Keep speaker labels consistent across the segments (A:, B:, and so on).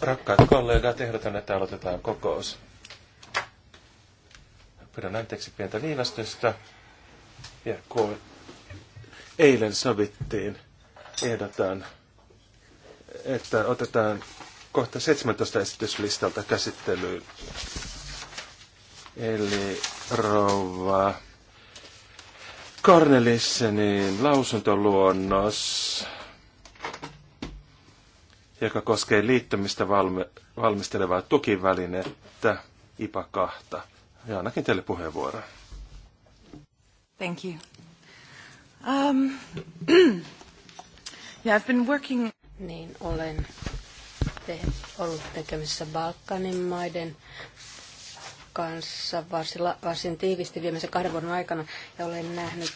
A: Rakkaat kollegat, ehdotan, että aloitetaan kokous. Pyydän anteeksi pientä viivästystä. Ja kun eilen sovittiin, ehdotan, että otetaan kohta 17 esityslistalta käsittelyyn. Eli rouva Cornelissenin lausuntoluonnos joka koskee liittymistä valme, valmistelevaa tukivälinettä IPA 2. Ja ainakin teille puheenvuoron.
B: Thank you. Um, yeah, I've been working...
C: Niin, olen te, ollut tekemisissä Balkanin maiden kanssa varsin, varsin tiivisti viimeisen kahden vuoden aikana ja olen nähnyt,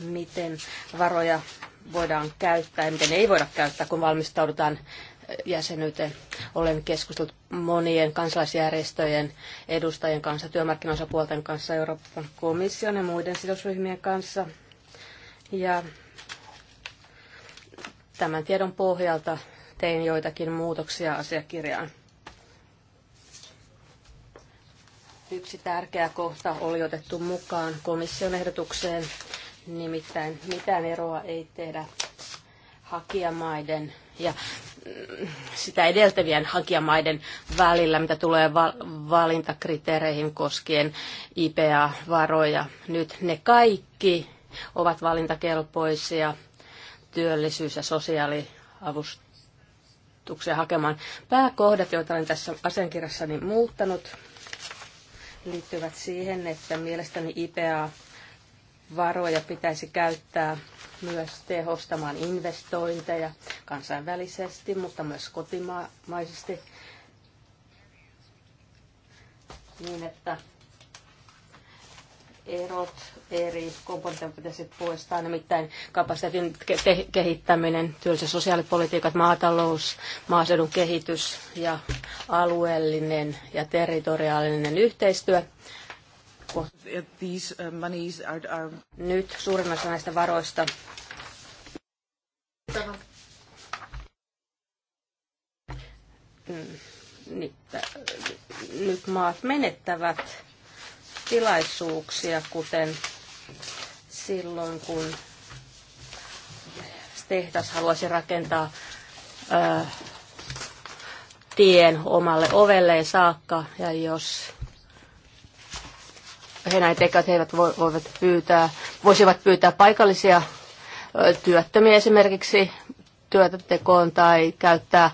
C: miten varoja voidaan käyttää ja miten ei voida käyttää, kun valmistaudutaan jäsenyyteen. Olen keskustellut monien kansalaisjärjestöjen edustajien kanssa, työmarkkinoisapuolten kanssa, Euroopan komission ja muiden sidosryhmien kanssa. Ja tämän tiedon pohjalta tein joitakin muutoksia asiakirjaan. Yksi tärkeä kohta oli otettu mukaan komission ehdotukseen Nimittäin mitään eroa ei tehdä hakijamaiden ja mm, sitä edeltävien hakijamaiden välillä, mitä tulee valintakriteereihin koskien IPA-varoja. Nyt ne kaikki ovat valintakelpoisia työllisyys- ja sosiaaliavustuksia hakemaan. Pääkohdat, joita olen tässä asiankirjassani muuttanut, liittyvät siihen, että mielestäni IPA varoja pitäisi käyttää myös tehostamaan investointeja kansainvälisesti, mutta myös kotimaisesti niin, että
B: erot eri
C: komponenteja pitäisi poistaa, nimittäin kapasiteetin ke- kehittäminen, työllisyys- ja sosiaalipolitiikat, maatalous, maaseudun kehitys ja alueellinen ja territoriaalinen yhteistyö. Uh, nyt suurin osa näistä varoista mm, nyt maat menettävät tilaisuuksia, kuten silloin, kun tehdas haluaisi rakentaa ää, tien omalle ovelleen saakka, ja jos he näin tekevät, he eivät voivat pyytää, voisivat pyytää paikallisia työttömiä esimerkiksi työtä tekoon tai käyttää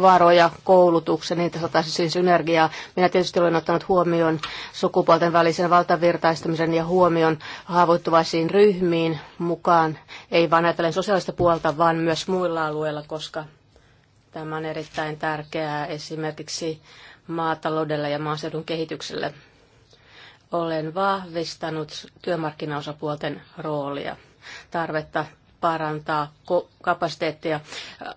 C: varoja koulutuksen, niin että saataisiin siis synergiaa. Minä tietysti olen ottanut huomioon sukupuolten välisen valtavirtaistamisen ja huomion haavoittuvaisiin ryhmiin mukaan, ei vain ajatellen sosiaalista puolta, vaan myös muilla alueilla, koska tämä on erittäin tärkeää esimerkiksi maataloudelle ja maaseudun kehitykselle olen vahvistanut työmarkkinaosapuolten roolia, tarvetta parantaa kapasiteettia äh,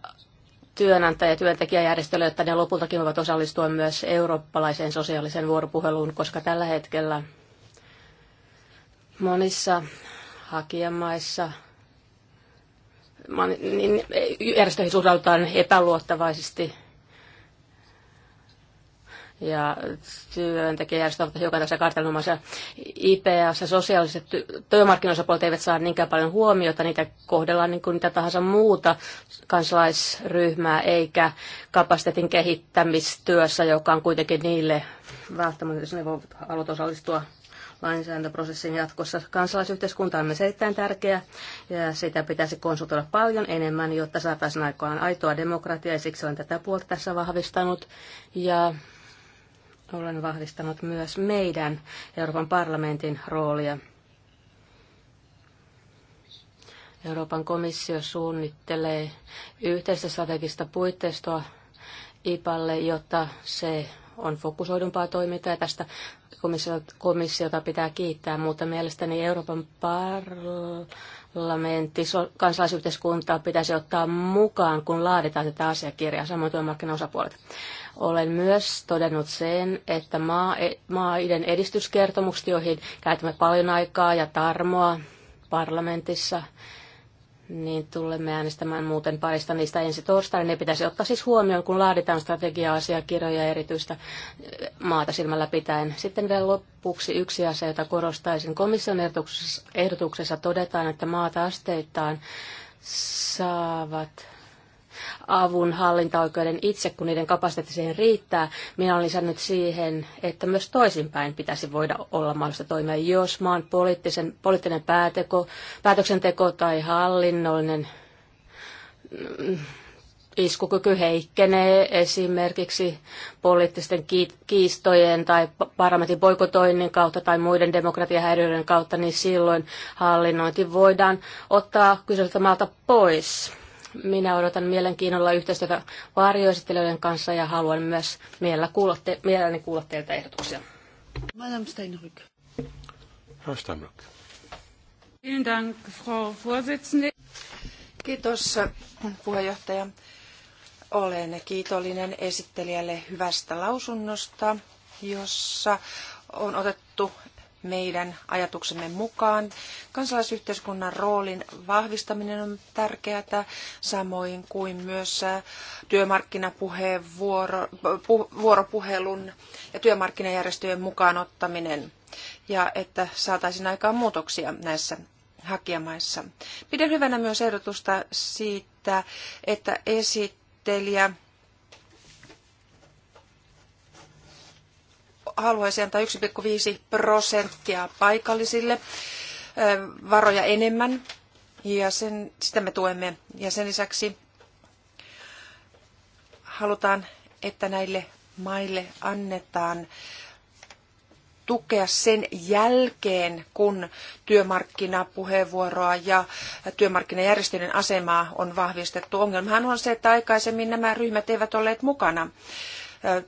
C: työnantaja- ja työntekijäjärjestöille, jotta ne lopultakin voivat osallistua myös eurooppalaiseen sosiaaliseen vuoropuheluun, koska tällä hetkellä monissa hakijamaissa niin järjestöihin suhtaudutaan epäluottavaisesti ja työntekijäjärjestö ovat hiukan tässä kartellinomaisia IPS, sosiaaliset työmarkkinoisapuolet eivät saa niinkään paljon huomiota, niitä kohdellaan niin kuin mitä tahansa muuta kansalaisryhmää, eikä kapasiteetin kehittämistyössä, joka on kuitenkin niille välttämättä, jos ne voivat haluta osallistua lainsäädäntöprosessin jatkossa. Kansalaisyhteiskunta on myös erittäin tärkeä ja sitä pitäisi konsultoida paljon enemmän, jotta saataisiin aikaan aitoa demokratiaa ja siksi olen tätä puolta tässä vahvistanut. Ja olen vahvistanut myös meidän Euroopan parlamentin roolia. Euroopan komissio suunnittelee yhteistä strategista puitteistoa IPAlle, jotta se on fokusoidumpaa toimintaa tästä komissiota pitää kiittää, mutta mielestäni Euroopan parlamentin parlamentti, kansalaisyhteiskuntaa pitäisi ottaa mukaan, kun laaditaan tätä asiakirjaa, samoin työmarkkinaosapuolet. Olen myös todennut sen, että maa, e, maiden edistyskertomukset, joihin käytämme paljon aikaa ja tarmoa parlamentissa, niin tulemme äänestämään muuten parista niistä ensi torstaina. Ne pitäisi ottaa siis huomioon, kun laaditaan strategia-asiakirjoja erityistä maata silmällä pitäen. Sitten vielä lopuksi yksi asia, jota korostaisin. Komission ehdotuksessa, todetaan, että maata asteittain saavat avun hallintaoikeuden itse, kun niiden kapasiteetti siihen riittää. Minä olen lisännyt siihen, että myös toisinpäin pitäisi voida olla mahdollista toimia, jos maan poliittisen, poliittinen pääteko, päätöksenteko tai hallinnollinen mm, iskukyky heikkenee esimerkiksi poliittisten kiistojen tai parlamentin boikotoinnin kautta tai muiden demokratiahäiriöiden kautta, niin silloin hallinnointi voidaan ottaa kyseiseltä maalta pois. Minä odotan mielenkiinnolla yhteistyötä varjoesittelijöiden kanssa ja haluan myös mielellä kuulla te, mielelläni kuulla teiltä ehdotuksia.
D: Madame Steinrück.
A: Frau Steinrück.
B: Kiitos puheenjohtaja. Olen kiitollinen esittelijälle hyvästä lausunnosta, jossa on otettu meidän ajatuksemme mukaan. Kansalaisyhteiskunnan roolin vahvistaminen on tärkeää, samoin kuin myös äh, työmarkkinapuheenvuoropuhelun ja työmarkkinajärjestöjen mukaan ottaminen ja että saataisiin aikaan muutoksia näissä hakijamaissa. Pidän hyvänä myös ehdotusta siitä, että esittelijä haluaisi antaa 1,5 prosenttia paikallisille varoja enemmän ja sen, sitä me tuemme. Ja sen lisäksi halutaan, että näille maille annetaan tukea sen jälkeen, kun työmarkkinapuheenvuoroa ja työmarkkinajärjestöjen asemaa on vahvistettu. Ongelmahan on se, että aikaisemmin nämä ryhmät eivät olleet mukana.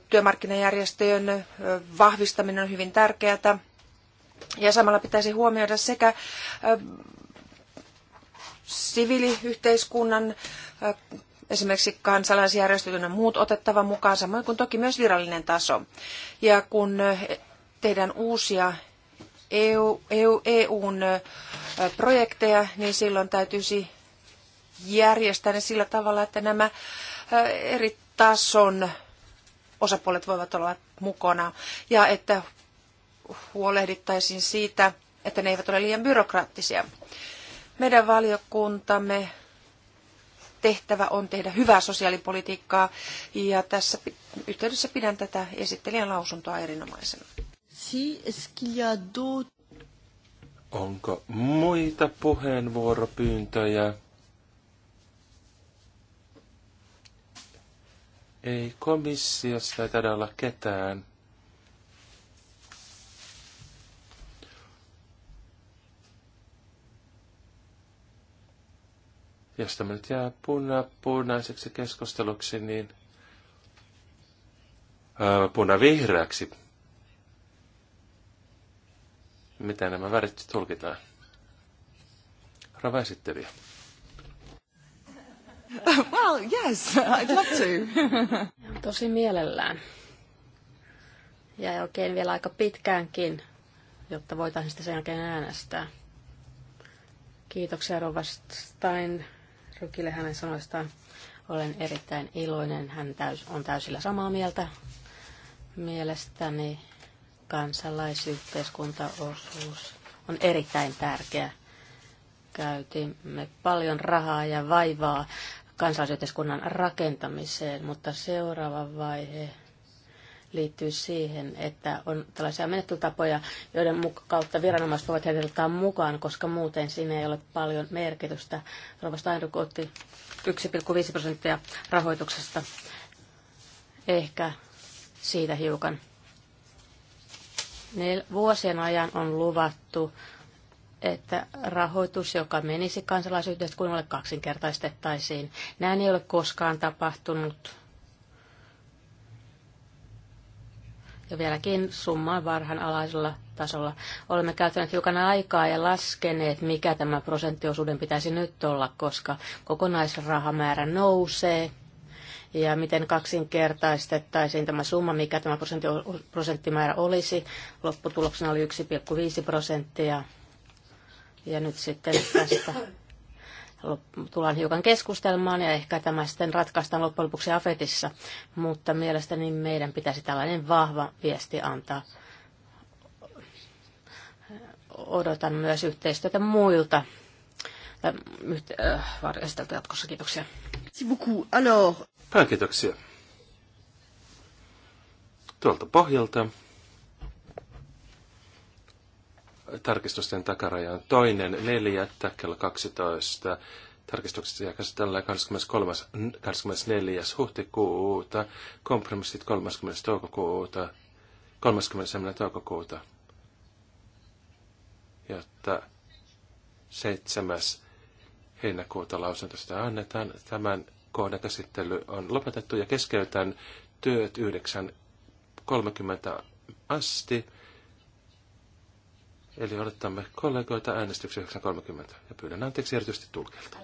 B: Työmarkkinajärjestöjen vahvistaminen on hyvin tärkeää. Ja samalla pitäisi huomioida sekä siviiliyhteiskunnan, esimerkiksi kansalaisjärjestöt ja muut otettava mukaan, samoin kuin toki myös virallinen taso. Ja kun tehdään uusia EU, EU, EUn projekteja, niin silloin täytyisi järjestää ne sillä tavalla, että nämä eri tason osapuolet voivat olla mukana ja että huolehdittaisiin siitä, että ne eivät ole liian byrokraattisia. Meidän valiokuntamme tehtävä on tehdä hyvää sosiaalipolitiikkaa ja tässä yhteydessä pidän tätä esittelijän lausuntoa erinomaisena.
A: Onko muita puheenvuoropyyntöjä? Ei komissiosta ei taida olla ketään. Jos tämä nyt jää puna, punaiseksi keskusteluksi, niin puna punavihreäksi. Miten nämä värit tulkitaan? Rava esittelijä.
C: Well, yes, I'd love to. Tosi mielellään. Ja oikein vielä aika pitkäänkin, jotta voitaisiin sitä sen jälkeen äänestää. Kiitoksia Rova Stein Rukille hänen sanoistaan. Olen erittäin iloinen. Hän täys, on täysillä samaa mieltä. Mielestäni kansalaisyhteiskuntaosuus on erittäin tärkeä käytimme paljon rahaa ja vaivaa kansalaisyhteiskunnan rakentamiseen, mutta seuraava vaihe liittyy siihen, että on tällaisia menettelytapoja, joiden kautta viranomaiset voivat heidät mukaan, koska muuten siinä ei ole paljon merkitystä. Rova Steinruk otti 1,5 prosenttia rahoituksesta, ehkä siitä hiukan. Vuosien ajan on luvattu että rahoitus, joka menisi kansalaisyhteiskunnalle, kaksinkertaistettaisiin. Näin ei ole koskaan tapahtunut. Ja vieläkin summa on varhan alaisella tasolla. Olemme käyttäneet hiukan aikaa ja laskeneet, mikä tämä prosenttiosuuden pitäisi nyt olla, koska kokonaisrahamäärä nousee ja miten kaksinkertaistettaisiin tämä summa, mikä tämä prosenttimäärä olisi. Lopputuloksena oli 1,5 prosenttia ja nyt sitten tästä tullaan hiukan keskustelmaan ja ehkä tämä sitten ratkaistaan loppujen lopuksi Afetissa, mutta mielestäni meidän pitäisi tällainen vahva viesti antaa. Odotan myös yhteistyötä muilta äh, varjasteltu jatkossa. Kiitoksia.
A: Paljon kiitoksia. Tuolta pohjalta tarkistusten takaraja on toinen neljättä kello 12. Tarkistukset käsitellään 23. 24. huhtikuuta, kompromissit 30. toukokuuta, 30. toukokuuta, jotta 7. heinäkuuta lausunto sitä annetaan. Tämän kohdan käsittely on lopetettu ja keskeytän työt 9.30 asti. Eli odotamme kollegoita äänestyksen 9.30 ja pyydän anteeksi erityisesti tulkelta.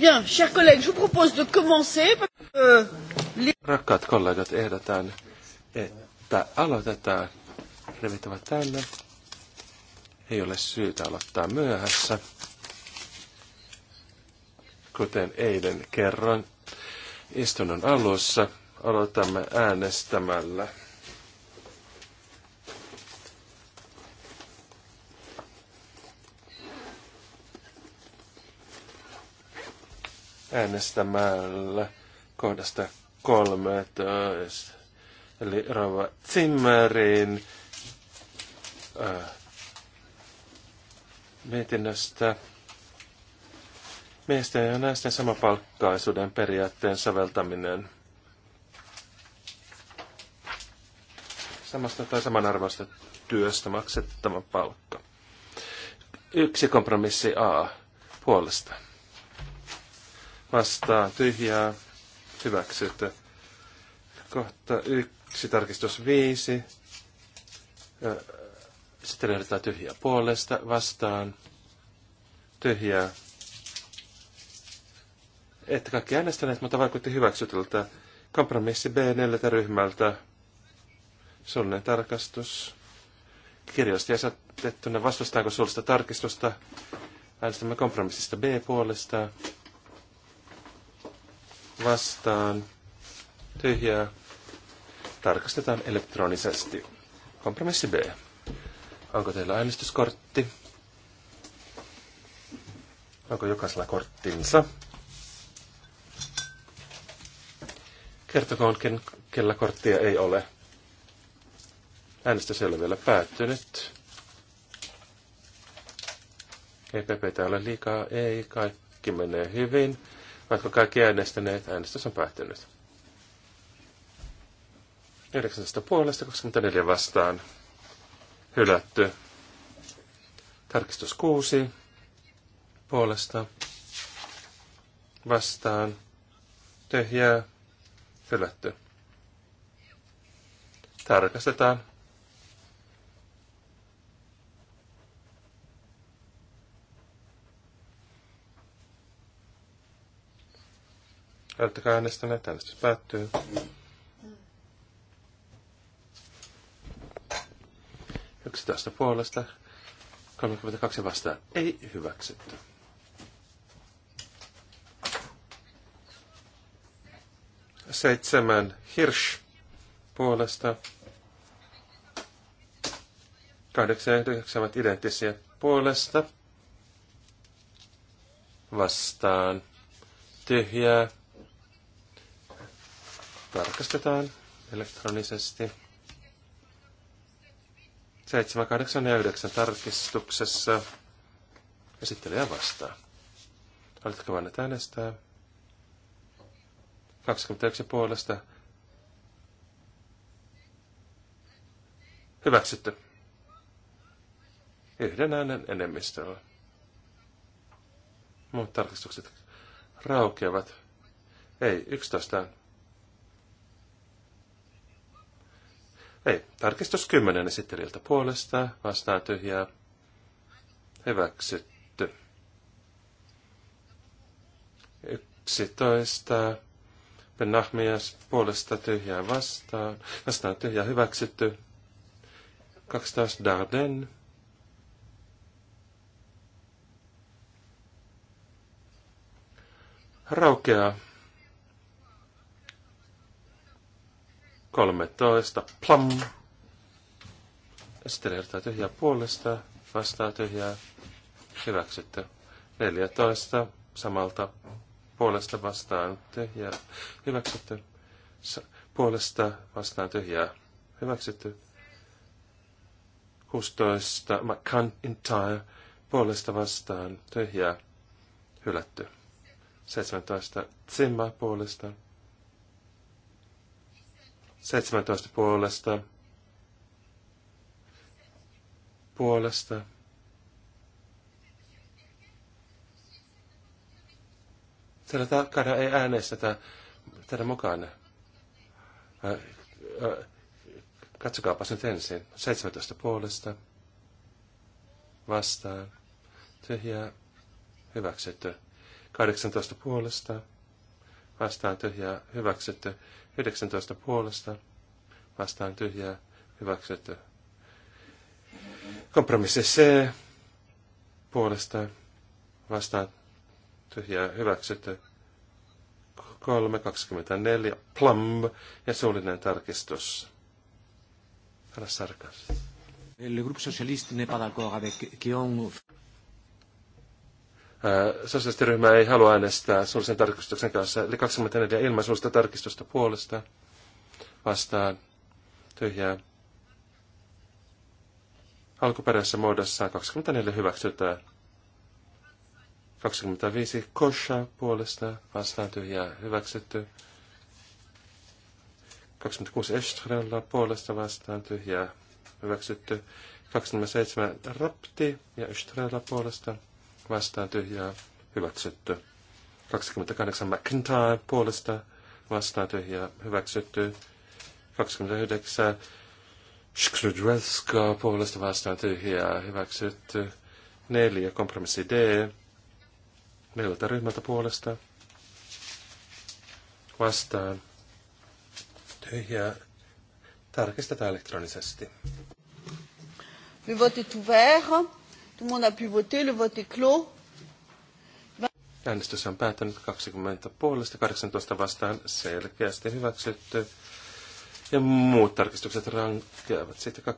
D: Bien, chers collègues, je vous propose de commencer.
A: Rakkaat kollegat, ehdotan, että aloitetaan. Rivit ovat täynnä. Ei ole syytä aloittaa myöhässä. Kuten eilen kerron, istunnon alussa aloitamme äänestämällä. äänestämällä kohdasta 13, eli Rova Zimmerin äh, mietinnöstä miesten ja naisten samapalkkaisuuden periaatteen säveltäminen. Samasta tai samanarvoista työstä maksettava palkka. Yksi kompromissi A puolestaan vastaa tyhjää hyväksytty. Kohta yksi tarkistus viisi. Sitten lähdetään tyhjää puolesta vastaan tyhjää. Että kaikki äänestäneet, mutta vaikutti hyväksytyltä. Kompromissi B4 ryhmältä. sunne tarkastus. ja sattettuna vastustaako suullista tarkistusta. Äänestämme kompromissista B puolesta vastaan tyhjää tarkastetaan elektronisesti. Kompromissi B. Onko teillä äänestyskortti? Onko jokaisella korttinsa? Kertokoon, ken, kellä korttia ei ole. Äänestys ei ole vielä päättynyt. EPP ole liikaa, ei, kaikki menee hyvin. Vaikka kaikki äänestäneet, äänestys on päättynyt. 19 puolesta 24 vastaan. Hylätty. Tarkistus 6 puolesta vastaan. Tyhjää. Hylätty. Tarkastetaan. Olettakaa äänestäneet. Äänestys päättyy. Yksitoista puolesta. 32 vastaan. Ei hyväksytty. Seitsemän Hirsch puolesta. Kahdeksan ja yhdeksän ovat identtisiä puolesta. Vastaan. Tyhjää. Tarkastetaan elektronisesti. 7, 8 ja 9 tarkistuksessa. Esittelijä vastaa. Oletko vannet äänestää? 21 puolesta. Hyväksytty. Yhden äänen enemmistöllä. Muut tarkistukset raukeavat. Ei, 11 Ei, tarkistus kymmenen esittelijältä puolesta, vastaan tyhjää, hyväksytty. 11. Benahmias puolesta tyhjää vastaan, vastaan tyhjää hyväksytty. 12. Darden. Raukeaa. 13. Plam. Sitten kertaa tyhjää puolesta, vastaa tyhjää, hyväksytty. 14. Samalta puolesta vastaan tyhjää, hyväksytty. Sa- puolesta vastaan tyhjää, hyväksytty. 16. McCann entire puolesta vastaan tyhjää, hylätty. 17. Zimma puolesta 17 puolesta. Puolesta. Täällä takana ei tätä tätä mukana. Katsokaapa nyt ensin. 17 puolesta. Vastaan. Tyhjää. Hyväksytty. 18 puolesta. Vastaan tyhjää. Hyväksytty. 19 puolesta vastaan tyhjää hyväksytty. Kompromissi C puolesta vastaan tyhjää hyväksytty. 3.24 plum ja suullinen tarkistus. Älä sarkas. Le groupe socialiste n'est pas d'accord avec qui on sosiaalistiryhmä ei halua äänestää suullisen tarkistuksen kanssa. Eli 24 ilman suullista tarkistusta puolesta vastaan tyhjää. Alkuperäisessä muodossa 24 hyväksytään. 25 kosha puolesta vastaan tyhjää hyväksytty. 26 Estrella puolesta vastaan tyhjää hyväksytty. 27 Rapti ja Estrella puolesta vastaan tyhjää hyväksytty. 28 McIntyre puolesta vastaan tyhjää hyväksytty. 29 Skrydreska puolesta vastaan tyhjää hyväksytty. 4 kompromissi D neljältä ryhmältä puolesta vastaan tyhjää tarkistetaan elektronisesti.
D: Le vote est ouvert. Tout le monde a pu voter, le vote est clos.
A: Äänestys on päättänyt 20 puolesta, 18 vastaan selkeästi hyväksytty. Ja muut tarkistukset rankeavat sitten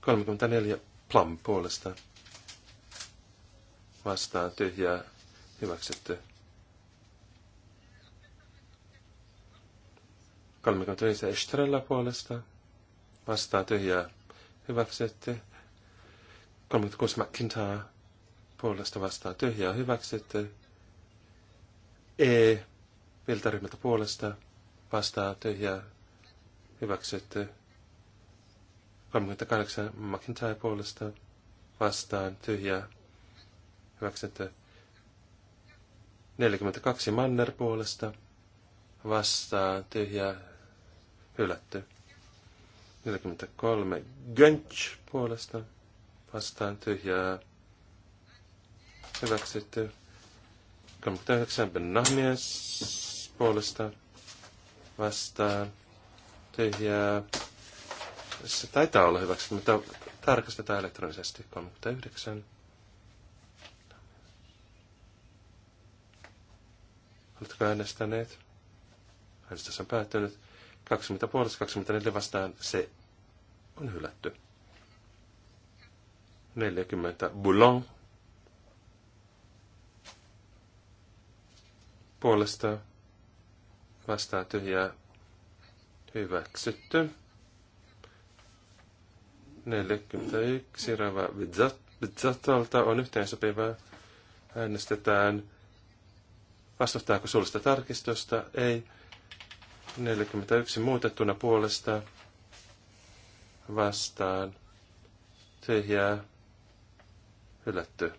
A: 34 plam puolesta vastaan tyhjää hyväksytty. 35 Estrella puolesta vastaan tyhjää hyväksytty. 36 e, McIntyre puolesta vastaan tyhjää hyväksytty. E Viltaryhmältä puolesta vastaan tyhjää hyväksytty. 38 McIntyre puolesta vastaan tyhjää hyväksytty. 42 Manner puolesta vastaan tyhjää hylätty. 43 Gönch puolesta vastaan tyhjää hyväksytty. 39 Benamies puolesta vastaan tyhjää. Se taitaa olla hyväksi, mutta tarkastetaan elektronisesti 39. Oletko äänestäneet? Äänestys on päättynyt. 20 puolesta 24 vastaan se on hylätty. 40 Boulon puolesta vastaa tyhjää hyväksytty. 41 Rava Bizzatolta on yhteensopivaa. Äänestetään vastustaako suullista tarkistusta, ei. 41 muutettuna puolesta vastaan tyhjää Hylätty.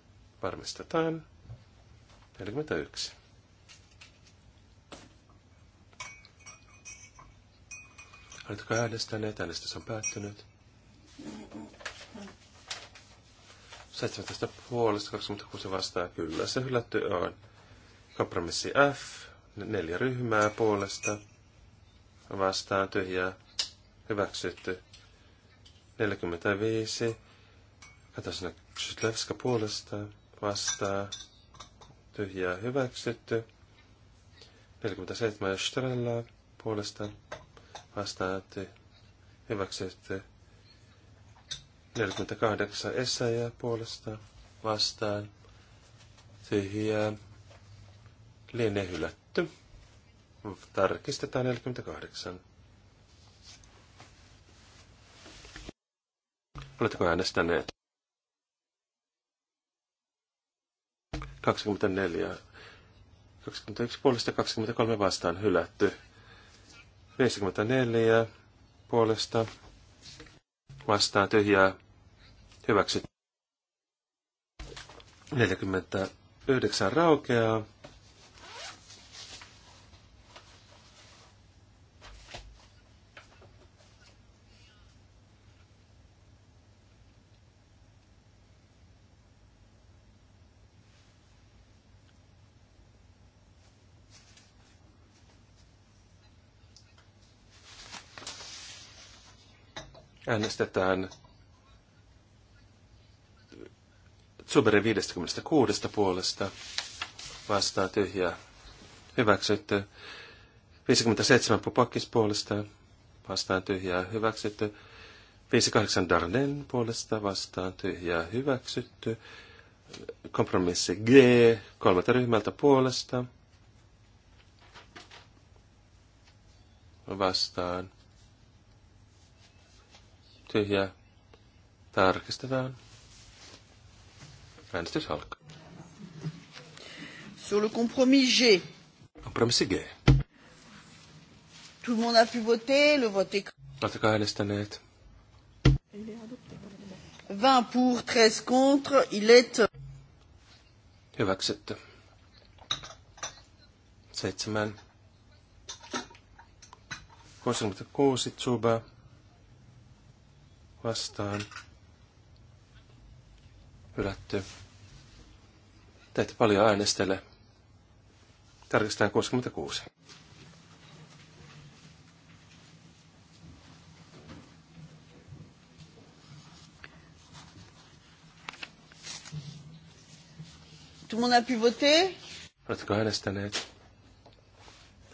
A: Varmistetaan. 41. Oletko äänestäneet? Äänestys on päättynyt. 17 puolesta 26 vastaa kyllä. Se hylätty on. Kompromissi F. Neljä ryhmää puolesta. Vastaan tyhjää. Hyväksytty. 45 Katasana Kyslevska puolesta vastaa. Tyhjää hyväksytty. 47 Strella puolesta vastaa. Hyväksytty. 48 Essäjä puolesta vastaan. Tyhjää. Liene hylätty. Tarkistetaan 48. Oletteko äänestäneet? 24. 21 puolesta 23 vastaan hylätty. 54 puolesta vastaan tyhjää hyväksytty. 49 raukeaa. äänestetään Zuberin 56 puolesta vastaa tyhjää. Hyväksytty. 57 Pupakis puolesta vastaan tyhjää. Hyväksytty. 58 Darden puolesta vastaan tyhjää. Hyväksytty. Kompromissi G kolmelta ryhmältä puolesta vastaan tyhjää. Tarkistetaan. Äänestys alkaa.
D: Sur le compromis G. Kompromissi G. Tout le monde a pu voter, le vote est...
A: Oletteko äänestäneet?
D: 20 pour, 13 contre, il est...
A: Hyväksytty. Seitsemän. 66 Tsuba vastaan. Hylätty. Te paljon äänestele. Tarkistetaan 66.
D: Tout le monde a pu voter?
A: Oletko äänestäneet?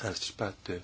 A: Äänestys päättyy.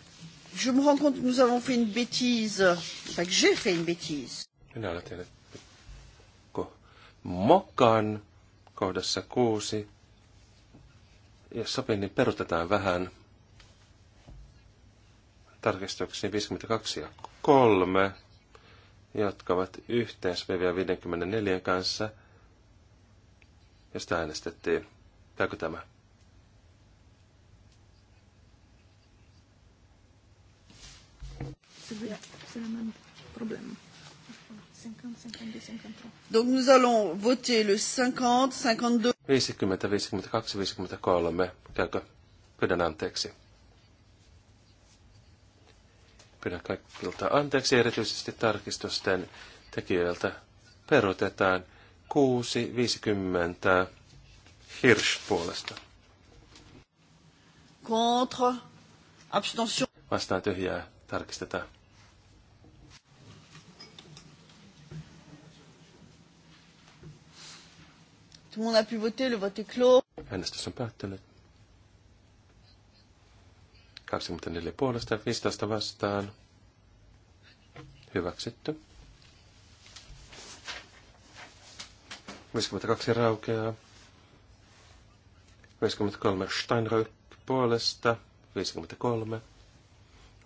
D: je me rends compte que nous avons fait une bêtise, enfin que j'ai fait une bêtise.
A: Minä olen tehnyt mokan kohdassa kuusi. Ja sopii, niin perustetaan vähän tarkistuksiin 52 ja 3, jotka ovat vv 54 kanssa, Ja sitä äänestettiin. Käykö tämä?
D: Donc nous allons voter le 50, 52.
A: 50, 52, 53. Käykö? Pyydän anteeksi. Pyydän kaikilta anteeksi, erityisesti tarkistusten tekijöiltä. Peruutetaan 6.50 Hirsch puolesta.
D: Contre. Abstention.
A: Vastaan tyhjää. Tarkistetaan.
D: Tout le monde a pu voter, le vote est clos.
A: Äänestys on päättynyt. 24 puolesta, 15 vastaan. Hyväksytty. 52 raukeaa. 53 Steinröck puolesta. 53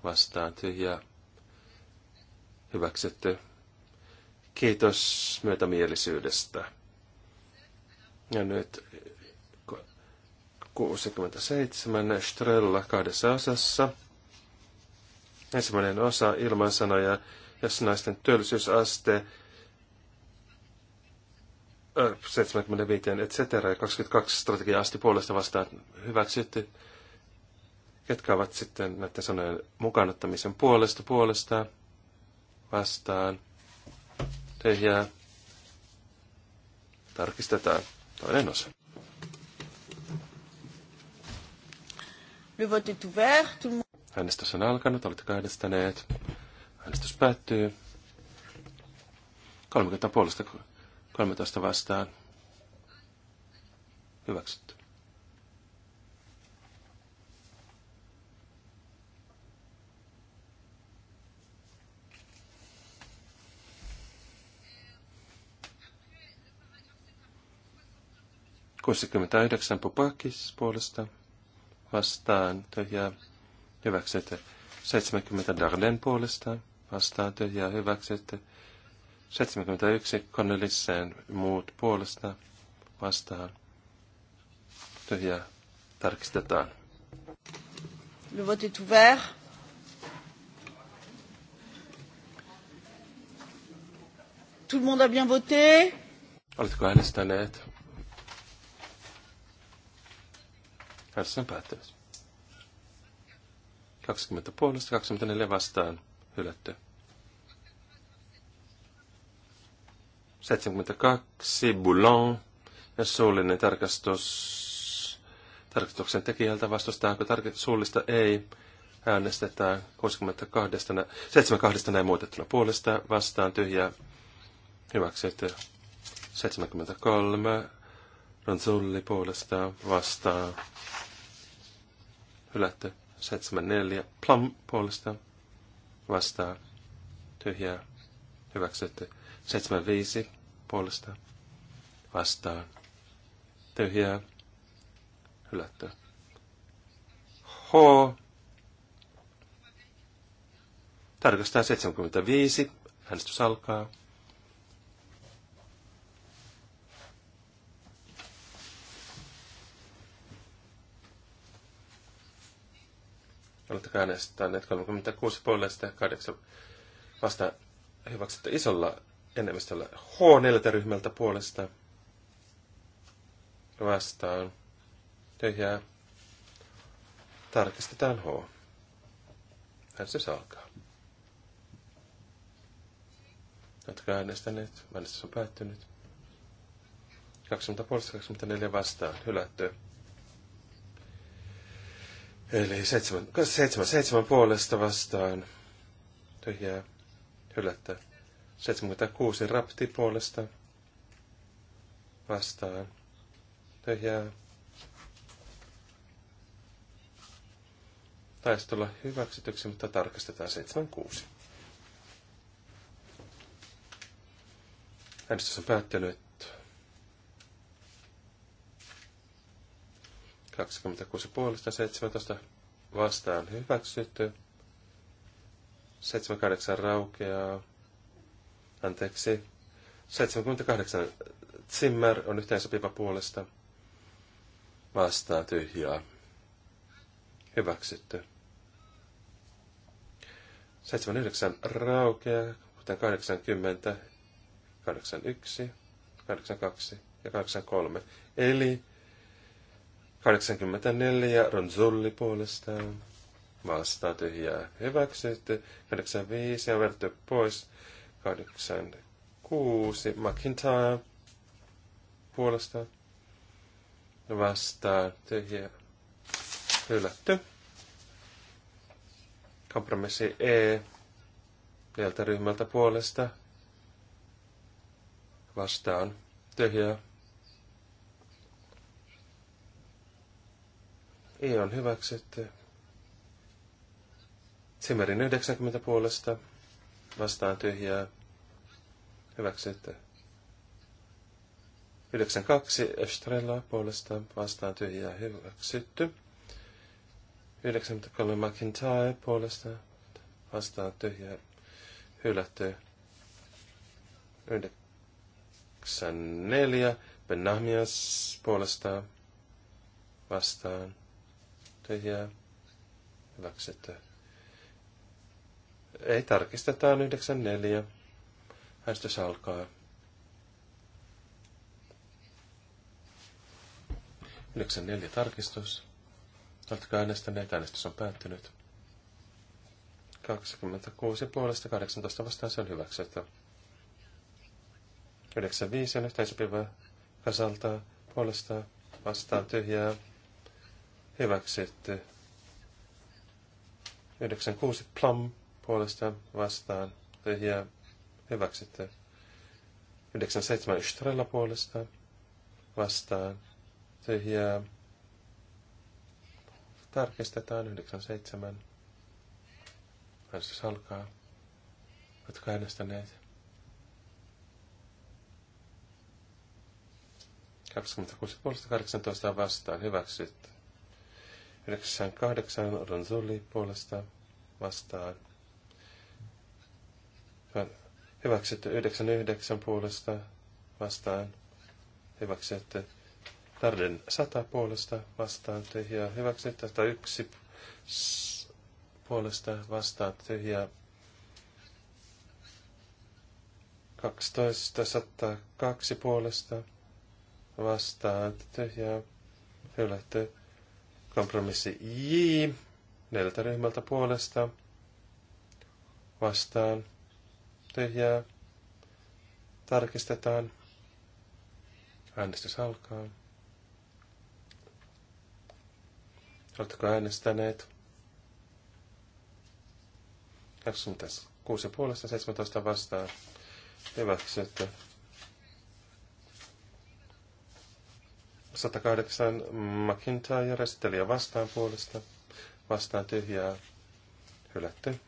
A: vastaan tyhjää. Hyväksytty. Kiitos myötämielisyydestä. Ja nyt 67 Strella kahdessa osassa. Ensimmäinen osa ilman sanoja, jossa naisten työllisyysaste 75 et cetera, ja 22 strategiaa asti puolesta vastaan hyväksytty. Ketkä ovat sitten näiden sanojen mukaanottamisen puolesta puolesta vastaan. Tyhjää. Tarkistetaan. Toinen osa.
D: Le vote est ouvert. Tout le monde...
A: Äänestys on alkanut, olette äänestäneet? Äänestys päättyy. 30 puolesta 13 vastaan. Hyväksytty. 69 Pupakis puolesta vastaan tyhjää hyväksytte. 70 Darlen puolesta vastaan tyhjää hyväksytte. 71 Connellisen muut puolesta vastaan tyhjää tarkistetaan.
D: Le vote est ouvert. Tout le monde a bien voté?
A: Oletko äänestäneet? Äänestys on päättynyt. 20 puolesta, 24 vastaan, hylätty. 72, Boulon ja suullinen tarkastus. Tarkastuksen tekijältä vastustaanko tark- suullista ei. Äänestetään 62, 72 näin muutettuna puolesta vastaan tyhjää. Hyväksytty. 73, Ronsulli puolesta vastaan hylätty. 74 Plum puolesta vastaa. tyhjää hyväksytty. 75 puolesta vastaa. tyhjää hylätty. H. Tarkastaa 75. Äänestys alkaa. äänestää näitä 36 puolesta ja 8 vasta hyväksyttä isolla enemmistöllä H4-ryhmältä puolesta vastaan tyhjää. Tarkistetaan H. Äänestys alkaa. Jotka äänestäneet, äänestys on päättynyt. 20 puolesta 24 vastaan, hylätty. Eli seitsemän, seitsemän, seitsemän puolesta vastaan. Tyhjää. Hylättä. 76 rapti puolesta vastaan. Tyhjää. Taisi tulla hyväksytyksi, mutta tarkastetaan 76. Äänestys on päättynyt. 26 puolesta, 17 vastaan hyväksytty. 78 raukeaa. Anteeksi. 78 Zimmer on yhteen sopiva puolesta. Vastaan tyhjää. Hyväksytty. 79 raukeaa, kuten 80, 81, 82 ja 83. Eli 84 Ronzulli puolestaan. Vastaa tyhjää hyväksytty. 85 on pois. 86 McIntyre puolestaan. Vastaa tyhjää hylätty. Kompromissi E neljältä ryhmältä puolesta. Vastaan tyhjää Ei on hyväksytty. Simerin 90 puolesta vastaan tyhjää. Hyväksytty. 92 Estrella puolesta vastaan tyhjää hyväksytty. 93 McIntyre puolesta vastaan tyhjää hylätty. 94 Benahmias puolesta vastaan tyhjää hyväksytty. Ei tarkistetaan 94. sitten alkaa. 94 tarkistus. Oletko äänestäneet? Äänestys on päättynyt. 26 puolesta 18 vastaan se on hyväksytty. 95 on yhteensopiva kasalta puolesta vastaan tyhjää hyväksi, että 96 plum puolesta vastaan tyhjää hyväksi, että 97 Ystrella puolesta vastaan tyhjää. Tarkistetaan 97. Äänestys alkaa. Oletko äänestäneet? 26 puolesta 18 vastaan hyväksytty. 98 Ronzulli puolesta vastaan. Hyväksytty 99 puolesta vastaan. Hyväksytty Tarden 100 puolesta vastaan tyhjä. Hyväksytty 101 puolesta vastaan tyhjä. 12 102 puolesta vastaan tyhjää. Hylätty Kompromissi J neljältä ryhmältä puolesta vastaan tyhjää. Tarkistetaan. Äänestys alkaa. Oletteko äänestäneet? 26 puolesta 17 vastaan. Hyväksytty. 108 McIntyre resittelijä vastaan puolesta. Vastaan tyhjää. Hylätty.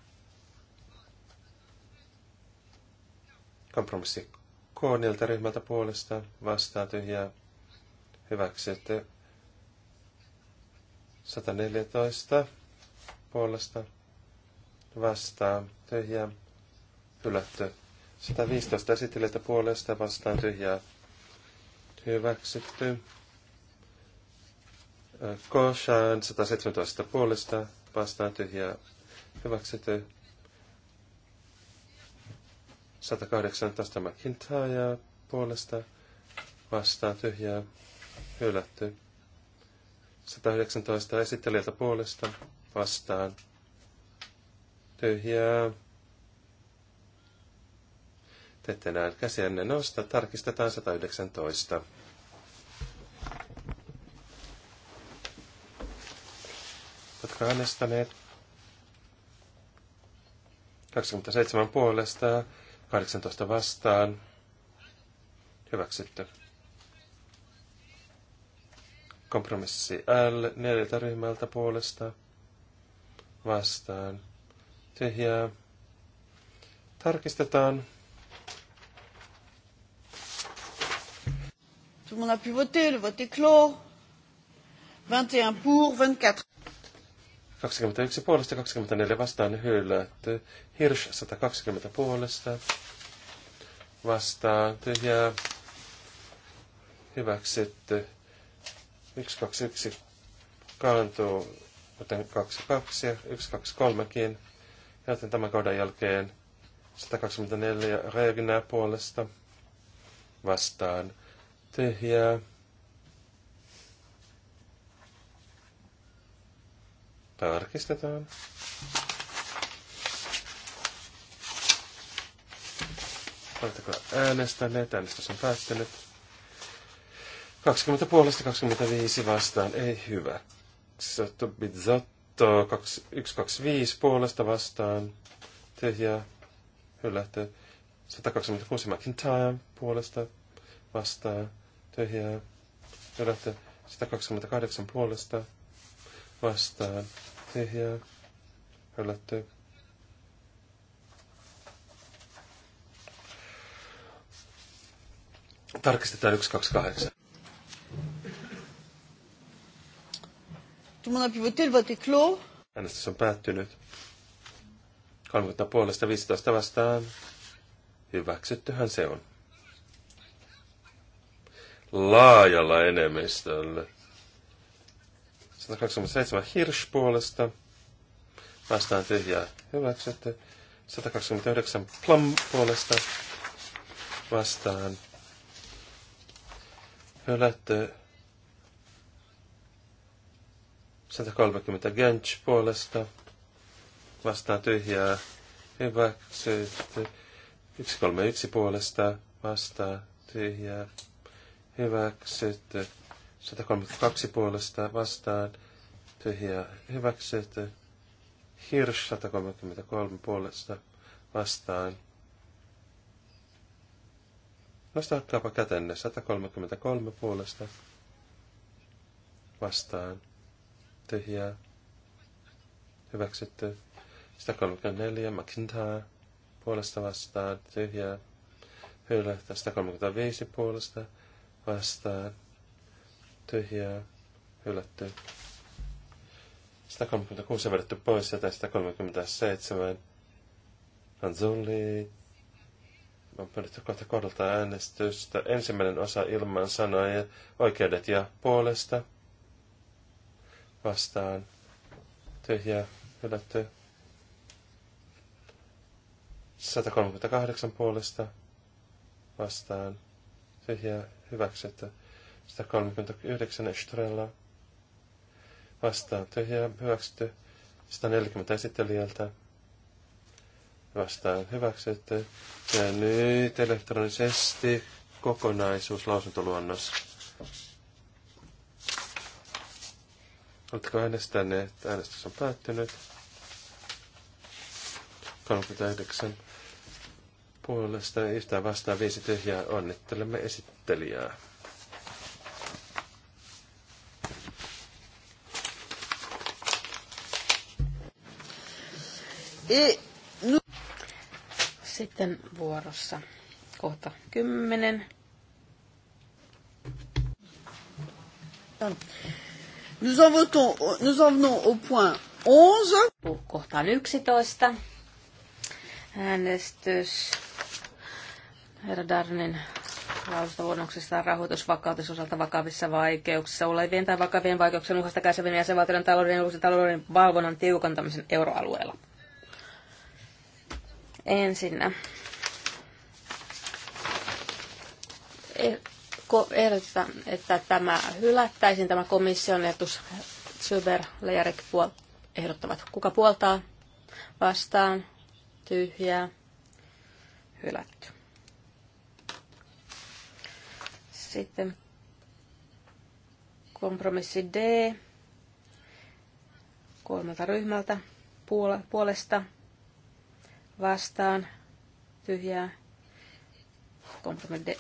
A: Kompromissi K niiltä ryhmältä puolesta. Vastaan tyhjää. Hyväksytty. 114 puolesta. Vastaan tyhjää. Hylätty. 115 esittelijöitä puolesta vastaan tyhjää hyväksytty. Koshan 117 puolesta vastaan tyhjää hyväksytty. 118 McIntyre puolesta vastaan tyhjää hylätty. 119 esittelijältä puolesta vastaan tyhjää. Te ette näe käsiänne nosta. Tarkistetaan 119. jotka äänestäneet? 27 puolesta, ja 18 vastaan. Hyväksytty. Kompromissi L neljältä ryhmältä puolesta vastaan. Tyhjää. Tarkistetaan.
D: Tout le monde a pu voter, le vote est clos. 21 pour, 24
A: 21 puolesta, 24 vastaan hylätty. Hirsch 120 puolesta. Vastaan tyhjää. Hyväksytty. 1, 2, 1 kaantuu, joten 2 ja 1, 2, 3 kin Joten tämän kauden jälkeen 124 Regner puolesta vastaan tyhjää. Tarkistetaan. Oletteko äänestäneet? Äänestys on päättynyt. 20 puolesta 25 vastaan. Ei hyvä. Sotto bizzotto. 125 puolesta vastaan. Tyhjä. Hylätty. 126 McIntyre puolesta vastaan. Tyhjä. Hylätty. 128 puolesta vastaan tehjää hylätty. Tarkistetaan 128.
D: Tout le
A: Äänestys on päättynyt. 30 puolesta 15 vastaan. Hyväksyttyhän se on. Laajalla enemmistöllä. 127 Hirsch puolesta. Vastaan tyhjää hyväksytty. 129 Plum puolesta. Vastaan hylätty. 130 Gench puolesta. Vastaan tyhjää hyväksytty. 131 puolesta. Vastaan tyhjää hyväksytty. 132 puolesta vastaan, tyhjää hyväksytty. Hirsch 133 puolesta vastaan. Nostakaapa kätenne 133 puolesta vastaan. Tyhjää. Hyväksytty. 134 McIntyre puolesta vastaan. Tyhjää. Hylättä 135 puolesta vastaan tyhjää, hylätty. 136 on vedetty pois ja 137. 37 Ranzulli. On pyydetty kohta kohdalta äänestystä. Ensimmäinen osa ilman sanoja oikeudet ja puolesta. Vastaan. Tyhjää, hylätty. 138 puolesta vastaan. Tyhjää hyväksytty. 139 Estrella vastaan tyhjää hyväksytty. 140 esittelijältä vastaan hyväksytty. Ja nyt elektronisesti kokonaisuus lausuntoluonnos. Oletteko äänestäneet? Äänestys on päättynyt. 39 puolesta yhtään vastaan viisi tyhjää. Onnittelemme esittelijää.
D: E,
C: Sitten vuorossa kohta kymmenen.
D: Nous en, votons, nous en venons au point 11. Kohtaan 11.
C: Äänestys herra Darnin rahoitusvakautus osalta vakavissa vaikeuksissa olevien tai vakavien vaikeuksien uhasta kärsivien jäsenvaltioiden talouden ja talouden valvonnan tiukantamisen euroalueella ensinnä. Eh, ehdotetaan, että tämä hylättäisiin, tämä komission ehdotus Silver Lejarek puol- ehdottavat. Kuka puoltaa? Vastaan. Tyhjää. Hylätty. Sitten kompromissi D kolmelta ryhmältä puolesta vastaan, tyhjää,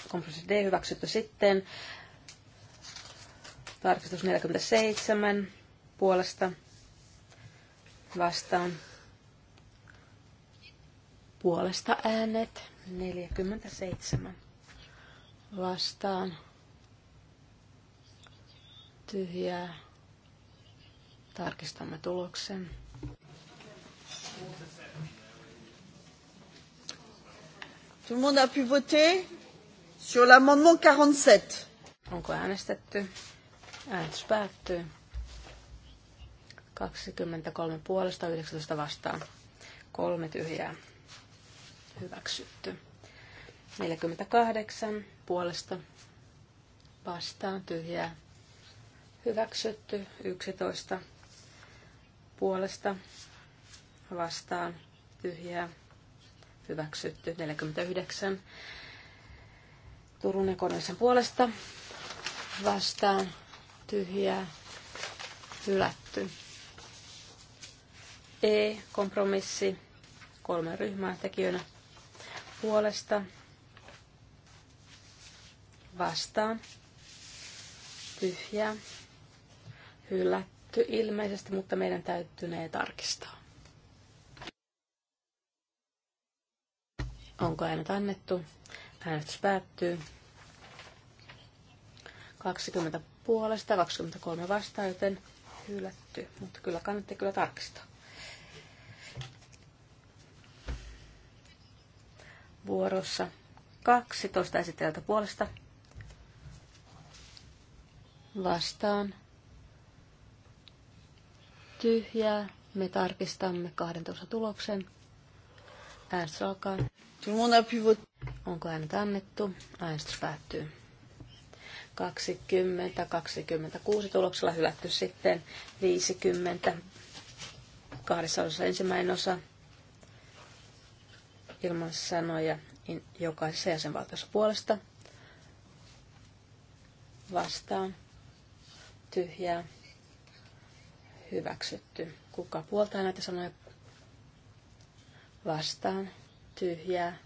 C: kompromissi D hyväksytty sitten. Tarkistus 47 puolesta vastaan puolesta äänet 47 vastaan tyhjää.
D: Tarkistamme tuloksen. Tout le monde a pu voter sur l'amendement 47. Onko äänestetty?
C: Äänestys 23 puolesta 19 vastaan. Kolme tyhjää. Hyväksytty. 48 puolesta vastaan tyhjää. Hyväksytty. 11 puolesta vastaan tyhjää hyväksytty 49. Turun ekonomisen puolesta vastaan tyhjää hylätty. E-kompromissi kolme ryhmää tekijöinä puolesta vastaan tyhjää hylätty ilmeisesti, mutta meidän täytyy ne tarkistaa. Onko äänet annettu? Äänestys päättyy. 20 puolesta, 23 vastaan, joten hylätty. Mutta kyllä kannatte kyllä tarkistaa. Vuorossa 12 esittäjältä puolesta vastaan. Tyhjää. Me tarkistamme 12 tuloksen. Äänestys alkaa. Onko äänet annettu? Äänestys päättyy. 20, 26 tuloksella hylätty sitten 50, kahdessa osassa ensimmäinen osa ilman sanoja jokaisessa jäsenvaltiossa puolesta vastaan tyhjää hyväksytty. Kuka puoltaa näitä sanoja vastaan? tyhjää.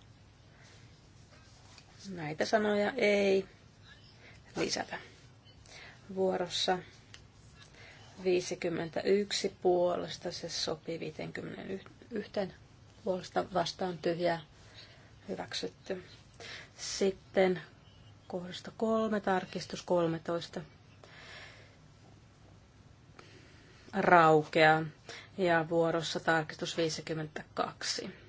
C: Näitä sanoja ei lisätä. Vuorossa 51 puolesta, se sopii 51 puolesta vastaan tyhjää hyväksytty. Sitten kohdasta 3, tarkistus 13 raukeaa ja vuorossa tarkistus 52.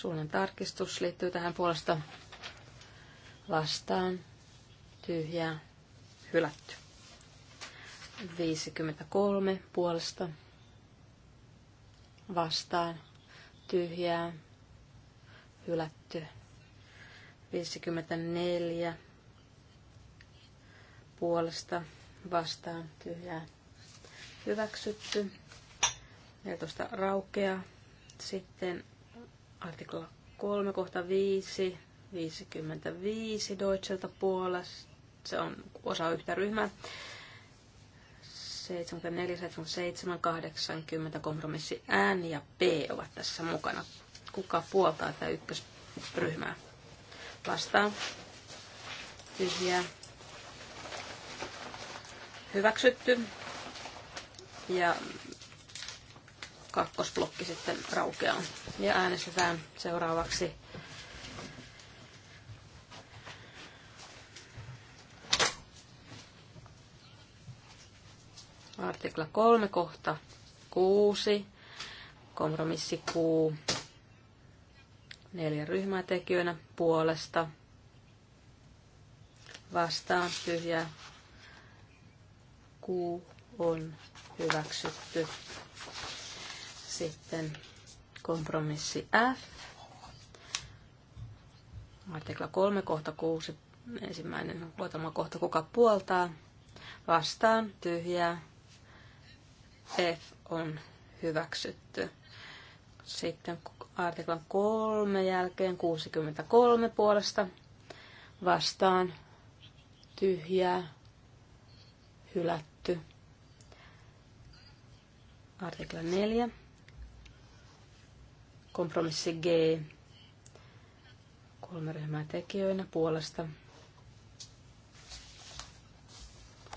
C: Suunnan tarkistus liittyy tähän puolesta vastaan. Tyhjää. Hylätty. 53 puolesta vastaan. Tyhjää. Hylätty. 54 puolesta vastaan tyhjää hyväksytty. 14 raukeaa. Sitten Artikla 3 kohta 5, 55 Deutschelta puolesta. Se on osa yhtä ryhmää. 74, 77, 80 kompromissi N ja P ovat tässä mukana. Kuka puoltaa tätä ykkösryhmää? Vastaan. Tyhjää. Hyväksytty. Ja kakkosblokki sitten raukeaa. Ja äänestetään seuraavaksi artikla 3 kohta 6, kompromissi Q, neljä ryhmää tekijöinä puolesta, vastaan tyhjä, Q on hyväksytty. Sitten kompromissi F. Artikla 3, kohta 6, ensimmäinen luotama kohta, kuka puoltaa. Vastaan, tyhjää. F on hyväksytty. Sitten artiklan 3 jälkeen 63 puolesta vastaan tyhjää, hylätty. Artikla 4 Kompromissi G. Kolme ryhmää tekijöinä puolesta.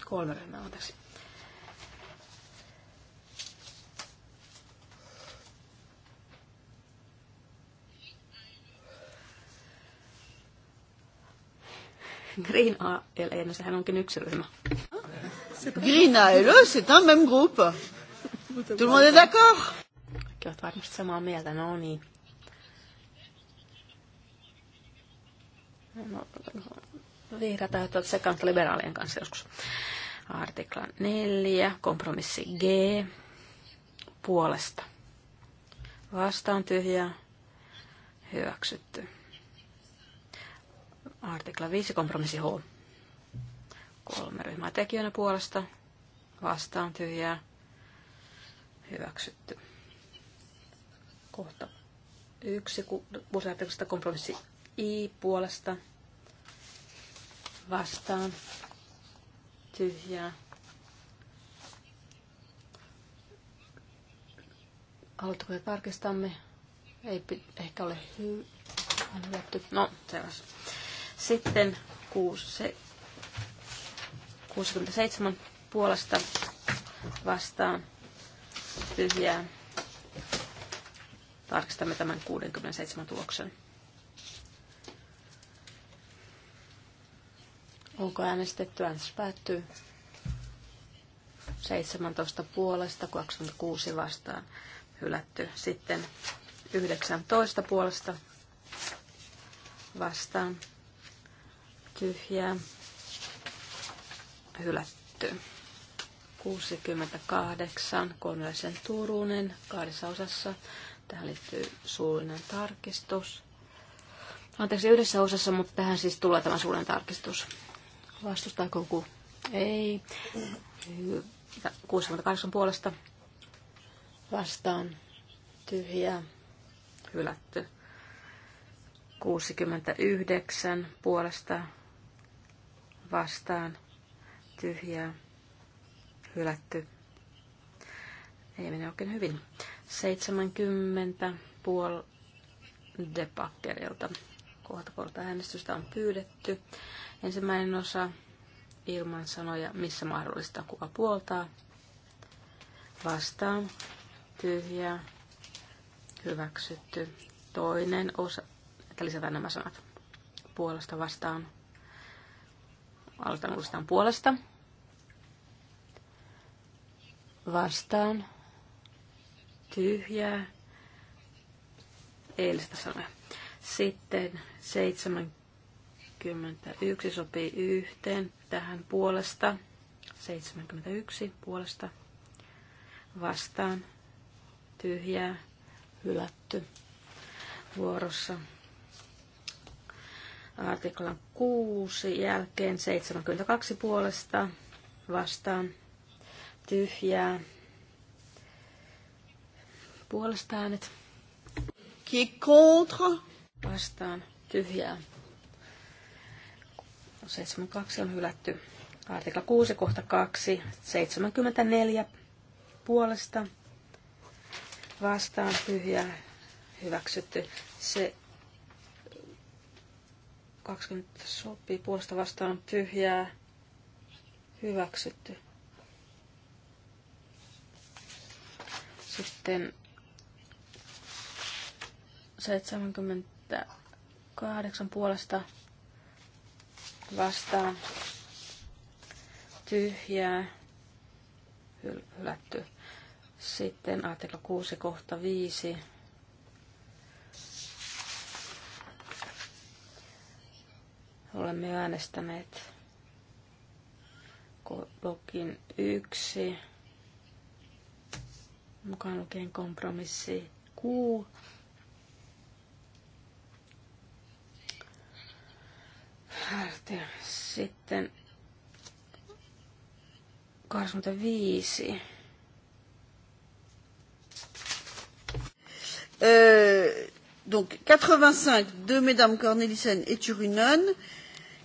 C: Kolme ryhmää, tässä. Green eli no sehän onkin yksi ryhmä.
D: Green ALE, c'est un même groupe. Tout le monde est d'accord kaikki ovat varmasti samaa mieltä, no niin.
C: No, vihreät aiheuttavat sekaannusta liberaalien kanssa joskus. Artikla 4, kompromissi G, puolesta. Vastaan tyhjä, hyväksytty. Artikla 5, kompromissi H. Kolme ryhmää tekijöinä puolesta, vastaan tyhjää, hyväksytty. Kohta yksi useampikosta kompromissi I puolesta vastaan tyhjää. Haluatteko, että tarkistamme? Ei ehkä ole hy- on no, se No, seuraavaksi. Sitten 67 puolesta vastaan tyhjää tarkistamme tämän 67 tuloksen. Onko äänestetty? Äänestys päättyy. 17 puolesta, 26 vastaan hylätty. Sitten 19 puolesta vastaan tyhjää hylätty. 68, Konlaisen Turunen, kahdessa osassa. Tähän liittyy suullinen tarkistus. Anteeksi, yhdessä osassa, mutta tähän siis tulee tämä suullinen tarkistus. Vastustaa koko Ei. 68 puolesta vastaan Tyhjä. hylätty. 69 puolesta vastaan tyhjä hylätty. Ei mene oikein hyvin. 70 puol depakkerilta. Kohta kohta äänestystä on pyydetty. Ensimmäinen osa ilman sanoja, missä mahdollista kuka puoltaa. Vastaan. tyhjä Hyväksytty. Toinen osa, että lisätään nämä sanat. Puolesta vastaan. Aloitan uudestaan puolesta. Vastaan tyhjää. Eilistä sanaa. Sitten 71 sopii yhteen tähän puolesta. 71 puolesta vastaan tyhjää hylätty vuorossa. Artiklan 6 jälkeen 72 puolesta vastaan tyhjää puolesta äänet. Qui contre? Vastaan tyhjää. 72 on hylätty. Artikla 6, kohta 2, 74 puolesta vastaan tyhjää hyväksytty. Se 20 sopii puolesta vastaan tyhjää hyväksytty. Sitten 78 puolesta vastaan tyhjää hylätty. Sitten artikla 6 kohta 5. Olemme äänestäneet blogin 1 mukaan lukien kompromissi Q Sitten
D: 85. Euh, donc 85 de Mme Cornelissen et Turunen,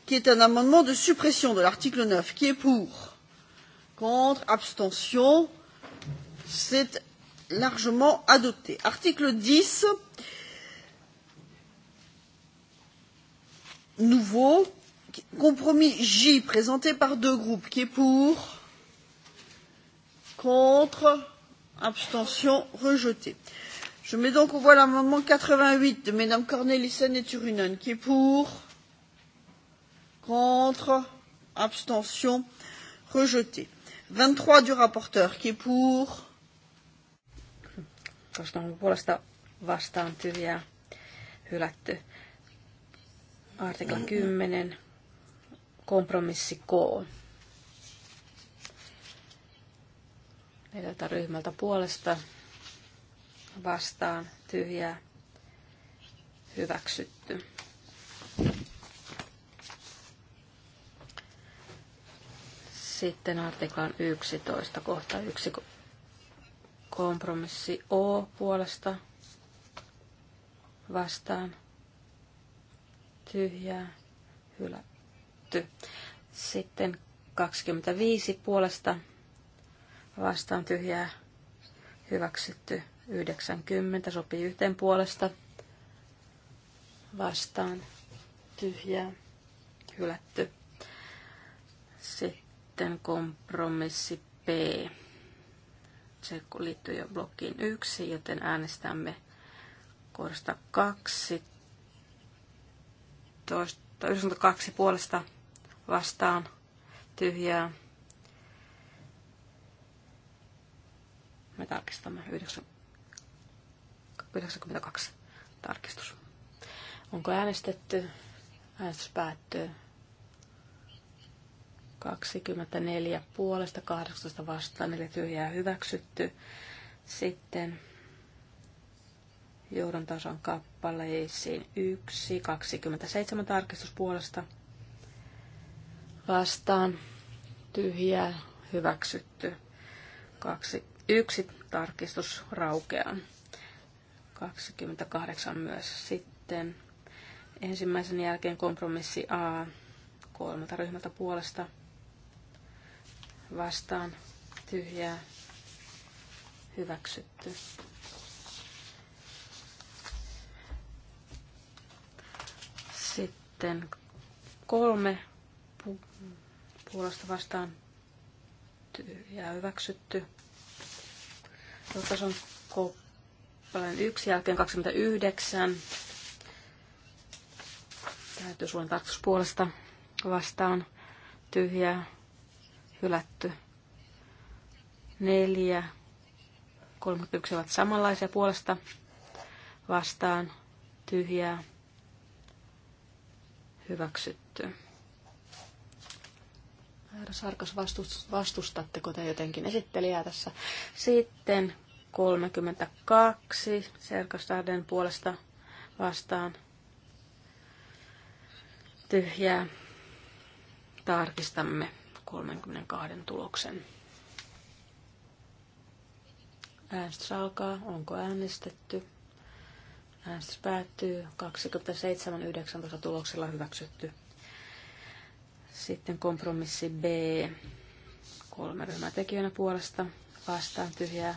D: qui est un amendement de suppression de l'article 9, qui est pour, contre, abstention, c'est largement adopté. Article 10 nouveau compromis j présenté par deux groupes qui est pour contre abstention rejeté. je mets donc aux voix l'amendement quatre vingt huit de mmes cornelissen et turunen qui est pour contre abstention rejeté. vingt trois du rapporteur qui est pour vastaan tyhjää hylätty. Artikla
C: 10, kompromissi K. Tätä ryhmältä puolesta vastaan tyhjää hyväksytty. Sitten artiklan 11 kohta 1 kompromissi O puolesta vastaan tyhjää, hylätty. Sitten 25 puolesta vastaan tyhjää, hyväksytty. 90 sopii yhteen puolesta vastaan tyhjää, hylätty. Sitten kompromissi P. Se liittyy jo blokkiin 1, joten äänestämme kohdasta 2 92 puolesta vastaan tyhjää. Me tarkistamme 92 tarkistus. Onko äänestetty? Äänestys päättyy. 24 puolesta, 18 vastaan, eli tyhjää hyväksytty. Sitten tason kappaleisiin 1, 27 tarkistuspuolesta vastaan tyhjää hyväksytty. 2, 1 tarkistus raukeaan. 28 myös sitten. Ensimmäisen jälkeen kompromissi A kolmelta ryhmältä puolesta vastaan tyhjää hyväksytty. Sitten kolme pu- puolesta vastaan ja hyväksytty. Jotta on kappaleen yksi jälkeen 29. Täytyy suunnan tarkoituspuolesta vastaan tyhjä hylätty. Neljä, 31 ovat samanlaisia puolesta vastaan tyhjää, Hyväksytty. Herra Sarkas, vastustatteko te jotenkin esittelijää tässä? Sitten 32 Serkastahden puolesta vastaan tyhjää. Tarkistamme 32 tuloksen. Äänestys alkaa. Onko äänestetty? Äänestys päättyy 27.19 tuloksella hyväksytty. Sitten kompromissi B. Kolme tekijänä puolesta vastaan tyhjää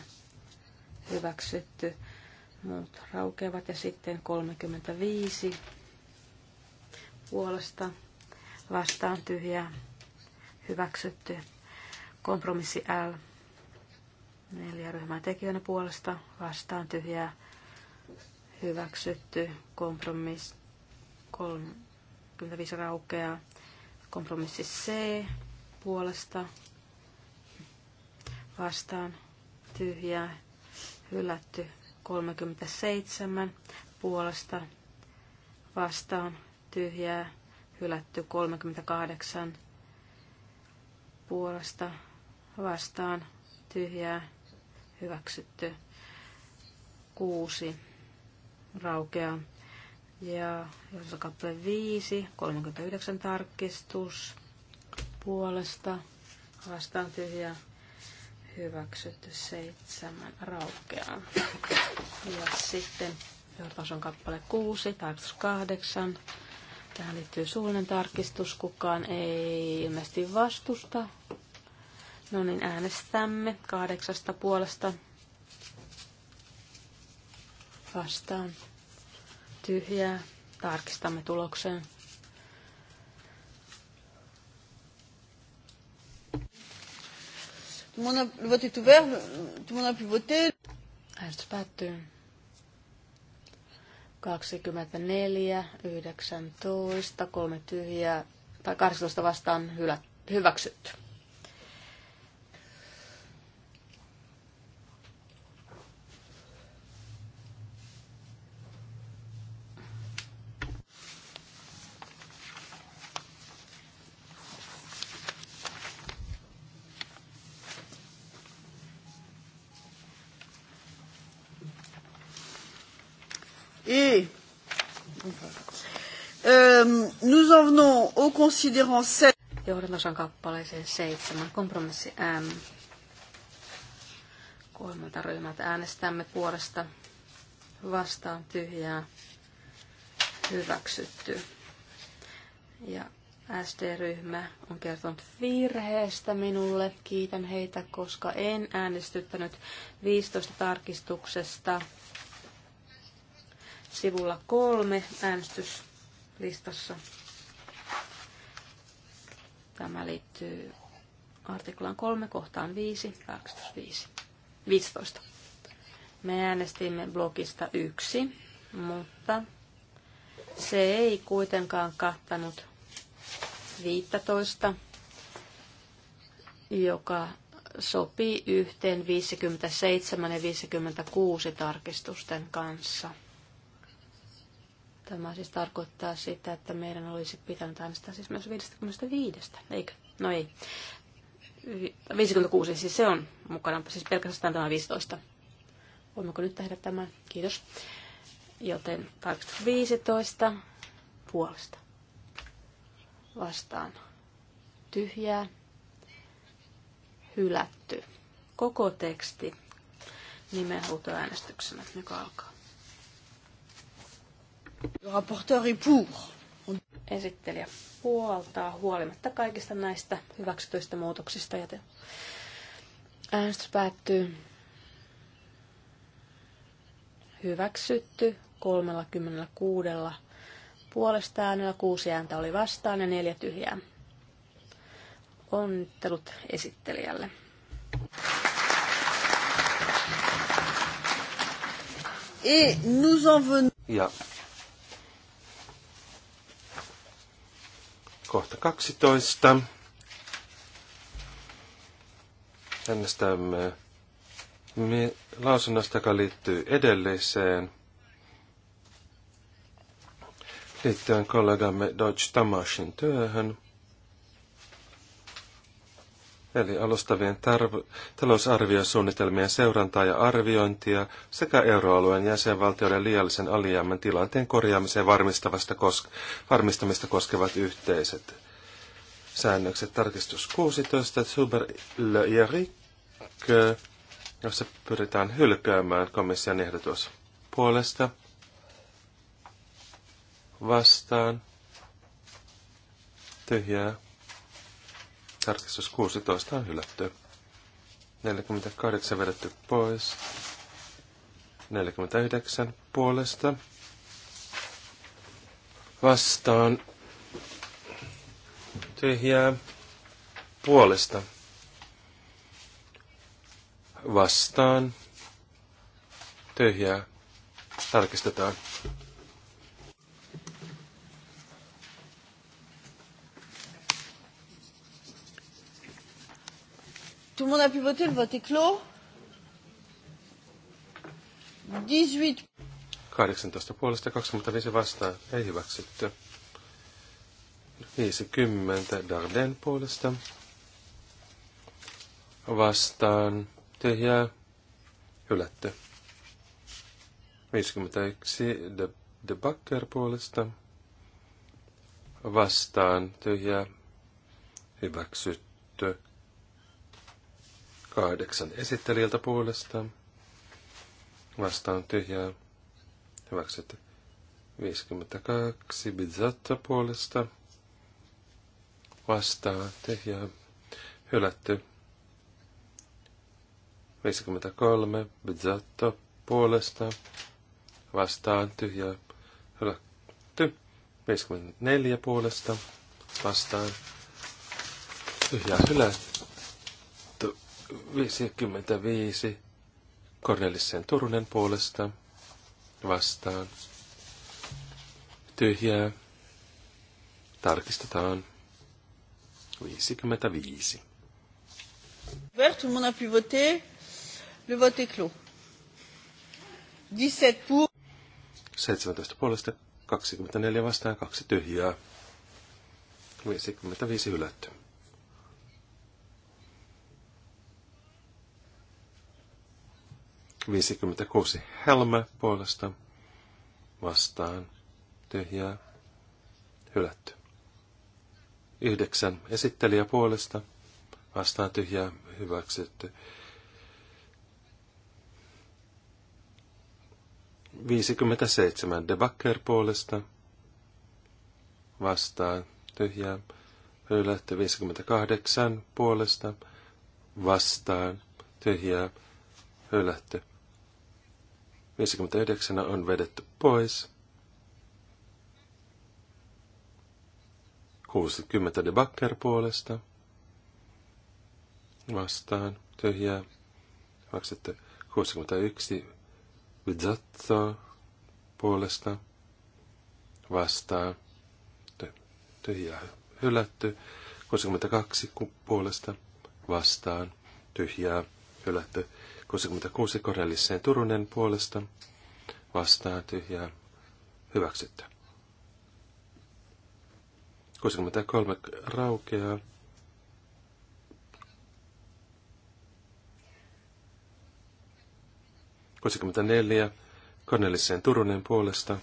C: hyväksytty. Muut raukeavat ja sitten 35 puolesta vastaan tyhjää hyväksytty. Kompromissi L. Neljä ryhmää tekijänä puolesta vastaan tyhjää hyväksytty kompromiss 35 raukeaa. Kompromissi C puolesta vastaan tyhjää hylätty 37 puolesta vastaan tyhjää hylätty 38 puolesta vastaan tyhjää hyväksytty 6 raukeaa. Ja jos kappale 5, 39 tarkistus puolesta vastaan tyhjä hyväksytty seitsemän raukeaa. Ja sitten jos on kappale 6, tarkistus 8. Tähän liittyy suullinen tarkistus. Kukaan ei ilmeisesti vastusta. No niin, äänestämme kahdeksasta puolesta vastaan tyhjää. Tarkistamme tuloksen.
D: Äänestys päättyy.
C: 24, 19, 3 tyhjää tai 18 vastaan hylä, hyväksytty.
D: Nous en venons au considérant 7. kappaleeseen 7. Kompromissi M.
C: Kolmelta ryhmältä äänestämme puolesta vastaan tyhjää hyväksytty. Ja SD-ryhmä on kertonut virheestä minulle. Kiitän heitä, koska en äänestyttänyt 15 tarkistuksesta. Sivulla kolme äänestys listassa. Tämä liittyy artiklaan 3 kohtaan 5, 25, 15. Me äänestimme blogista yksi, mutta se ei kuitenkaan kattanut 15, joka sopii yhteen 57 ja 56 tarkistusten kanssa. Tämä siis tarkoittaa sitä, että meidän olisi pitänyt äänestää siis myös 55, eikö? No ei. 56, siis se on mukana, siis pelkästään tämä 15. Voimmeko nyt tehdä tämän? Kiitos. Joten 15 puolesta vastaan tyhjää, hylätty. Koko teksti nimenhuutoäänestyksenä, joka alkaa. Esittelijä puoltaa huolimatta kaikista näistä hyväksytyistä muutoksista. Joten äänestys päättyy hyväksytty 36 puolesta äänellä, kuusi ääntä oli vastaan ja neljä tyhjää. Onnittelut esittelijälle.
D: Et nous en venons...
A: Yeah. kohta 12. Äänestämme me lausunnosta, joka liittyy edelliseen, liittyen kollegamme Deutsch Tamashin työhön – eli alustavien tarv- talousarviosuunnitelmien seurantaa ja arviointia sekä euroalueen jäsenvaltioiden liiallisen alijäämän tilanteen korjaamiseen varmistavasta kos- varmistamista koskevat yhteiset säännökset. Tarkistus 16, Zuber Le Jerik, jossa pyritään hylkäämään komission ehdotus puolesta vastaan tyhjää Tarkistus 16 on hylätty. 48 vedetty pois. 49 puolesta. Vastaan. Tyhjää. Puolesta. Vastaan. Tyhjää. Tarkistetaan.
D: Tout le monde a pu voter, le vote est clos. 18.
A: 18 puolesta 25 vastaan ei hyväksytty. 50 Darden puolesta vastaan tyhjää hylätty. 51 De, De Bakker puolesta vastaan tyhjää hyväksytty kahdeksan esittelijältä puolesta. Vastaan tyhjää. Hyväksytty. 52 Bizzatta puolesta. Vastaan tyhjää. Hylätty. 53 Bizzatta puolesta. Vastaan tyhjää. Hylätty. 54 puolesta. Vastaan tyhjää hylätty. 55. Cornelissen Turunen puolesta vastaan. Tyhjää. Tarkistetaan. 55.
D: Ouvert, tout le monde a pu voter. Le vote est clos. 17 pour.
A: 17 puolesta, 24 vastaan, 2 tyhjää. 55 hylätty. 56 helmä puolesta vastaan tyhjää hylätty. Yhdeksän esittelijä puolesta vastaan tyhjää hyväksytty. 57 debakker puolesta vastaan tyhjää hylätty. 58 puolesta vastaan tyhjää hylätty. 59 on vedetty pois. 60 debakker puolesta. Vastaan. Tyhjää. Maksatte 61 Vizzatto puolesta. Vastaan. Tyhjää hylätty. 62 puolesta. Vastaan. Tyhjää hylätty. 66 korelliseen Turunen puolesta vastaan tyhjää hyväksyttä. 63 raukeaa. Kuusikymmentäneljä Kornelisen Turunen puolesta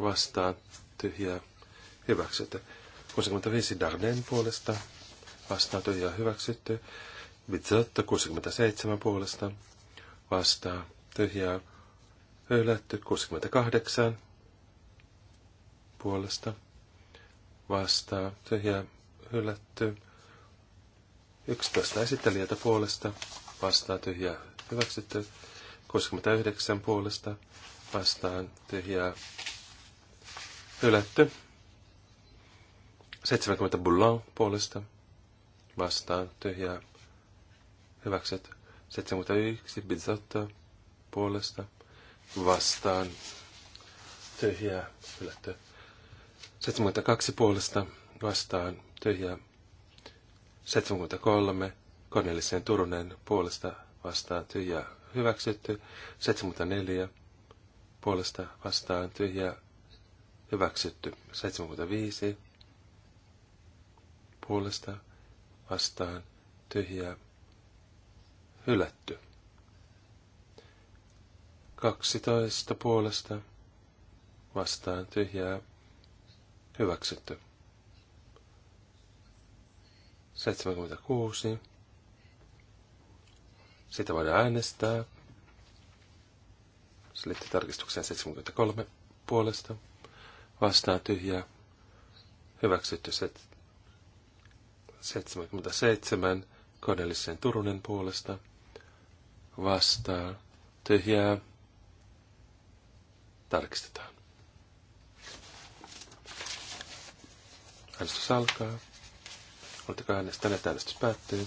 A: vastaa tyhjää hyväksytty. 65 Darden puolesta vastaa tyhjää hyväksytty. 67 puolesta vastaa tyhjää höylätty 68 puolesta vastaa tyhjää hylätty 11 esittelijätä puolesta vastaa tyhjää hyväksytty 69 puolesta vastaan tyhjää hylätty 70 bullon puolesta vastaan tyhjää hyväkset 71 Bizotto puolesta vastaan tyhjää hylätty. 72 puolesta vastaan tyhjää. 73 koneelliseen Turunen puolesta vastaan tyhjää hyväksytty. 74 puolesta vastaan tyhjää hyväksytty. 75 puolesta vastaan tyhjää hylätty. 12 puolesta vastaan tyhjää hyväksytty. 76. Sitä voidaan äänestää. Se tarkistukseen 73 puolesta. Vastaan tyhjää. Hyväksytty 77 Kodellisen Turunen puolesta vastaan tyhjää tarkistetaan. Äänestys alkaa. Oletteko äänestäneet? Äänestys päättyy.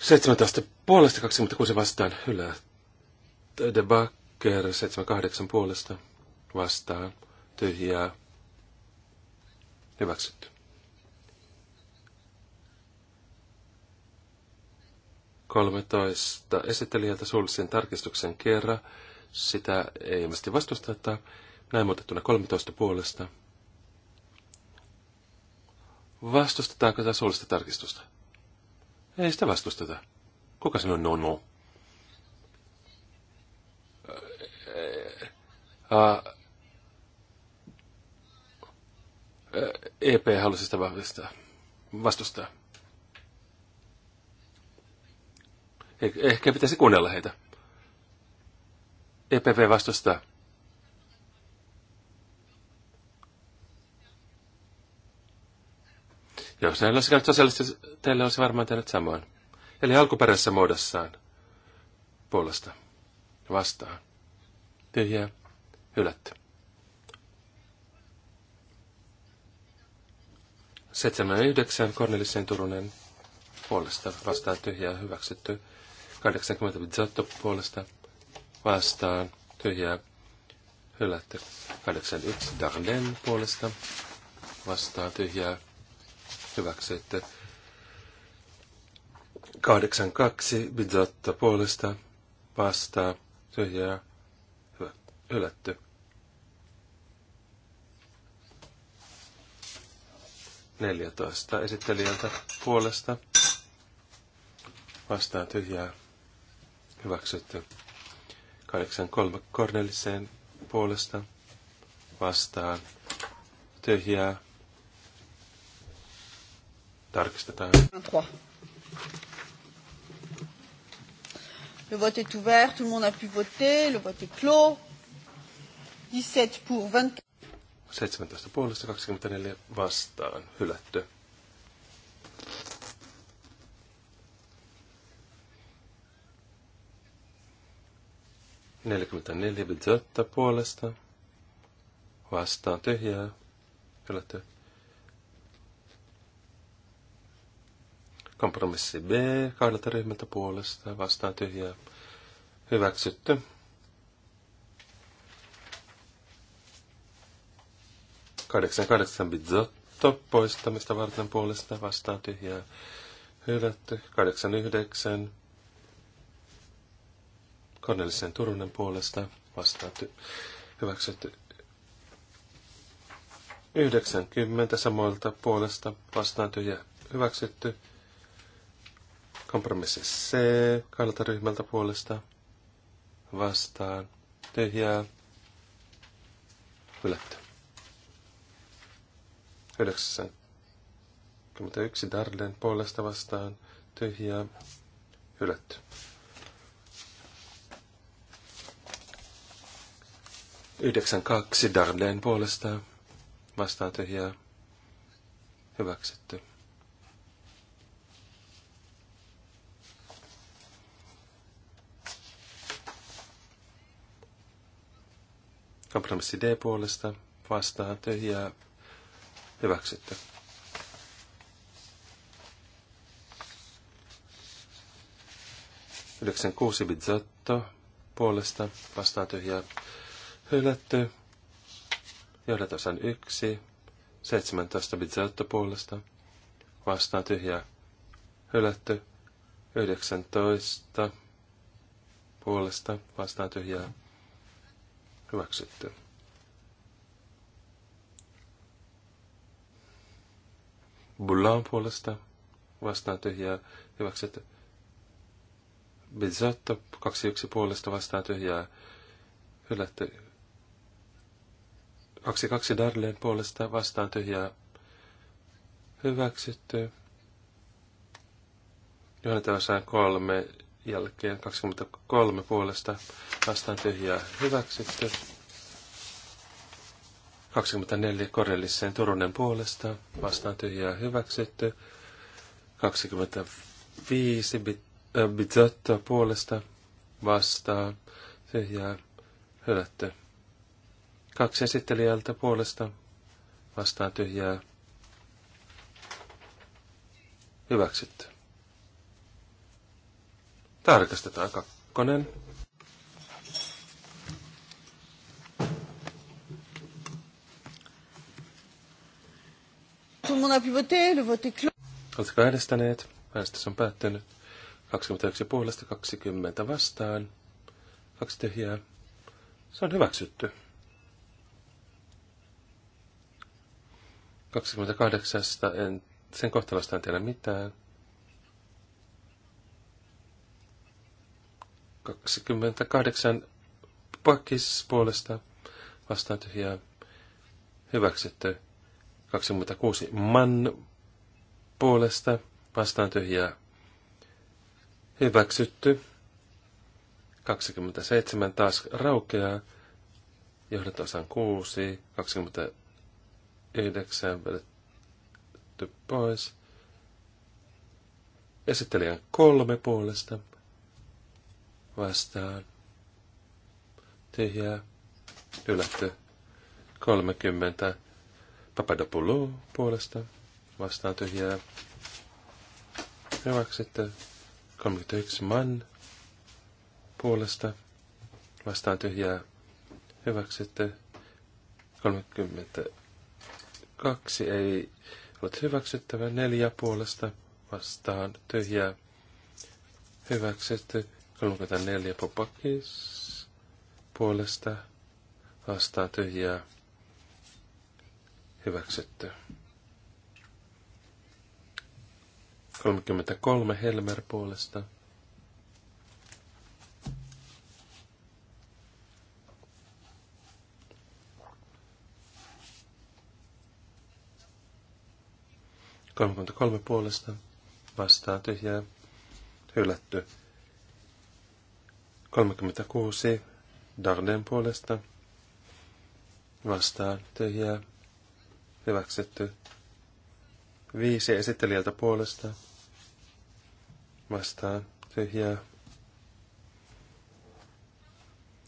A: 17 puolesta 26 vastaan hylää. Debakker 78 puolesta vastaan tyhjää hyväksytty. 13 esittelijältä suullisen tarkistuksen kerran. Sitä ei ilmeisesti vastusteta. Näin muutettuna 13 puolesta. Vastustetaanko tätä suullista tarkistusta? Ei sitä vastusteta. Kuka on no no? EP halusi sitä vahvistaa. Vastustaa. Eh, ehkä pitäisi kuunnella heitä. EPP vastustaa. Jos näillä olisi käynyt sosiaalisesti, teille olisi varmaan tehnyt samoin. Eli alkuperäisessä muodossaan. Puolesta. Vastaan. Tyhjää. Hylätty. yhdeksän, Kornelisen Turunen puolesta vastaan tyhjää hyväksytty. 80 Bizzotto puolesta vastaan. Tyhjää hylätty. 81 Darden puolesta vastaan. Tyhjää hyväksytty. 82 Bizzotto puolesta vastaan. Tyhjää hylätty. Neljätoista esittelijältä puolesta vastaan tyhjää hyväksytty. 8.3. Korneliseen puolesta vastaan tyhjää. Tarkistetaan.
D: Le vote est ouvert, tout le monde a pu voter, le vote est clos. 17 pour 24.
A: 17 puolesta 24 vastaan hylätty. 44 Viljotta puolesta. Vastaan tyhjää. Hylätty. Kompromissi B kahdelta ryhmältä puolesta. Vastaan tyhjää. Hyväksytty. Kahdeksan kahdeksan bizotto poistamista varten puolesta vastaan tyhjää. Hylätty. Kahdeksan yhdeksän Kannellisen Turunen puolesta vastaatte hyväksytty 90 samoilta puolesta vastaan tyhjä hyväksytty. Kompromissi C kahdelta ryhmältä puolesta vastaan tyhjää hylätty. 91 Darden puolesta vastaan tyhjää hylätty. 92 Darleen puolesta vastaan tyhjää. Hyväksytty. Kompromissi D puolesta vastaan tyhjää. Hyväksytty. Yhdeksän kuusi Bizzotto puolesta vastaa tyhjää Hylätty. Johdatosan yksi. 17 Bizotto puolesta. Vastaan tyhjä, Hylätty. 19 puolesta. Vastaan tyhjä, Hyväksytty. Bullaan puolesta. Vastaan tyhjä, Hyväksytty. Bizotto 21 puolesta. Vastaan tyhjää. Hylätty. 22 Darleen puolesta vastaan tyhjää hyväksytty. Johdantavan kolme jälkeen 23 puolesta vastaan tyhjää hyväksytty. 24 Korelliseen Turunen puolesta vastaan tyhjää hyväksytty. 25 äh, Bizotto puolesta vastaan tyhjää hylätty. Kaksi esittelijältä puolesta vastaan tyhjää. Hyväksytty. Tarkastetaan kakkonen. Oletko äänestäneet? Äänestys on päättynyt. 21 puolesta 20 vastaan. Kaksi tyhjää. Se on hyväksytty. 28. En, sen kohtalosta en tiedä mitään. 28 pakis puolesta vastaan tyhjää hyväksytty. 26 man puolesta vastaan tyhjää hyväksytty. 27 taas raukeaa. Johdat osan 6, 20 yhdeksän vedetty pois. Esittelijän kolme puolesta vastaan. Tyhjää. Ylätty. 30. Papadopoulou puolesta vastaan tyhjää. Hyväksytty. 31. Man puolesta vastaan tyhjää. Hyväksytty. 30. Kaksi ei ollut hyväksyttävä. Neljä puolesta vastaan tyhjää hyväksytty. 34 popakis puolesta vastaan tyhjää hyväksytty. 33 Helmer puolesta 33 puolesta vastaan tyhjää hylätty. 36 Darden puolesta vastaan tyhjää hyväksytty. Viisi esittelijältä puolesta vastaan tyhjää.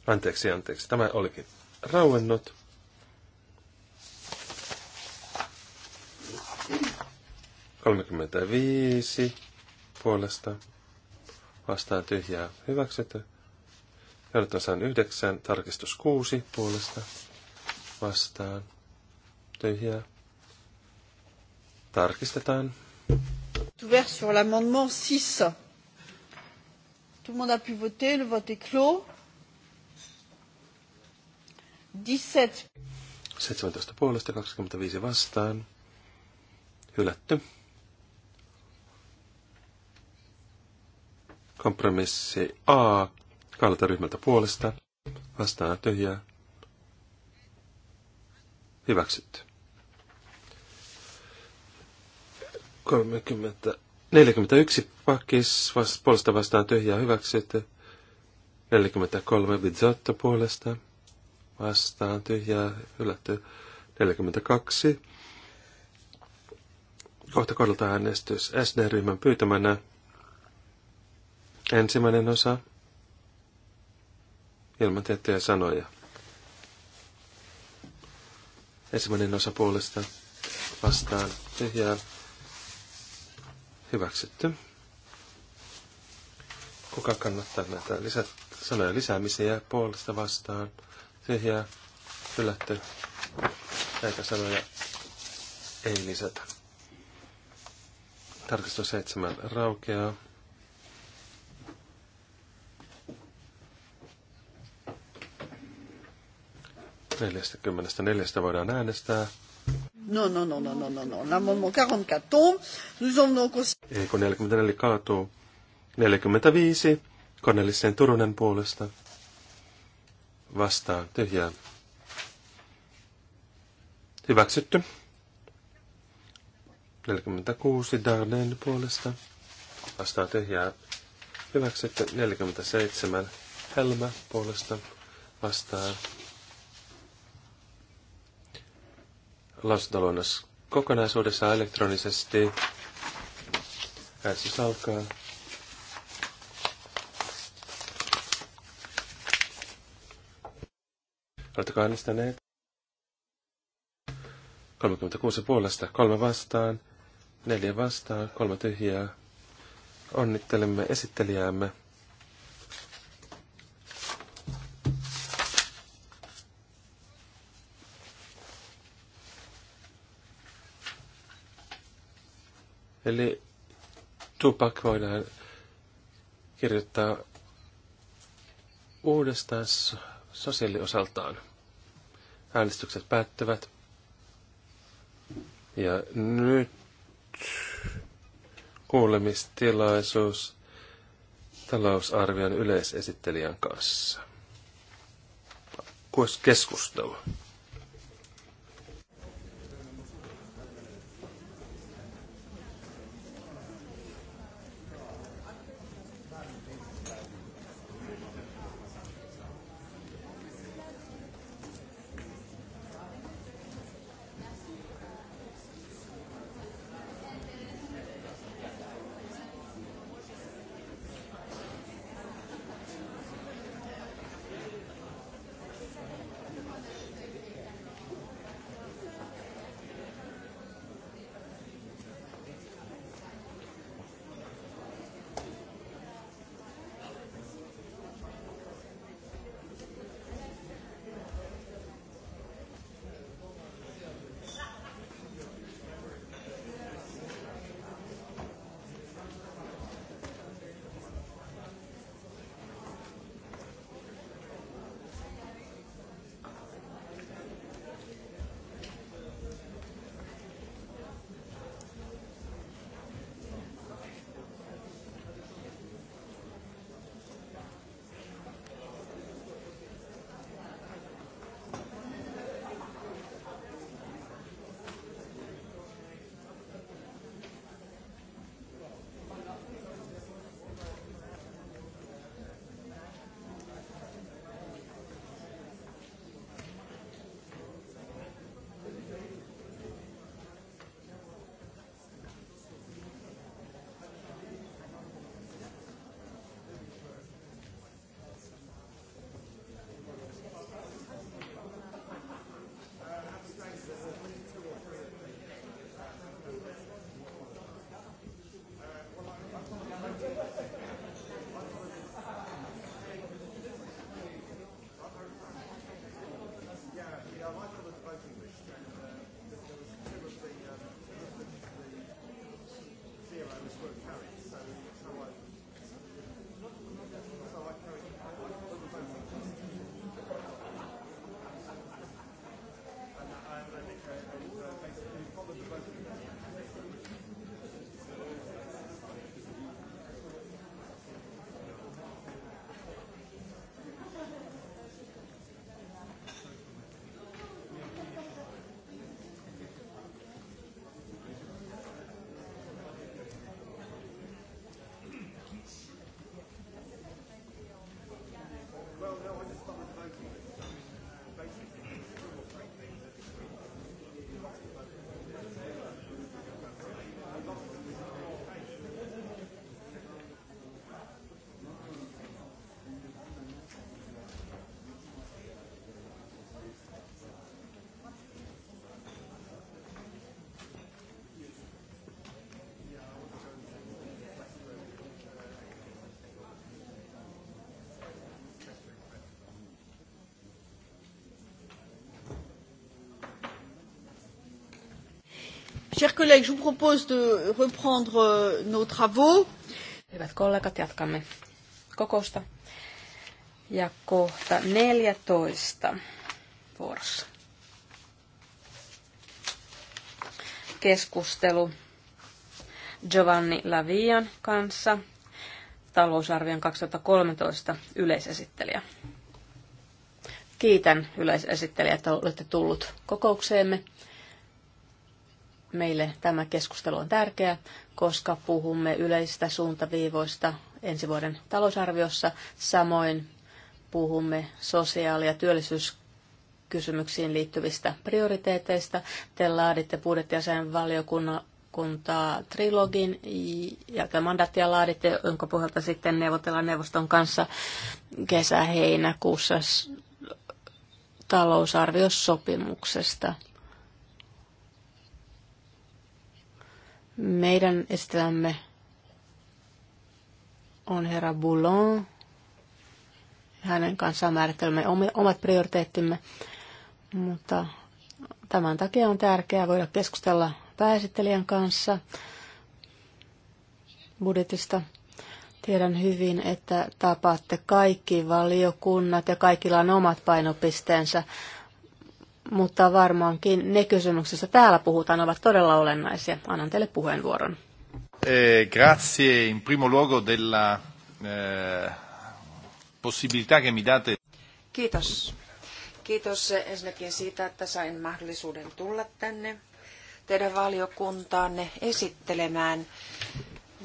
A: Anteeksi, anteeksi. Tämä olikin rauennut. 35 puolesta vastaan tyhjää hyväksytty. Johdatusan 9, tarkistus 6 puolesta vastaan tyhjää. Tarkistetaan.
D: Ouvert sur l'amendement 6. Tout le monde a pu voter, le vote est clos. 17.
A: 17 puolesta, 25 vastaan. Hylätty. Kompromissi A kahdelta ryhmältä puolesta. Vastaan tyhjää. Hyväksytty. 30, 41 pakis vast, puolesta vastaan tyhjää hyväksytty. 43 Bizzotto puolesta vastaan tyhjää hylätty. 42 kohta kohdalta äänestys SD-ryhmän pyytämänä Ensimmäinen osa ilman tiettyjä sanoja. Ensimmäinen osa puolesta vastaan tyhjää hyväksytty. Kuka kannattaa näitä lisät sanoja lisäämisiä puolesta vastaan tyhjää hylätty. Näitä sanoja ei lisätä. Tarkistus seitsemän raukeaa. 44 voidaan äänestää.
D: No, no, no, no, no, no, no. L'amendement 44 tombe. Nous no venons cons...
A: Eikö 44 kaatuu? 45. Konnellisen Turunen puolesta. Vastaan. Tyhjää. Hyväksytty. 46 Darden puolesta. Vastaan tyhjää. Hyväksytty. 47 Helmä puolesta. Vastaan lausuntoluonnos kokonaisuudessa elektronisesti. Äänestys alkaa. Oletteko äänestäneet? 36 puolesta, kolme vastaan, neljä vastaan, kolme tyhjää. Onnittelemme esittelijäämme. Eli Tupac voidaan kirjoittaa uudestaan sosiaaliosaltaan. Äänestykset päättyvät. Ja nyt kuulemistilaisuus talousarvion yleisesittelijän kanssa. Keskustelu.
D: Chers collègues, je vous propose de reprendre euh, nos travaux. Hyvät kollegat, jatkamme kokousta. Ja kohta
C: 14 vuorossa. Keskustelu Giovanni Lavian kanssa, talousarvion 2013 yleisesittelijä. Kiitän yleisesittelijä, että olette tullut kokoukseemme. Meille tämä keskustelu on tärkeä, koska puhumme yleisistä suuntaviivoista ensi vuoden talousarviossa. Samoin puhumme sosiaali- ja työllisyyskysymyksiin liittyvistä prioriteeteista. Te laaditte budjettiasen valiokuntaa trilogin ja mandaattia laaditte, jonka pohjalta sitten neuvotellaan neuvoston kanssa kesä-heinäkuussa talousarviosopimuksesta. Meidän esitellämme on herra Boulon. Hänen kanssaan määrittelemme omat prioriteettimme, mutta tämän takia on tärkeää voida keskustella pääsittelijän kanssa budjetista. Tiedän hyvin, että tapaatte kaikki valiokunnat ja kaikilla on omat painopisteensä, mutta varmaankin ne kysymykset, täällä puhutaan, ovat todella olennaisia. Annan teille puheenvuoron.
E: Eh, grazie in primo luogo della eh, possibilità che mi date.
B: Kiitos. Kiitos ensinnäkin siitä, että sain mahdollisuuden tulla tänne teidän valiokuntaanne esittelemään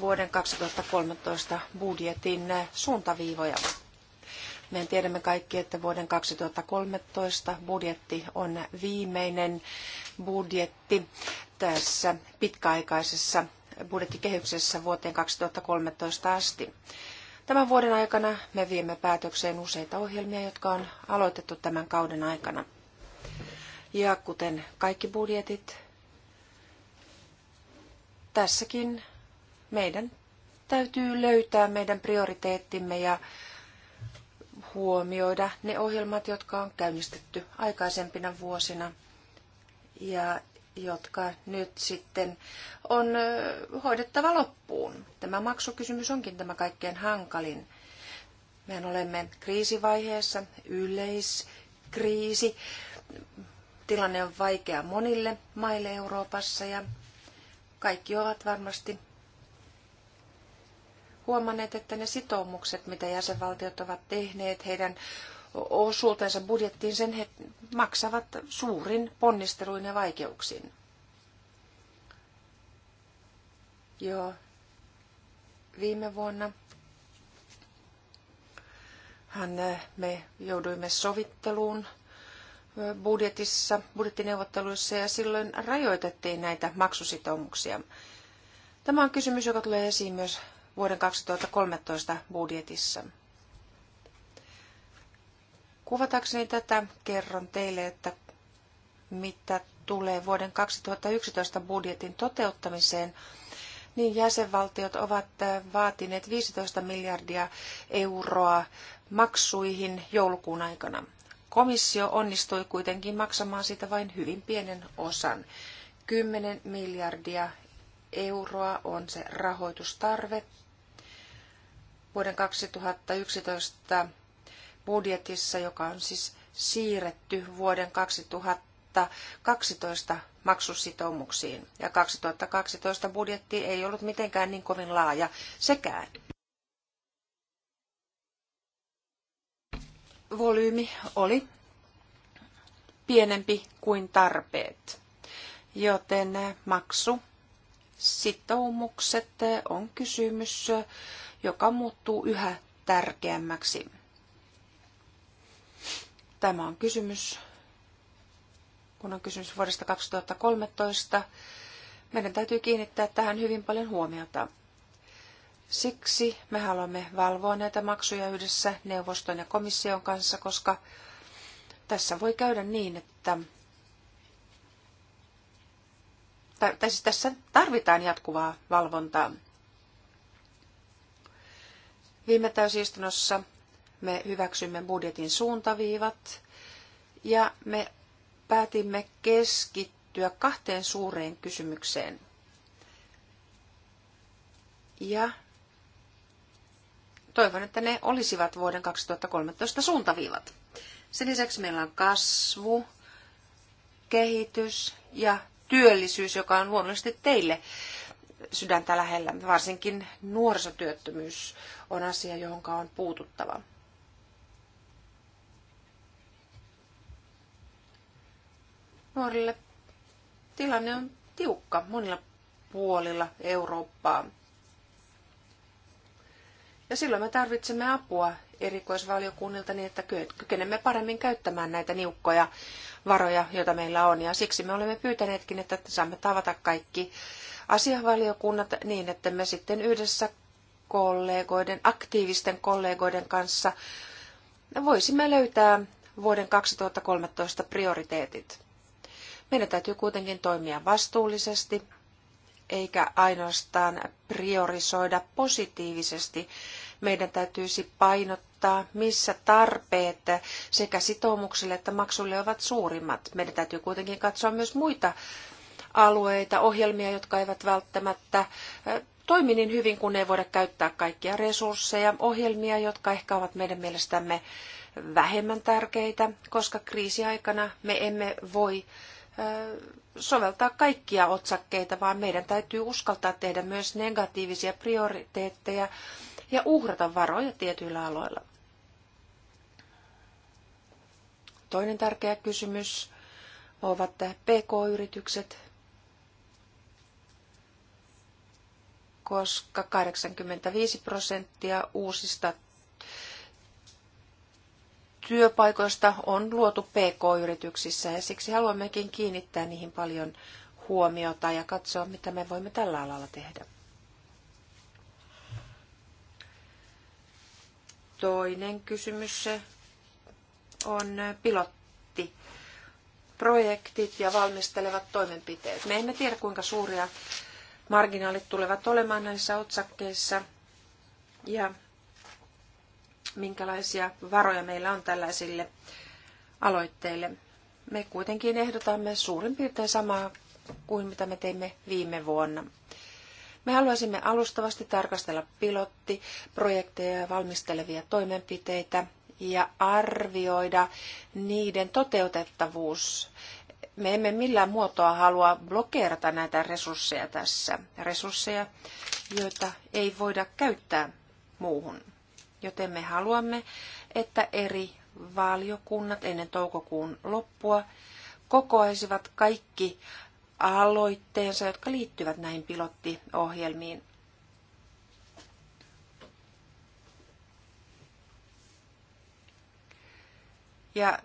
B: vuoden 2013 budjetin suuntaviivoja. Me tiedämme kaikki, että vuoden 2013 budjetti on viimeinen budjetti tässä pitkäaikaisessa budjettikehyksessä vuoteen 2013 asti. Tämän vuoden aikana me viemme päätökseen useita ohjelmia, jotka on aloitettu tämän kauden aikana. Ja kuten kaikki budjetit, tässäkin meidän täytyy löytää meidän prioriteettimme ja huomioida ne ohjelmat, jotka on käynnistetty aikaisempina vuosina ja jotka nyt sitten on hoidettava loppuun. Tämä maksukysymys onkin tämä kaikkein hankalin. Mehän olemme kriisivaiheessa, yleiskriisi. Tilanne on vaikea monille maille Euroopassa ja kaikki ovat varmasti huomanneet, että ne sitoumukset, mitä jäsenvaltiot ovat tehneet, heidän osuutensa budjettiin, sen he maksavat suurin ponnisteluin ja vaikeuksin. Joo, viime vuonna hän, eh, me jouduimme sovitteluun eh, budjetissa, budjettineuvotteluissa ja silloin rajoitettiin näitä maksusitoumuksia. Tämä on kysymys, joka tulee esiin myös vuoden 2013 budjetissa. Kuvatakseni tätä kerron teille, että mitä tulee vuoden 2011 budjetin toteuttamiseen, niin jäsenvaltiot ovat äh, vaatineet 15 miljardia euroa maksuihin joulukuun aikana. Komissio onnistui kuitenkin maksamaan siitä vain hyvin pienen osan. 10 miljardia euroa on se rahoitustarve vuoden 2011 budjetissa, joka on siis siirretty vuoden 2012 maksusitoumuksiin. Ja 2012 budjetti ei ollut mitenkään niin kovin laaja sekään. Volyymi oli pienempi kuin tarpeet, joten maksusitoumukset on kysymys joka muuttuu yhä tärkeämmäksi. Tämä on kysymys, kun on kysymys vuodesta 2013. Meidän täytyy kiinnittää tähän hyvin paljon huomiota. Siksi me haluamme valvoa näitä maksuja yhdessä neuvoston ja komission kanssa, koska tässä voi käydä niin, että tai siis tässä tarvitaan jatkuvaa valvontaa. Viime täysistunnossa me hyväksymme budjetin suuntaviivat ja me päätimme keskittyä kahteen suureen kysymykseen. Ja toivon, että ne olisivat vuoden 2013 suuntaviivat. Sen lisäksi meillä on kasvu, kehitys ja työllisyys, joka on luonnollisesti teille sydäntä lähellä. Varsinkin nuorisotyöttömyys on asia, johon on puututtava. Nuorille tilanne on tiukka monilla puolilla Eurooppaa. Ja silloin me tarvitsemme apua erikoisvaliokunnilta niin, että kykenemme paremmin käyttämään näitä niukkoja varoja, joita meillä on. Ja siksi me olemme pyytäneetkin, että saamme tavata kaikki asiavaliokunnat niin, että me sitten yhdessä kollegoiden, aktiivisten kollegoiden kanssa voisimme löytää vuoden 2013 prioriteetit. Meidän täytyy kuitenkin toimia vastuullisesti, eikä ainoastaan priorisoida positiivisesti. Meidän täytyisi painottaa, missä tarpeet sekä sitoumuksille että maksulle ovat suurimmat. Meidän täytyy kuitenkin katsoa myös muita alueita, ohjelmia, jotka eivät välttämättä toimi niin hyvin, kun ei voida käyttää kaikkia resursseja, ohjelmia, jotka ehkä ovat meidän mielestämme vähemmän tärkeitä, koska kriisiaikana me emme voi soveltaa kaikkia otsakkeita, vaan meidän täytyy uskaltaa tehdä myös negatiivisia prioriteetteja ja uhrata varoja tietyillä aloilla. Toinen tärkeä kysymys ovat pk-yritykset, koska 85 prosenttia uusista työpaikoista on luotu PK-yrityksissä ja siksi haluammekin kiinnittää niihin paljon huomiota ja katsoa, mitä me voimme tällä alalla tehdä. Toinen kysymys on pilotti. Projektit ja valmistelevat toimenpiteet. Me emme tiedä, kuinka suuria marginaalit tulevat olemaan näissä otsakkeissa ja minkälaisia varoja meillä on tällaisille aloitteille. Me kuitenkin ehdotamme suurin piirtein samaa kuin mitä me teimme viime vuonna. Me haluaisimme alustavasti tarkastella pilottiprojekteja ja valmistelevia toimenpiteitä ja arvioida niiden toteutettavuus me emme millään muotoa halua blokeerata näitä resursseja tässä. Resursseja, joita ei voida käyttää muuhun. Joten me haluamme, että eri valiokunnat ennen toukokuun loppua kokoaisivat kaikki aloitteensa, jotka liittyvät näihin pilottiohjelmiin. Ja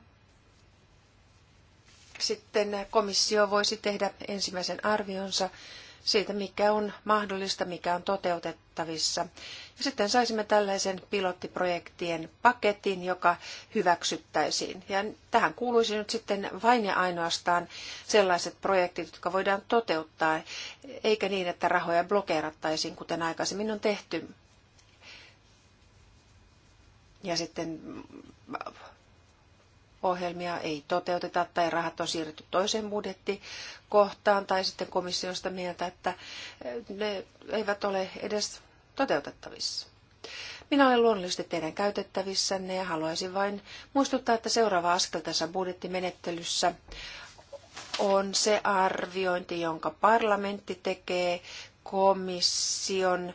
B: sitten komissio voisi tehdä ensimmäisen arvionsa siitä, mikä on mahdollista, mikä on toteutettavissa. Ja sitten saisimme tällaisen pilottiprojektien paketin, joka hyväksyttäisiin. Ja tähän kuuluisi nyt sitten vain ja ainoastaan sellaiset projektit, jotka voidaan toteuttaa, eikä niin, että rahoja blokeerattaisiin, kuten aikaisemmin on tehty. Ja sitten ohjelmia ei toteuteta tai rahat on siirretty toiseen budjettikohtaan tai sitten komissiosta mieltä, että eh, ne eivät ole edes toteutettavissa. Minä olen luonnollisesti teidän käytettävissänne ja haluaisin vain muistuttaa, että seuraava askel tässä budjettimenettelyssä on se arviointi, jonka parlamentti tekee komission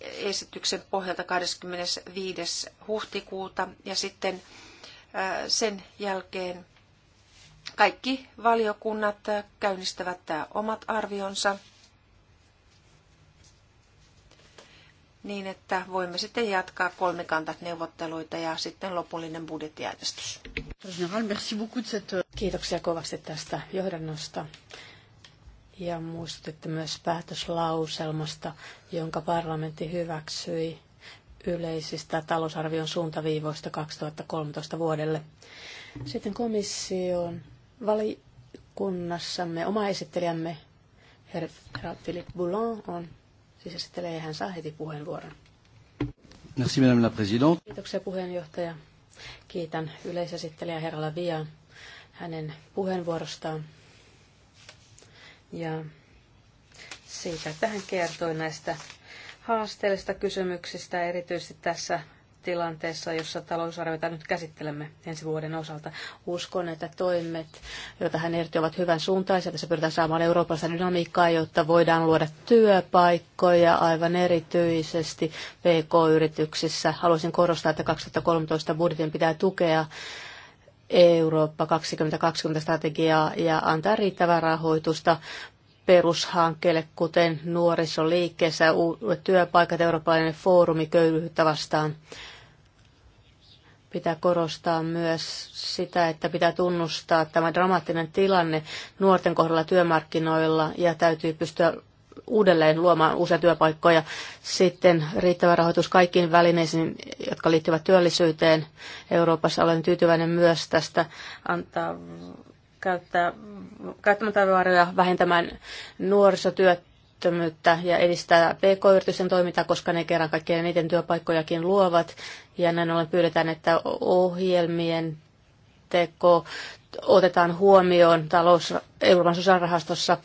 B: esityksen pohjalta 25. huhtikuuta ja sitten sen jälkeen kaikki valiokunnat käynnistävät omat arvionsa niin, että voimme sitten jatkaa kolmikantat neuvotteluita ja sitten lopullinen budjettiäänestys.
C: Euh, Kiitoksia kovasti tästä johdannosta. Ja muistutitte myös päätöslauselmasta, jonka parlamentti hyväksyi yleisistä talousarvion suuntaviivoista 2013 vuodelle. Sitten komission valikunnassamme oma esittelijämme herra Philippe Boulon on, siis esittelee ja hän saa heti puheenvuoron.
D: Merci, madame la présidente.
C: Kiitoksia puheenjohtaja. Kiitän yleisesittelijä herra Lavia hänen puheenvuorostaan ja siitä, että hän kertoi näistä haasteellisista kysymyksistä, erityisesti tässä tilanteessa, jossa talousarvioita nyt käsittelemme ensi vuoden osalta. Uskon, että toimet, joita hän ehdotti, ovat hyvän suuntaisia. Tässä pyritään saamaan Euroopassa dynamiikkaa, jotta voidaan luoda työpaikkoja aivan erityisesti PK-yrityksissä. Haluaisin korostaa, että 2013 budjetin pitää tukea Eurooppa 2020 strategiaa ja antaa riittävää rahoitusta perushankkeille, kuten nuorisoliikkeessä, uudet työpaikat, eurooppalainen foorumi köyhyyttä vastaan. Pitää korostaa myös sitä, että pitää tunnustaa tämä dramaattinen tilanne nuorten kohdalla työmarkkinoilla ja täytyy pystyä uudelleen luomaan uusia työpaikkoja. Sitten riittävä rahoitus kaikkiin välineisiin, jotka liittyvät työllisyyteen Euroopassa. Olen tyytyväinen myös tästä antaa käyttää käyttämättä varoja vähentämään nuorisotyöttömyyttä ja edistää pk-yritysten toimintaa, koska ne kerran kaikkein eniten työpaikkojakin luovat. Ja näin ollen pyydetään, että ohjelmien teko otetaan huomioon talous Euroopan sosiaalirahastossa,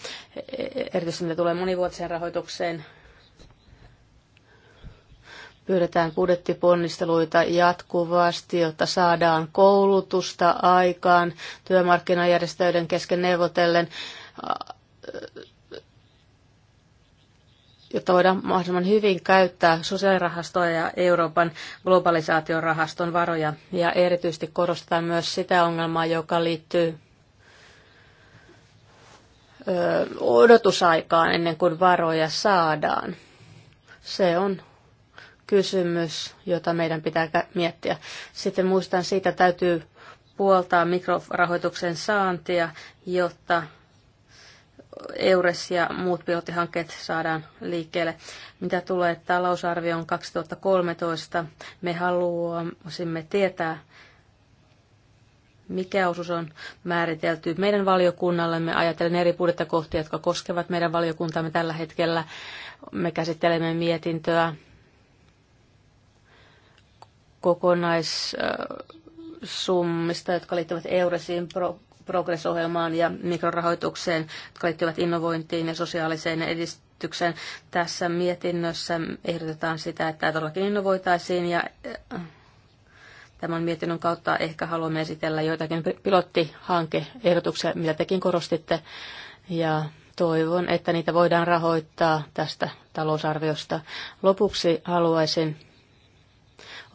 C: e- e- erityisesti mitä tulee monivuotiseen rahoitukseen, pyydetään budjettiponnisteluita jatkuvasti, jotta saadaan koulutusta aikaan työmarkkinajärjestöiden kesken neuvotellen, jotta voidaan mahdollisimman hyvin käyttää sosiaalirahastoa ja Euroopan globalisaatiorahaston varoja. Ja erityisesti korostetaan myös sitä ongelmaa, joka liittyy odotusaikaan ennen kuin varoja saadaan. Se on kysymys, jota meidän pitää miettiä. Sitten muistan, siitä täytyy puoltaa mikrorahoituksen saantia, jotta EURES ja muut pilottihankkeet saadaan liikkeelle. Mitä tulee talousarvioon 2013, me haluaisimme tietää, mikä osuus on määritelty meidän valiokunnallemme. Ajatellen eri budjettakohtia, jotka koskevat meidän valiokuntamme tällä hetkellä. Me käsittelemme mietintöä kokonaissummista, jotka liittyvät Euresiin pro- progressohjelmaan ja mikrorahoitukseen, jotka liittyvät innovointiin ja sosiaaliseen edistykseen. Tässä mietinnössä ehdotetaan sitä, että todellakin innovoitaisiin ja äh, tämän mietinnön kautta ehkä haluamme esitellä joitakin pilottihankeehdotuksia, mitä tekin korostitte. Ja toivon, että niitä voidaan rahoittaa tästä talousarviosta. Lopuksi haluaisin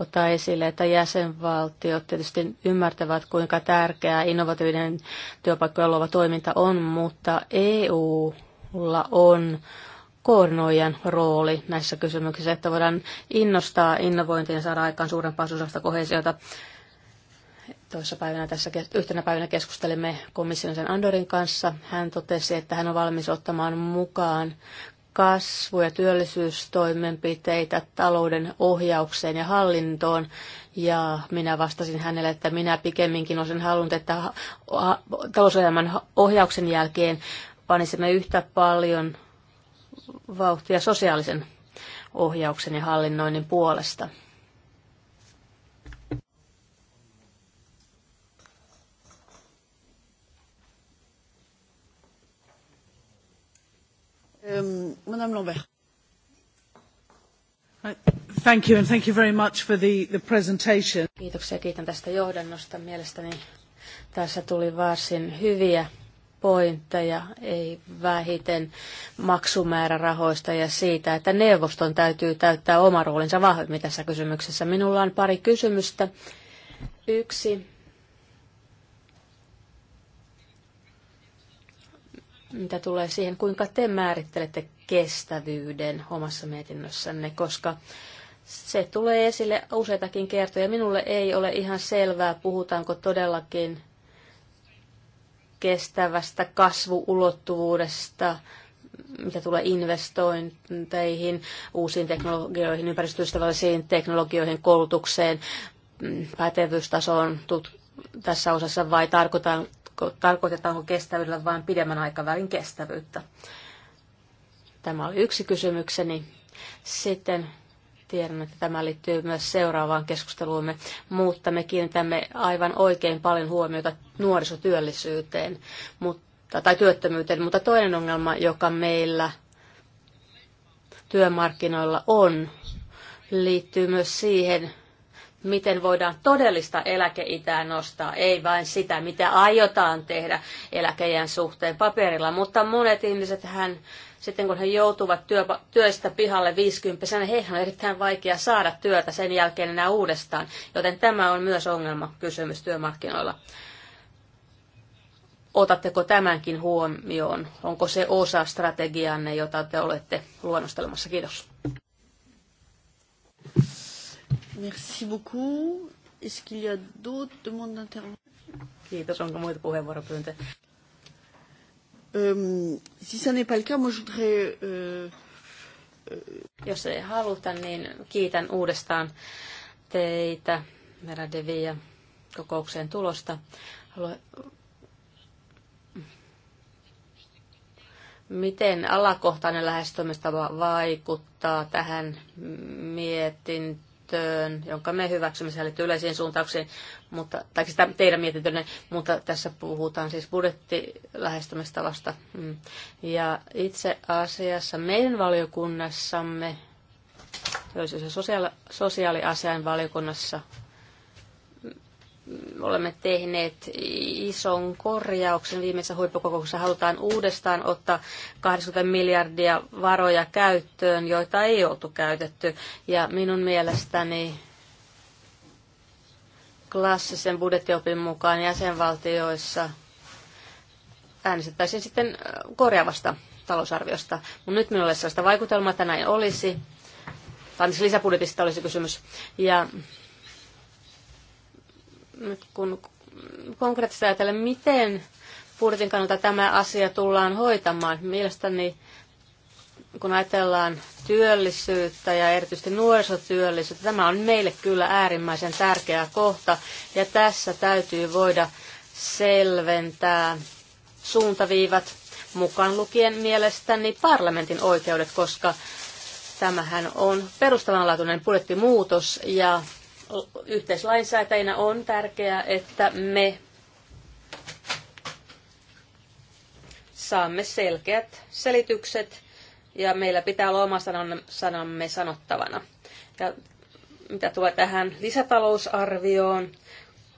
C: ottaa esille, että jäsenvaltiot tietysti ymmärtävät, kuinka tärkeää innovatiivinen työpaikkojen luova toiminta on, mutta EUlla on koordinoijan rooli näissä kysymyksissä, että voidaan innostaa innovointiin ja saada aikaan suurempaa sosiaalista kohesiota. Toissa päivänä tässä, yhtenä päivänä keskustelimme komission sen Andorin kanssa. Hän totesi, että hän on valmis ottamaan mukaan kasvu- ja työllisyystoimenpiteitä talouden ohjaukseen ja hallintoon. Ja minä vastasin hänelle, että minä pikemminkin olisin halunnut, että talouselämän ohjauksen jälkeen panisimme yhtä paljon vauhtia sosiaalisen ohjauksen ja hallinnoinnin puolesta.
D: Um, Madame Lambert.
C: Thank you and thank you very much for the, the presentation. Kiitoksia kiitän tästä johdannosta. Mielestäni tässä tuli varsin hyviä pointteja, ei vähiten maksumäärärahoista ja siitä, että neuvoston täytyy täyttää oma roolinsa vahvemmin tässä kysymyksessä. Minulla on pari kysymystä. Yksi mitä tulee siihen, kuinka te määrittelette kestävyyden omassa mietinnössänne, koska se tulee esille useitakin kertoja. Minulle ei ole ihan selvää, puhutaanko todellakin kestävästä kasvuulottuvuudesta, mitä tulee investointeihin, uusiin teknologioihin, ympäristöystävällisiin teknologioihin, koulutukseen, mm, pätevyystasoon tut- tässä osassa vai tarkoitan? tarkoitetaanko kestävyydellä vain pidemmän aikavälin kestävyyttä. Tämä oli yksi kysymykseni. Sitten tiedän, että tämä liittyy myös seuraavaan keskusteluumme, mutta me kiinnitämme aivan oikein paljon huomiota nuorisotyöllisyyteen mutta, tai työttömyyteen. Mutta toinen ongelma, joka meillä työmarkkinoilla on, liittyy myös siihen, miten voidaan todellista eläkeitää nostaa, ei vain sitä, mitä aiotaan tehdä eläkeijän suhteen paperilla. Mutta monet ihmiset hän, sitten kun he joutuvat työ, työstä pihalle 50 heihän on erittäin vaikea saada työtä sen jälkeen enää uudestaan. Joten tämä on myös ongelma kysymys työmarkkinoilla. Otatteko tämänkin huomioon? Onko se osa strategianne, jota te olette luonnostelemassa? Kiitos.
D: Merci beaucoup. Est-ce qu'il y a d'autres demandes d'intervention?
C: Kiitos. Onko muita puheenvuoropyyntöjä?
D: Euh, si ça n'est pas le cas, moi je voudrais... Euh, Jos ei haluta, niin
C: kiitän uudestaan teitä, Mera Devia, kokoukseen tulosta. Haluan miten alakohtainen lähestymistapa vaikuttaa tähän mietintöön? mietintöön, jonka me hyväksymme, se yleisiin suuntauksiin, mutta, tai sitä siis teidän mietintönne, mutta tässä puhutaan siis budjettilähestymistavasta. Mm. Ja itse asiassa meidän valiokunnassamme, työllisyys- ja sosiaali- sosiaaliasian valiokunnassa, olemme tehneet ison korjauksen viimeisessä huippukokouksessa. Halutaan uudestaan ottaa 80 miljardia varoja käyttöön, joita ei oltu käytetty. Ja minun mielestäni klassisen budjettiopin mukaan jäsenvaltioissa äänestettäisiin sitten korjaavasta talousarviosta. Mutta nyt minulla olisi sellaista vaikutelmaa, että näin olisi. Tai siis lisäbudjetista olisi kysymys. Ja nyt kun konkreettisesti ajatellen, miten budjetin kannalta tämä asia tullaan hoitamaan. Mielestäni kun ajatellaan työllisyyttä ja erityisesti nuorisotyöllisyyttä, tämä on meille kyllä äärimmäisen tärkeä kohta ja tässä täytyy voida selventää suuntaviivat mukaan lukien mielestäni parlamentin oikeudet, koska tämähän on perustavanlaatuinen budjettimuutos ja yhteislainsäätäjinä on tärkeää, että me saamme selkeät selitykset ja meillä pitää olla oma sanamme sanottavana. Ja mitä tulee tähän lisätalousarvioon,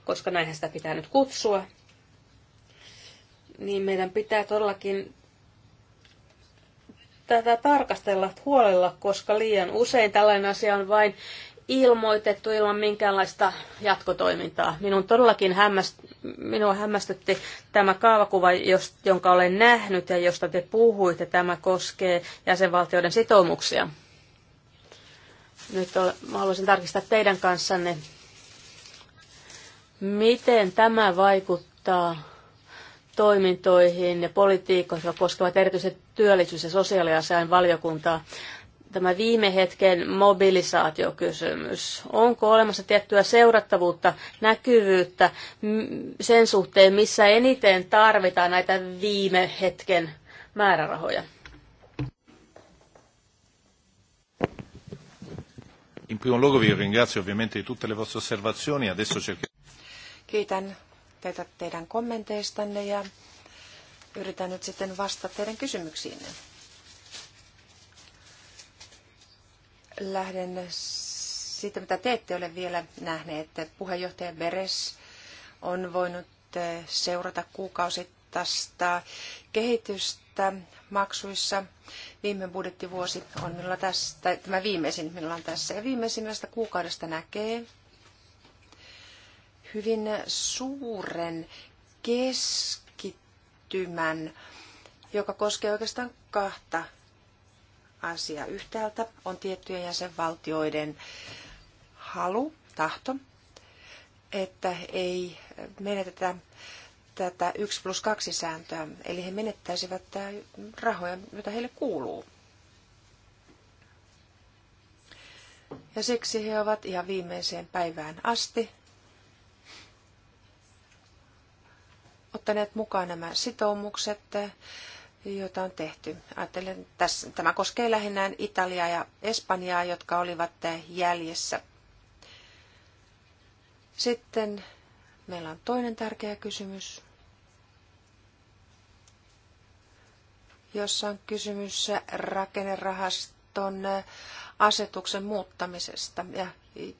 C: koska näinhän sitä pitää nyt kutsua, niin meidän pitää todellakin tätä tarkastella huolella, koska liian usein tällainen asia on vain ilmoitettu ilman minkäänlaista jatkotoimintaa. Minun todellakin hämmäst, minua hämmästytti tämä kaavakuva, jos, jonka olen nähnyt ja josta te puhuitte. Tämä koskee jäsenvaltioiden sitoumuksia. Nyt haluaisin tarkistaa teidän kanssanne, miten tämä vaikuttaa toimintoihin ja politiikkoihin, jotka koskevat erityisesti työllisyys- ja sosiaaliasiain valiokuntaa tämä viime hetken mobilisaatiokysymys. Onko olemassa tiettyä seurattavuutta, näkyvyyttä sen suhteen, missä eniten tarvitaan näitä viime hetken määrärahoja?
E: In primo luogo vi ringrazio ovviamente di tutte le vostre osservazioni. Adesso cerchiamo...
B: Kiitän teitä teidän kommenteistanne ja yritän nyt sitten vastata teidän kysymyksiinne. lähden siitä, mitä te ette ole vielä nähneet. Puheenjohtaja Beres on voinut eh, seurata kuukausittaista kehitystä maksuissa. Viime budjettivuosi on minulla tässä, tai tämä viimeisin minulla on tässä. Ja viimeisimmästä kuukaudesta näkee hyvin suuren keskittymän, joka koskee oikeastaan kahta asia yhtäältä on tiettyjen jäsenvaltioiden halu, tahto, että ei menetetä tätä 1 plus 2 sääntöä, eli he menettäisivät rahoja, joita heille kuuluu. Ja siksi he ovat ihan viimeiseen päivään asti ottaneet mukaan nämä sitoumukset joita on tehty. Ajattelen, että tämä koskee lähinnä Italiaa ja Espanjaa, jotka olivat eh, jäljessä. Sitten meillä on toinen tärkeä kysymys, jossa on kysymys rakennerahaston eh, asetuksen muuttamisesta ja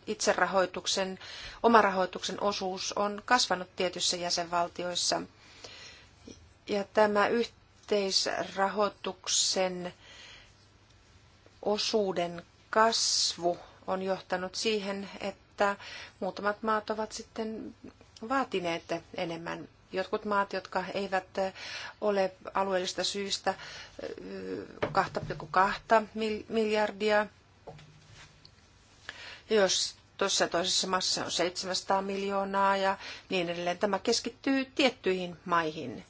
B: itserahoituksen, omarahoituksen osuus on kasvanut tietyissä jäsenvaltioissa. Ja tämä yhteys yhteisrahoituksen osuuden kasvu on johtanut siihen, että muutamat maat ovat sitten vaatineet enemmän. Jotkut maat, jotka eivät ole alueellista syistä 2,2 miljardia, jos tuossa toisessa maassa on 700 miljoonaa ja niin edelleen. Tämä keskittyy tiettyihin maihin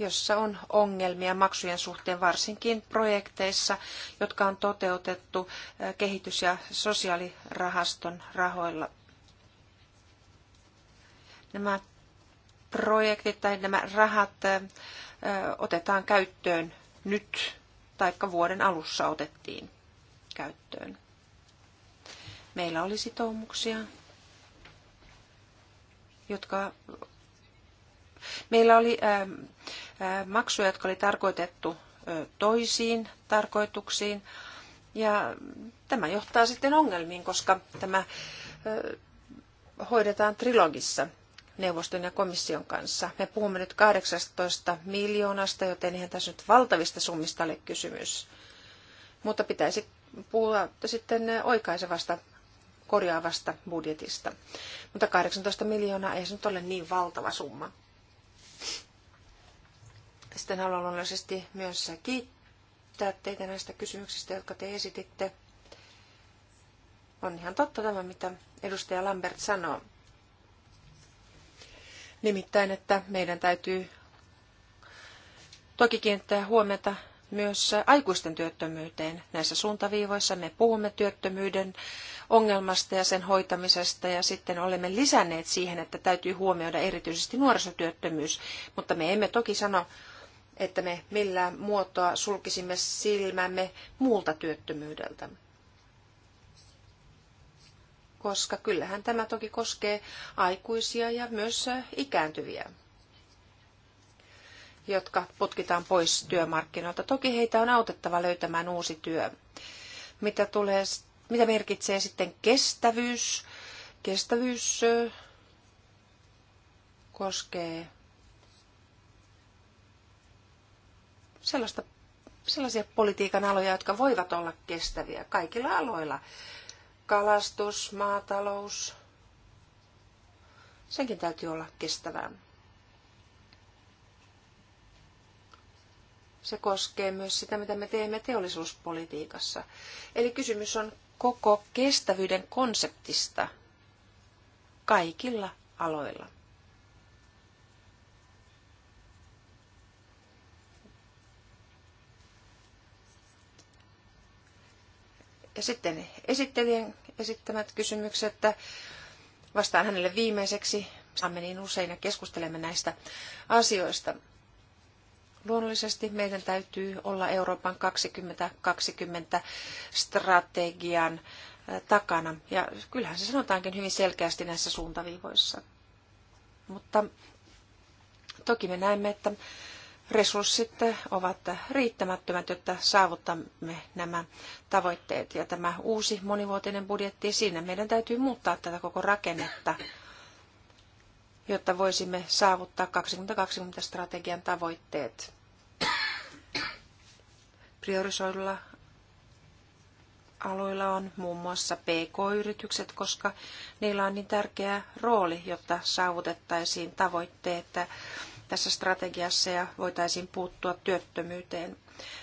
B: jossa on ongelmia maksujen suhteen, varsinkin projekteissa, jotka on toteutettu kehitys- ja sosiaalirahaston rahoilla. Nämä projektit tai nämä rahat otetaan käyttöön nyt, taikka vuoden alussa otettiin käyttöön. Meillä oli sitoumuksia, jotka meillä oli maksuja, jotka oli tarkoitettu toisiin tarkoituksiin. Ja tämä johtaa sitten ongelmiin, koska tämä hoidetaan trilogissa neuvoston ja komission kanssa. Me puhumme nyt 18 miljoonasta, joten eihän tässä nyt valtavista summista ole kysymys. Mutta pitäisi puhua sitten oikaisevasta korjaavasta budjetista. Mutta 18 miljoonaa ei se nyt ole niin valtava summa. Sitten haluan luonnollisesti myös kiittää teitä näistä kysymyksistä, jotka te esititte. On ihan totta tämä, mitä edustaja Lambert sanoo. Nimittäin, että meidän täytyy toki kiinnittää huomiota myös aikuisten työttömyyteen. Näissä suuntaviivoissa me puhumme työttömyyden ongelmasta ja sen hoitamisesta ja sitten olemme lisänneet siihen, että täytyy huomioida erityisesti nuorisotyöttömyys, mutta me emme toki sano että me millään muotoa sulkisimme silmämme muulta työttömyydeltä. Koska kyllähän tämä toki koskee aikuisia ja myös ikääntyviä, jotka potkitaan pois työmarkkinoilta. Toki heitä on autettava löytämään uusi työ. Mitä, tulee, mitä merkitsee sitten kestävyys? Kestävyys koskee sellaista, sellaisia politiikan aloja, jotka voivat olla kestäviä kaikilla aloilla. Kalastus, maatalous, senkin täytyy olla kestävää. Se koskee myös sitä, mitä me teemme teollisuuspolitiikassa. Eli kysymys on koko kestävyyden konseptista kaikilla aloilla. Ja sitten esittelijän esittämät kysymykset, vastaan hänelle viimeiseksi. Saamme niin usein ja keskustelemme näistä asioista. Luonnollisesti meidän täytyy olla Euroopan 2020 strategian takana. Ja kyllähän se sanotaankin hyvin selkeästi näissä suuntaviivoissa. Mutta toki me näemme, että resurssit ovat riittämättömät, jotta saavutamme nämä tavoitteet. Ja tämä uusi monivuotinen budjetti, siinä meidän täytyy muuttaa tätä koko rakennetta, jotta voisimme saavuttaa 2020-strategian tavoitteet priorisoidulla aloilla on muun muassa PK-yritykset, koska niillä on niin tärkeä rooli, jotta saavutettaisiin tavoitteet tässä strategiassa ja voitaisiin puuttua työttömyyteen.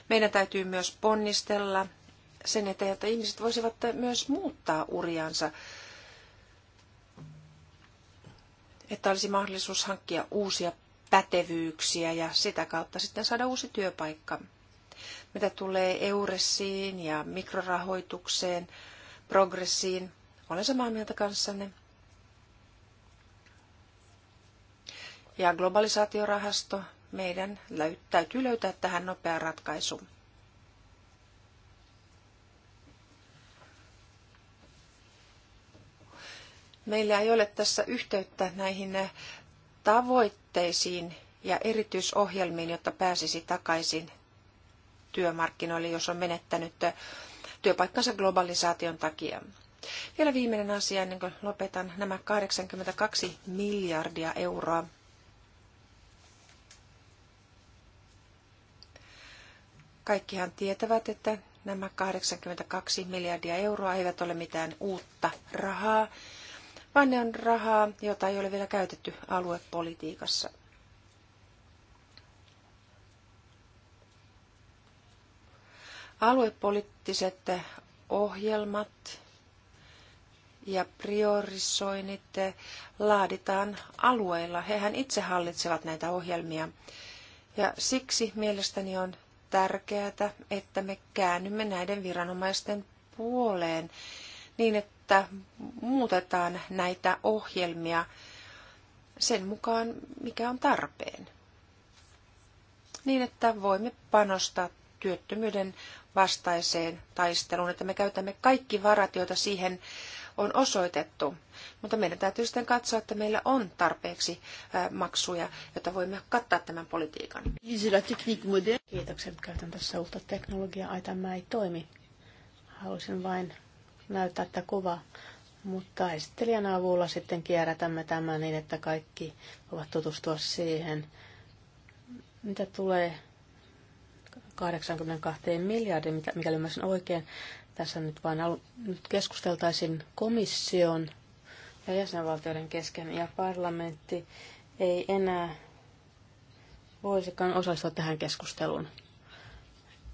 B: Meidän täytyy myös ponnistella sen eteen, että ihmiset voisivat myös muuttaa uriansa, että olisi mahdollisuus hankkia uusia pätevyyksiä ja sitä kautta sitten saada uusi työpaikka. Mitä tulee Euressiin ja mikrorahoitukseen, progressiin, olen samaa mieltä kanssanne. ja globalisaatiorahasto, meidän täytyy löytää tähän nopea ratkaisu. Meillä ei ole tässä yhteyttä näihin tavoitteisiin ja erityisohjelmiin, jotta pääsisi takaisin työmarkkinoille, jos on menettänyt työpaikkansa globalisaation takia. Vielä viimeinen asia ennen kuin lopetan nämä 82 miljardia euroa Kaikkihan tietävät, että nämä 82 miljardia euroa eivät ole mitään uutta rahaa, vaan ne on rahaa, jota ei ole vielä käytetty aluepolitiikassa. Aluepoliittiset ohjelmat ja priorisoinnit laaditaan alueilla. Hehän itse hallitsevat näitä ohjelmia. Ja siksi mielestäni on tärkeää, että me käännymme näiden viranomaisten puoleen niin, että muutetaan näitä ohjelmia sen mukaan, mikä on tarpeen. Niin, että voimme panostaa työttömyyden vastaiseen taisteluun, että me käytämme kaikki varat, joita siihen on osoitettu. Mutta meidän täytyy sitten katsoa, että meillä on tarpeeksi maksuja, jotta voimme kattaa tämän politiikan.
D: että Käytän tässä
C: uutta teknologiaa. Ai tämä ei toimi. Halusin vain näyttää tätä kuvaa. Mutta esittelijän avulla sitten kierrätämme tämän niin, että kaikki voivat tutustua siihen, mitä tulee 82 miljardiin, mikäli ymmärsin oikein. Tässä nyt vain alu- nyt keskusteltaisin komission ja jäsenvaltioiden kesken, ja parlamentti ei enää voisikaan osallistua tähän keskusteluun.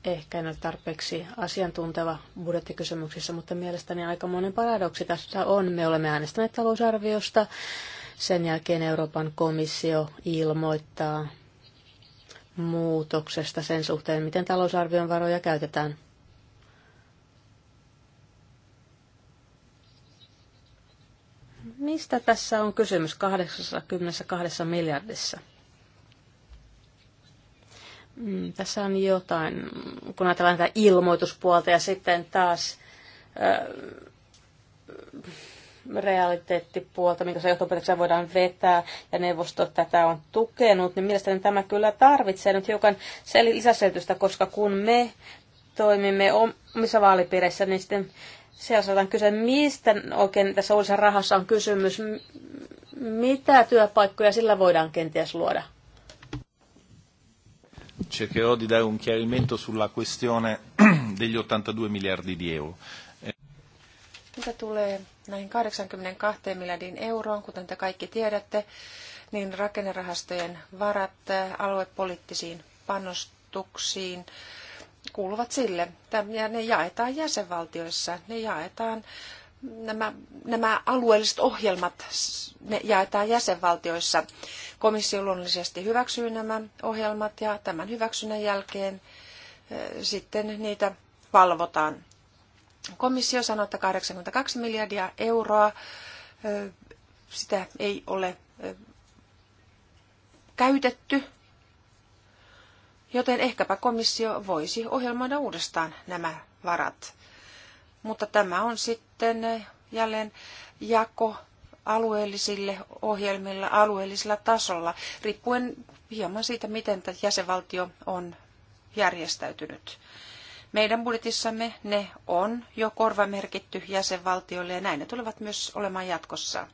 C: Ehkä en ole tarpeeksi asiantunteva budjettikysymyksissä, mutta mielestäni monen paradoksi tässä on. Me olemme äänestäneet talousarviosta, sen jälkeen Euroopan komissio ilmoittaa muutoksesta sen suhteen, miten talousarvion varoja käytetään. Mistä tässä on kysymys 82 miljardissa? Mm, tässä on jotain, kun ajatellaan tätä ilmoituspuolta ja sitten taas ö, realiteettipuolta, minkä johtopäätöksiä voidaan vetää ja neuvosto tätä on tukenut, niin mielestäni tämä kyllä tarvitsee nyt hiukan lisäselitystä, koska kun me toimimme omissa vaalipiireissä, niin sitten siellä on kyse, mistä oikein tässä uudessa rahassa on kysymys, mitä työpaikkoja sillä voidaan kenties luoda?
E: Cercherò di dare un chiarimento sulla questione degli 82 miliardi di euro.
B: Mitä tulee näihin 82 miljardin euroon, kuten te kaikki tiedätte, niin rakennerahastojen varat aluepoliittisiin panostuksiin kuuluvat sille. Ja ne jaetaan jäsenvaltioissa, ne jaetaan nämä, nämä alueelliset ohjelmat ne jaetaan jäsenvaltioissa. Komissio luonnollisesti hyväksyy nämä ohjelmat ja tämän hyväksynnän jälkeen sitten niitä valvotaan. Komissio sanoo, että 82 miljardia euroa sitä ei ole käytetty joten ehkäpä komissio voisi ohjelmoida uudestaan nämä varat. Mutta tämä on sitten jälleen jako alueellisille ohjelmilla alueellisella tasolla, riippuen hieman siitä, miten jäsenvaltio on järjestäytynyt. Meidän budjetissamme ne on jo korvamerkitty jäsenvaltioille ja näin ne tulevat myös olemaan jatkossa.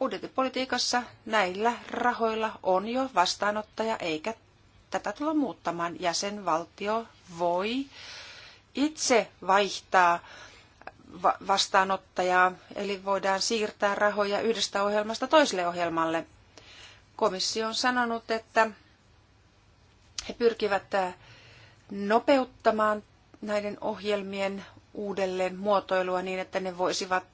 B: budjettipolitiikassa näillä rahoilla on jo vastaanottaja, eikä tätä tulla muuttamaan. Jäsenvaltio voi itse vaihtaa vastaanottajaa, eli voidaan siirtää rahoja yhdestä ohjelmasta toiselle ohjelmalle. Komissio on sanonut, että he pyrkivät äh, nopeuttamaan näiden ohjelmien uudelleen muotoilua niin, että ne voisivat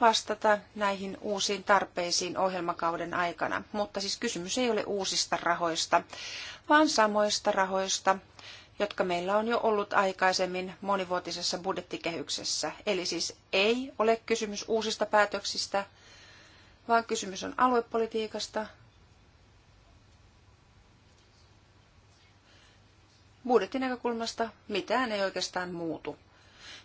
B: vastata näihin uusiin tarpeisiin ohjelmakauden aikana. Mutta siis kysymys ei ole uusista rahoista, vaan samoista rahoista, jotka meillä on jo ollut aikaisemmin monivuotisessa budjettikehyksessä. Eli siis ei ole kysymys uusista päätöksistä, vaan kysymys on aluepolitiikasta, budjettinäkökulmasta mitään ei oikeastaan muutu.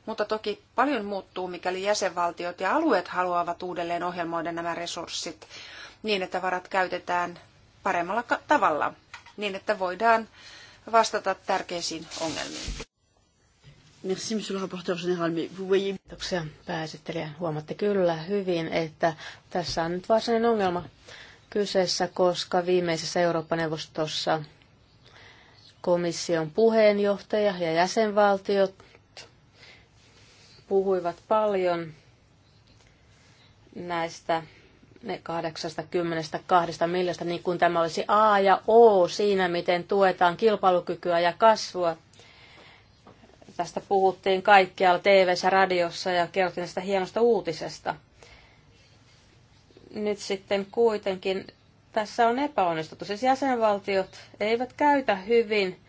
B: Mutta toki paljon muuttuu, mikäli jäsenvaltiot ja alueet haluavat uudelleen ohjelmoida nämä resurssit niin, että varat käytetään paremmalla tavalla, niin että voidaan vastata tärkeisiin ongelmiin.
D: Merci, monsieur le rapporteur général. Mais vous voyez... Kiitoksia Huomatte kyllä
C: hyvin, että tässä on nyt varsinainen ongelma kyseessä, koska viimeisessä Eurooppa-neuvostossa komission puheenjohtaja ja jäsenvaltiot puhuivat paljon näistä 82 miljoista, niin kuin tämä olisi A ja O siinä, miten tuetaan kilpailukykyä ja kasvua. Tästä puhuttiin kaikkialla tv ja radiossa ja kerrottiin tästä hienosta uutisesta. Nyt sitten kuitenkin tässä on epäonnistuttu. Siis jäsenvaltiot eivät käytä hyvin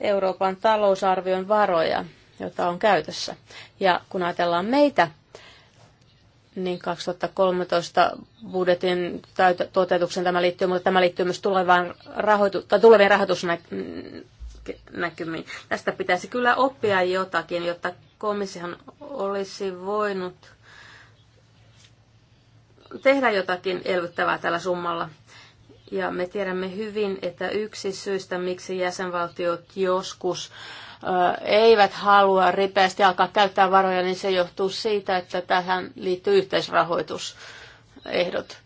C: Euroopan talousarvion varoja jota on käytössä. Ja kun ajatellaan meitä, niin 2013 budjetin toteutuksen tämä liittyy, mutta tämä liittyy myös tulevaan rahoitu- tai tuleviin rahoitusnäkymiin. Tästä pitäisi kyllä oppia jotakin, jotta komissihan olisi voinut tehdä jotakin elvyttävää tällä summalla. Ja me tiedämme hyvin, että yksi syystä, miksi jäsenvaltiot joskus äh, eivät halua ripeästi alkaa käyttää varoja, niin se johtuu siitä, että tähän liittyy yhteisrahoitusehdot.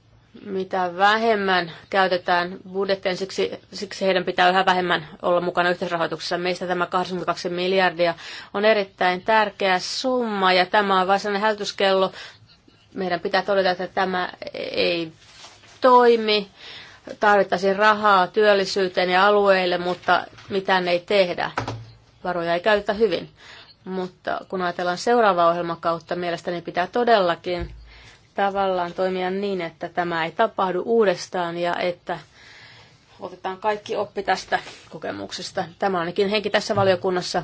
C: Mitä vähemmän käytetään budjettien, siksi, siksi heidän pitää yhä vähemmän olla mukana yhteisrahoituksessa. Meistä tämä 82 miljardia on erittäin tärkeä summa ja tämä on vain sellainen hälytyskello. Meidän pitää todeta, että tämä ei toimi tarvittaisiin rahaa työllisyyteen ja alueille, mutta mitään ei tehdä varoja ei käytä hyvin. Mutta kun ajatellaan seuraavaa ohjelmakautta, mielestäni pitää todellakin tavallaan toimia niin, että tämä ei tapahdu uudestaan ja että otetaan kaikki oppi tästä kokemuksesta. Tämä on ainakin henki tässä valiokunnassa.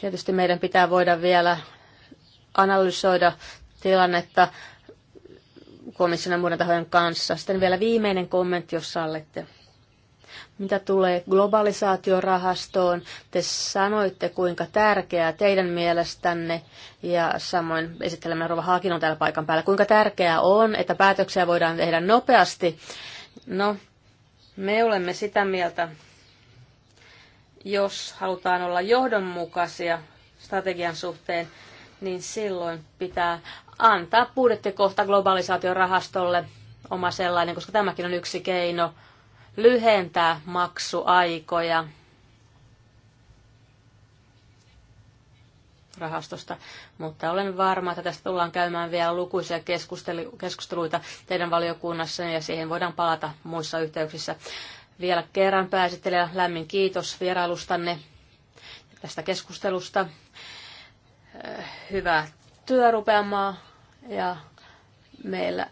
C: Tietysti meidän pitää voida vielä analysoida tilannetta komission ja muiden tahojen kanssa. Sitten vielä viimeinen kommentti, jos sallitte. Mitä tulee globalisaatiorahastoon, te sanoitte kuinka tärkeää teidän mielestänne, ja samoin esittelemme Rova Haakin on täällä paikan päällä, kuinka tärkeää on, että päätöksiä voidaan tehdä nopeasti. No, me olemme sitä mieltä, jos halutaan olla johdonmukaisia strategian suhteen, niin silloin pitää antaa budjettikohta globalisaatiorahastolle rahastolle oma sellainen, koska tämäkin on yksi keino – lyhentää maksuaikoja rahastosta, mutta olen varma, että tästä tullaan käymään vielä lukuisia keskusteluita teidän valiokunnassa ja siihen voidaan palata muissa yhteyksissä. Vielä kerran pääsittelijä lämmin kiitos vierailustanne tästä keskustelusta. Hyvää työrupeamaa ja meillä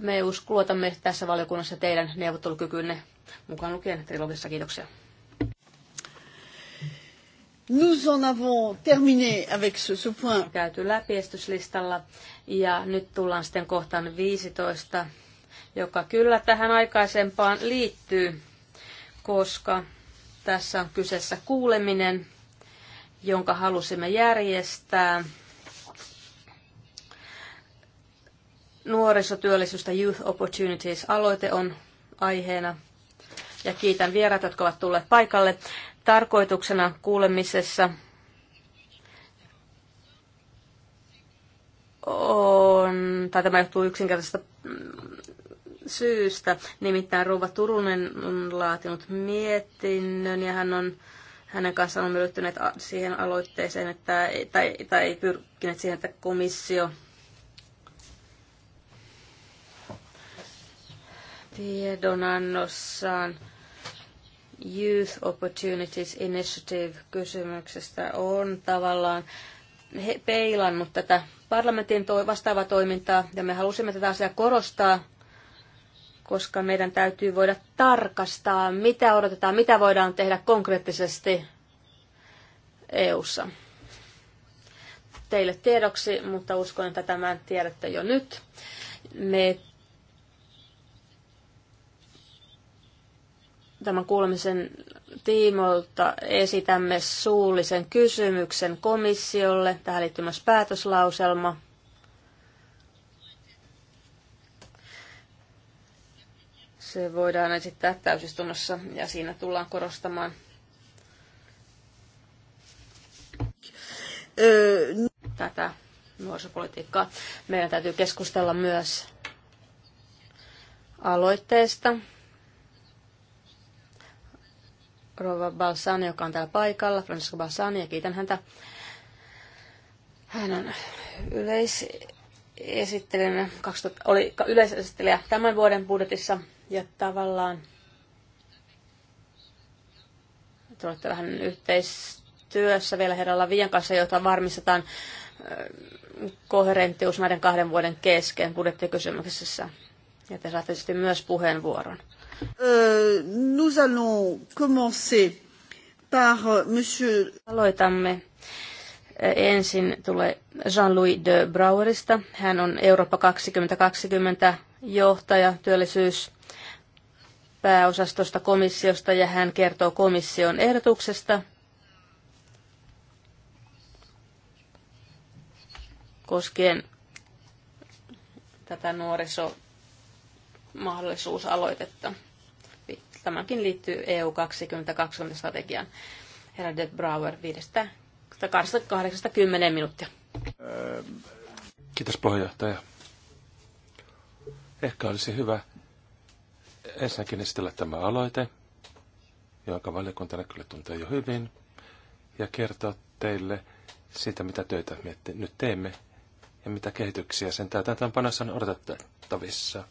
C: me luotamme tässä valiokunnassa teidän neuvottelukykynne mukaan lukien trilogissa. Kiitoksia. Nous en avons
D: terminé
C: avec ce, ce point. Käyty läpi esityslistalla ja nyt tullaan sitten kohtaan 15, joka kyllä tähän aikaisempaan liittyy, koska tässä on kyseessä kuuleminen, jonka halusimme järjestää Nuorisotyöllisyystä Youth Opportunities-aloite on aiheena ja kiitän vieraat, jotka ovat tulleet paikalle. Tarkoituksena kuulemisessa on, tai tämä johtuu yksinkertaisesta syystä, nimittäin Rouva Turunen on laatinut mietinnön ja hän on hänen kanssaan on ryhtyneet siihen aloitteeseen, että, tai, tai pyrkineet siihen, että komissio tiedonannossaan Youth Opportunities Initiative-kysymyksestä on tavallaan he peilannut tätä parlamentin toi vastaavaa toimintaa, ja me halusimme tätä asiaa korostaa, koska meidän täytyy voida tarkastaa, mitä odotetaan, mitä voidaan tehdä konkreettisesti EU:ssa. Teille tiedoksi, mutta uskon, että tämän tiedätte jo nyt. Me tämän kuulemisen tiimoilta esitämme suullisen kysymyksen komissiolle. Tähän liittyy myös päätöslauselma. Se voidaan esittää täysistunnossa ja siinä tullaan korostamaan tätä nuorisopolitiikkaa. Meidän täytyy keskustella myös aloitteesta, Rova Balsani, joka on täällä paikalla, Francesco Balsani, ja kiitän häntä. Hän on yleisesittelijä, 2000, oli yleisesittelijä tämän vuoden budjetissa, ja tavallaan tulette vähän yhteistyössä vielä herra Lavian kanssa, jota varmistetaan äh, koherenttius näiden kahden vuoden kesken budjettikysymyksessä. Ja te saatte sitten myös puheenvuoron.
D: Euh, nous allons commencer par euh,
C: monsieur... Aloitamme äh, ensin tulee Jean-Louis de Brouwerista. Hän on Eurooppa 2020 johtaja työllisyys pääosastosta komissiosta ja hän kertoo komission ehdotuksesta koskien tätä nuorisomahdollisuusaloitetta. Tämäkin liittyy EU 2020 strategiaan. Herra De Brouwer, 5 minuuttia.
A: Kiitos puheenjohtaja. Ehkä olisi hyvä ensinnäkin esitellä tämä aloite, jonka valiokunta kyllä tuntee jo hyvin, ja kertoa teille siitä, mitä töitä me nyt teemme ja mitä kehityksiä sen täytäntöönpanossa on odotettavissa –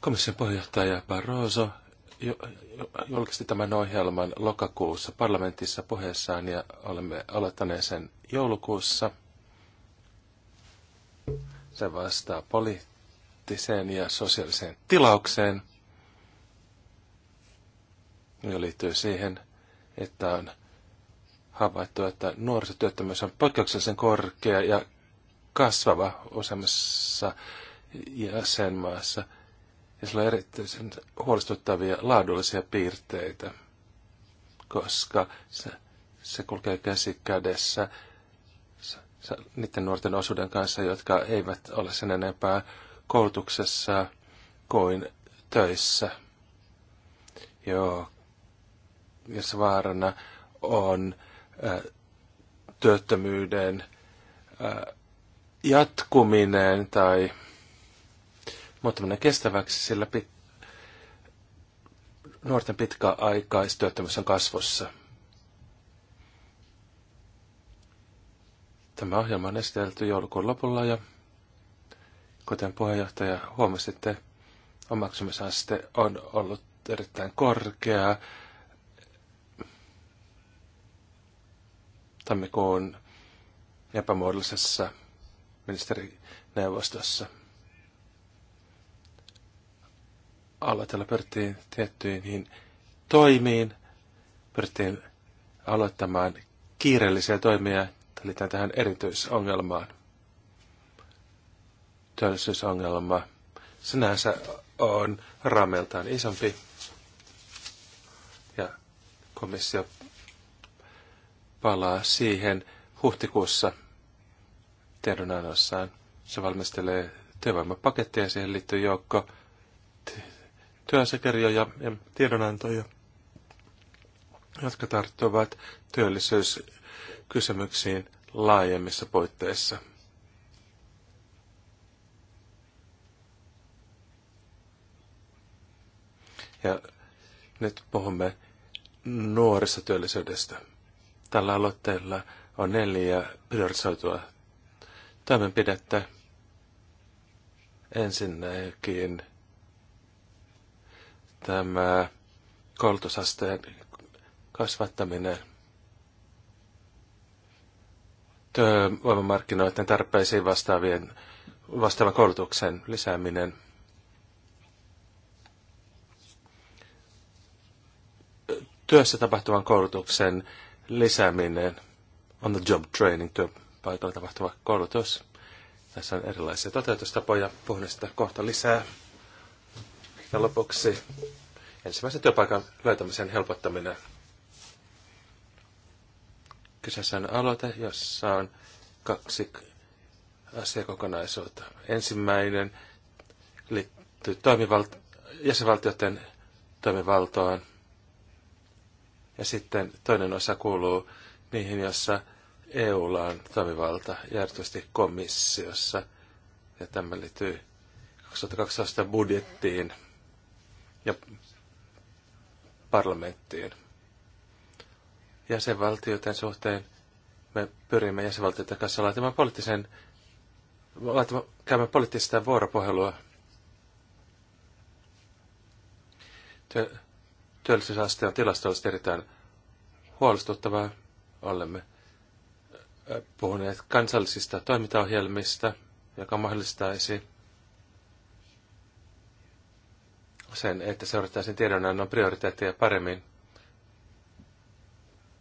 A: Komission puheenjohtaja Barroso julkisti tämän ohjelman lokakuussa parlamentissa puheessaan ja olemme aloittaneet sen joulukuussa. Se vastaa poliittiseen ja sosiaaliseen tilaukseen ja liittyy siihen, että on havaittu, että nuorisotyöttömyys on poikkeuksellisen korkea ja kasvava useammassa jäsenmaassa – ja sillä on erityisen huolestuttavia laadullisia piirteitä, koska se, se kulkee käsi kädessä niiden nuorten osuuden kanssa, jotka eivät ole sen enempää koulutuksessa kuin töissä. Joo, ja se vaarana on ä, työttömyyden ä, jatkuminen tai mutta muuttaminen kestäväksi, sillä pit, nuorten pitkäaikaistyöttömyys on kasvussa. Tämä ohjelma on esitelty joulukuun lopulla ja kuten puheenjohtaja huomasitte, omaksumisaste on ollut erittäin korkea. Tammikuun epämuodollisessa ministerineuvostossa. aloitella pyrittiin tiettyihin toimiin, pyrittiin aloittamaan kiireellisiä toimia liittyen tähän erityisongelmaan. Työllisyysongelma sinänsä on rameltaan isompi ja komissio palaa siihen huhtikuussa tiedonannossaan. Se valmistelee työvoimapakettia ja siihen liittyy joukko työasiakirjoja ja tiedonantoja, jotka tarttuvat työllisyyskysymyksiin laajemmissa puitteissa. Ja nyt puhumme työllisyydestä. Tällä aloitteella on neljä priorisoitua toimenpidettä. Ensinnäkin tämä koulutusasteen kasvattaminen työvoimamarkkinoiden tarpeisiin vastaavien, vastaavan koulutuksen lisääminen. Työssä tapahtuvan koulutuksen lisääminen, on the job training, työpaikalla tapahtuva koulutus. Tässä on erilaisia toteutustapoja, puhun sitä kohta lisää. Ja lopuksi ensimmäisen työpaikan löytämisen helpottaminen. Kyseessä on aloite, jossa on kaksi asiakokonaisuutta. Ensimmäinen liittyy toimivalt- jäsenvaltioiden toimivaltaan. Ja sitten toinen osa kuuluu niihin, jossa EUlla on toimivalta, ja erityisesti komissiossa. Ja tämä liittyy 2012 budjettiin ja parlamenttiin. Jäsenvaltioiden suhteen me pyrimme jäsenvaltioiden kanssa laatimaan poliittisen, käymään poliittista vuoropuhelua Työ, työllisyysaste on tilastollisesti erittäin huolestuttavaa. Olemme puhuneet kansallisista toimintaohjelmista, joka mahdollistaisi sen, että seurattaisiin tiedonannon prioriteetteja paremmin.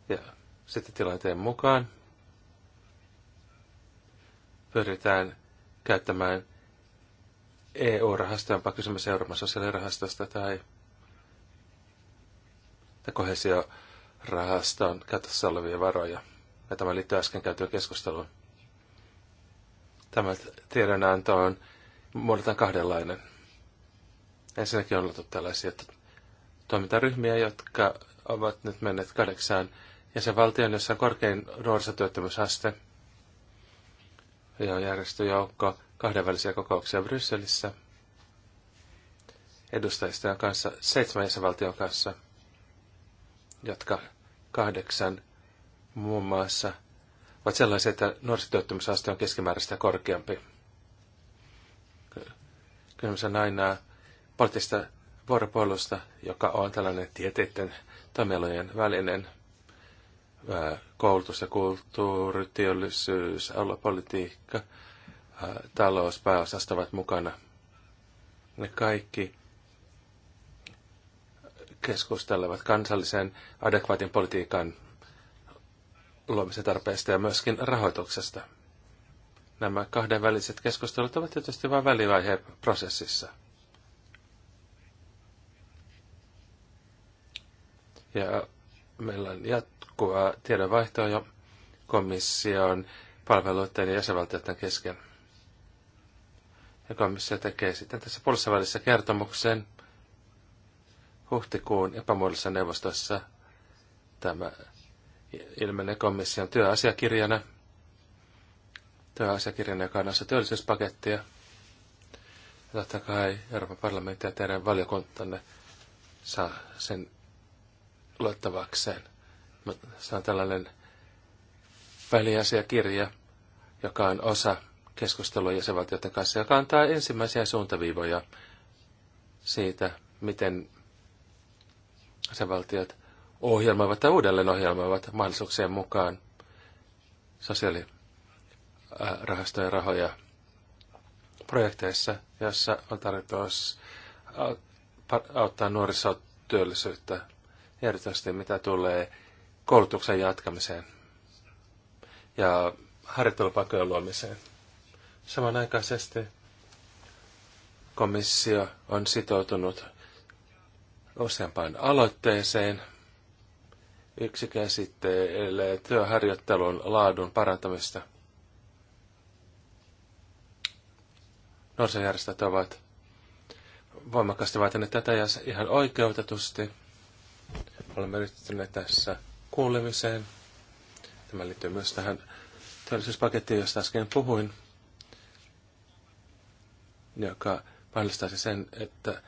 A: Ja sitten tilanteen mukaan pyritään käyttämään EU-rahastoja, onpa kysymys Euroopan sosiaalirahastosta tai, tai kohesiorahaston käytössä olevia varoja. Ja tämä liittyy äsken käytyyn keskusteluun. Tämä tiedonanto on muodotan kahdenlainen. Ensinnäkin on ollut tällaisia että toimintaryhmiä, jotka ovat nyt menneet kahdeksaan jäsenvaltioon, jossa on korkein nuorisotyöttömyysaste. Ja on järjesty kahdenvälisiä kokouksia Brysselissä edustajista kanssa, seitsemän jäsenvaltion kanssa, jotka kahdeksan muun muassa ovat sellaisia, että nuorisotyöttömyysaste on keskimääräistä korkeampi. se on aina poliittisesta vuoropuolusta, joka on tällainen tieteiden toimialojen välinen koulutus ja kulttuuri, teollisuus, aluepolitiikka, talous, pääosasta ovat mukana. Ne kaikki keskustelevat kansallisen adekvaatin politiikan luomisen tarpeesta ja myöskin rahoituksesta. Nämä kahdenväliset keskustelut ovat tietysti vain välivaiheen prosessissa. ja meillä on jatkuvaa tiedonvaihtoa jo komission palveluiden ja jäsenvaltioiden kesken. Ja komissio tekee sitten tässä puolessa välissä kertomuksen huhtikuun epämuodollisessa neuvostossa. Tämä ilmenee komission työasiakirjana, työasiakirjana, joka on näissä työllisyyspakettia. Ja totta kai Euroopan parlamentti ja teidän valiokuntanne saa sen luettavakseen. Se on tällainen väliasiakirja, joka on osa keskustelua jäsenvaltioiden kanssa, joka antaa ensimmäisiä suuntaviivoja siitä, miten jäsenvaltiot ohjelmoivat tai uudelleen ohjelmoivat mahdollisuuksien mukaan sosiaalirahastojen rahoja projekteissa, jossa on tarkoitus auttaa nuorisotyöllisyyttä erityisesti mitä tulee koulutuksen jatkamiseen ja harjoittelupaikkojen luomiseen. Samanaikaisesti komissio on sitoutunut useampaan aloitteeseen. Yksi käsittelee työharjoittelun laadun parantamista. Nuorisojärjestöt ovat voimakkaasti vaatineet tätä ja ihan oikeutetusti. Olemme yrittäneet tässä kuulemiseen. Tämä liittyy myös tähän työllisyyspakettiin, josta äsken puhuin, joka mahdollistaisi sen, että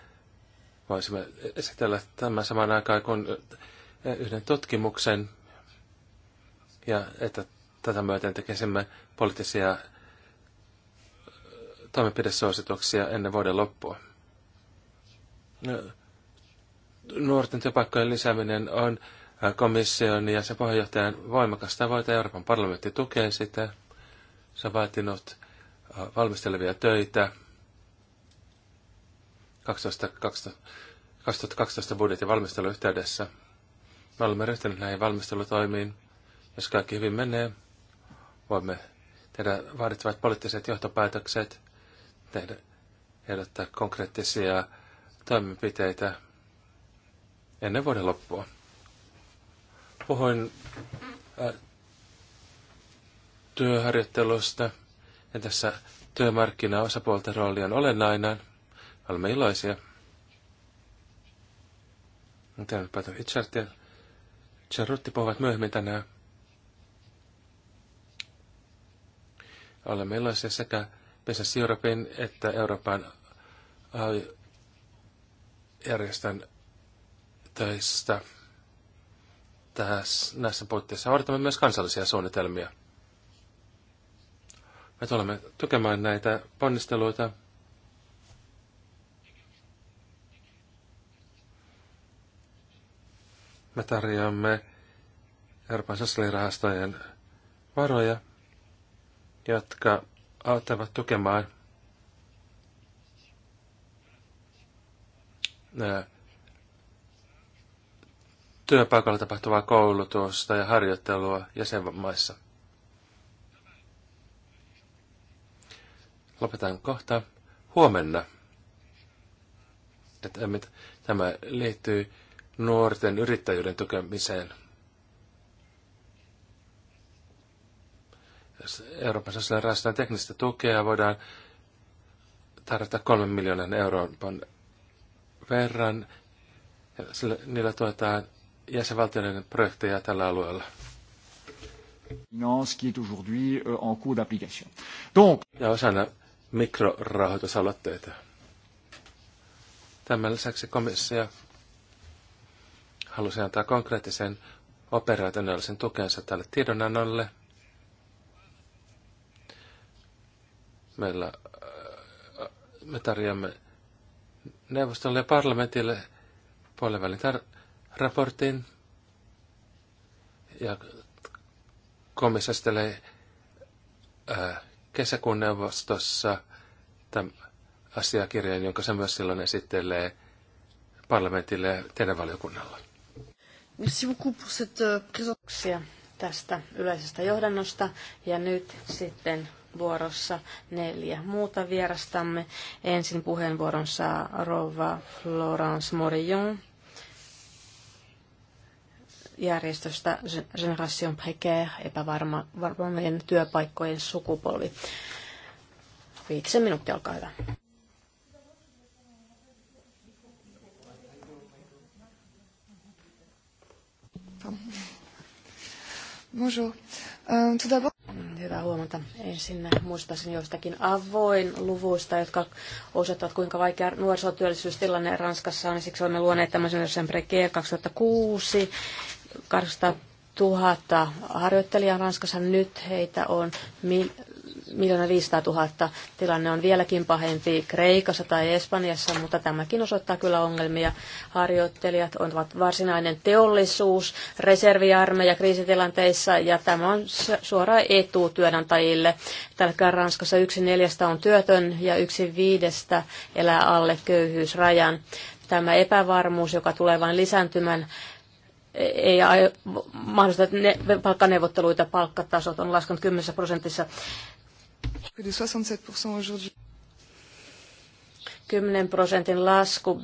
A: voisimme esitellä tämän saman aikaan kuin yhden tutkimuksen ja että tätä myöten tekisimme poliittisia toimenpidesuosituksia ennen vuoden loppua. No, nuorten työpaikkojen lisääminen on komission ja sen puheenjohtajan voimakas tavoite. Euroopan parlamentti tukee sitä. Se on vaatinut valmistelevia töitä. 12, 2012 budjetin valmisteluyhteydessä. Me olemme ryhtyneet näihin valmistelutoimiin. Jos kaikki hyvin menee, voimme tehdä vaadittavat poliittiset johtopäätökset, tehdä, ehdottaa konkreettisia toimenpiteitä ennen vuoden loppua. Puhuin ää, äh, työharjoittelusta ja tässä työmarkkinaosapuolten rooli on olennainen. Olemme iloisia. Täällä Pato Hitchart ja Charutti puhuvat myöhemmin tänään. Olemme iloisia sekä Business Europein että Euroopan järjestön töistä. Tässä, näissä puitteissa odotamme myös kansallisia suunnitelmia. Me tulemme tukemaan näitä ponnisteluita. Me tarjoamme Euroopan sosiaalirahastojen varoja, jotka auttavat tukemaan työpaikalla tapahtuvaa koulutusta ja harjoittelua jäsenmaissa. Lopetan kohta huomenna. Tämä liittyy nuorten yrittäjyyden tukemiseen. Euroopan sosiaalinen rahastojen teknistä tukea voidaan tarjota kolmen miljoonan euron verran. Sillä, niillä tuetaan jäsenvaltioiden projekteja tällä alueella.
F: Finance qui est aujourd'hui euh, en cours d'application. Donc...
A: Ja osana mikrorahoitusaloitteita. Tämän lisäksi komissio halusi antaa konkreettisen operaationaalisen tukensa tälle tiedonannolle. Meillä, äh, me tarjoamme neuvostolle ja parlamentille puolivälin tar- raportin ja komissio äh, kesäkuun neuvostossa tämän asiakirjan, jonka se myös silloin esittelee parlamentille ja teidän valiokunnalla.
D: Merci beaucoup pour
C: cette äh, tästä yleisestä johdannosta. Ja nyt sitten vuorossa neljä muuta vierastamme. Ensin puheenvuoron saa Rova Florence Morillon järjestöstä Generation Precaire, epävarmojen työpaikkojen sukupolvi. Viitisen minuuttia, olkaa hyvä.
D: Bonjour. Euh,
A: huomata. Ensin
C: muistaisin joistakin avoin luvuista, jotka osoittavat, kuinka vaikea nuorisotyöllisyystilanne Ranskassa on. Siksi olemme luoneet tämmöisen sen Precare 2006 800 000 harjoittelijaa Ranskassa, nyt heitä on miljoona 500 000. Tilanne on vieläkin pahempi Kreikassa tai Espanjassa, mutta tämäkin osoittaa kyllä ongelmia. Harjoittelijat ovat varsinainen teollisuus, reserviarmeija kriisitilanteissa ja tämä on suora etu työnantajille. Tällä Ranskassa yksi neljästä on työtön ja yksi viidestä elää alle köyhyysrajan. Tämä epävarmuus, joka tulee vain lisääntymään, ei mahdollista ne, palkkaneuvotteluita, palkkatasot on laskenut 10 prosentissa. 10 prosentin lasku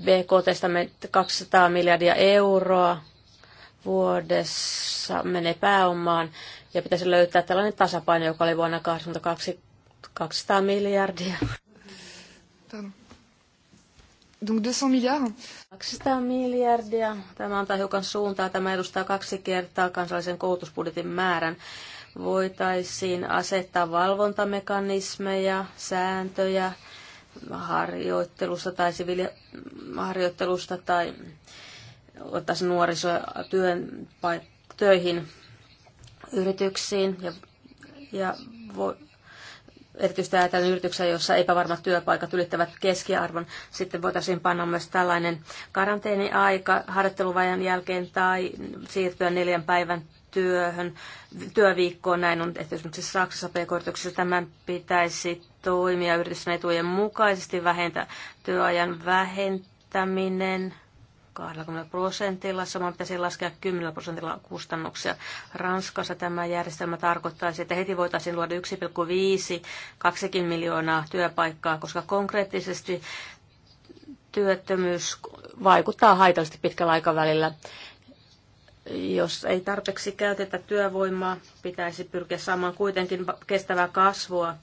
C: BKTstä 200 miljardia euroa vuodessa menee pääomaan ja pitäisi löytää tällainen tasapaino, joka oli vuonna 2022 200 miljardia. Pardon donc 200 miljardia. 200 miljardia. Tämä antaa hiukan suuntaa. Tämä edustaa kaksi kertaa kansallisen koulutusbudjetin määrän. Voitaisiin asettaa valvontamekanismeja, sääntöjä harjoittelusta tai siviiliharjoittelusta tai ottaisiin nuorisotyön töihin yrityksiin ja, ja voi, erityisesti ajatellen yrityksiä, joissa epävarmat työpaikat ylittävät keskiarvon. Sitten voitaisiin panna myös tällainen karanteeniaika harjoitteluvajan jälkeen tai siirtyä neljän päivän työhön, työviikkoon. Näin on tehty esimerkiksi siis Saksassa pk Tämän pitäisi toimia yritysten etujen mukaisesti, vähentää työajan vähentäminen 20 prosentilla, samoin pitäisi laskea 10 prosentilla kustannuksia. Ranskassa tämä järjestelmä tarkoittaisi, että heti voitaisiin luoda 1,5-2 miljoonaa työpaikkaa, koska konkreettisesti työttömyys vaikuttaa haitallisesti pitkällä aikavälillä. Jos ei tarpeeksi käytetä työvoimaa, pitäisi pyrkiä saamaan kuitenkin kestävää kasvua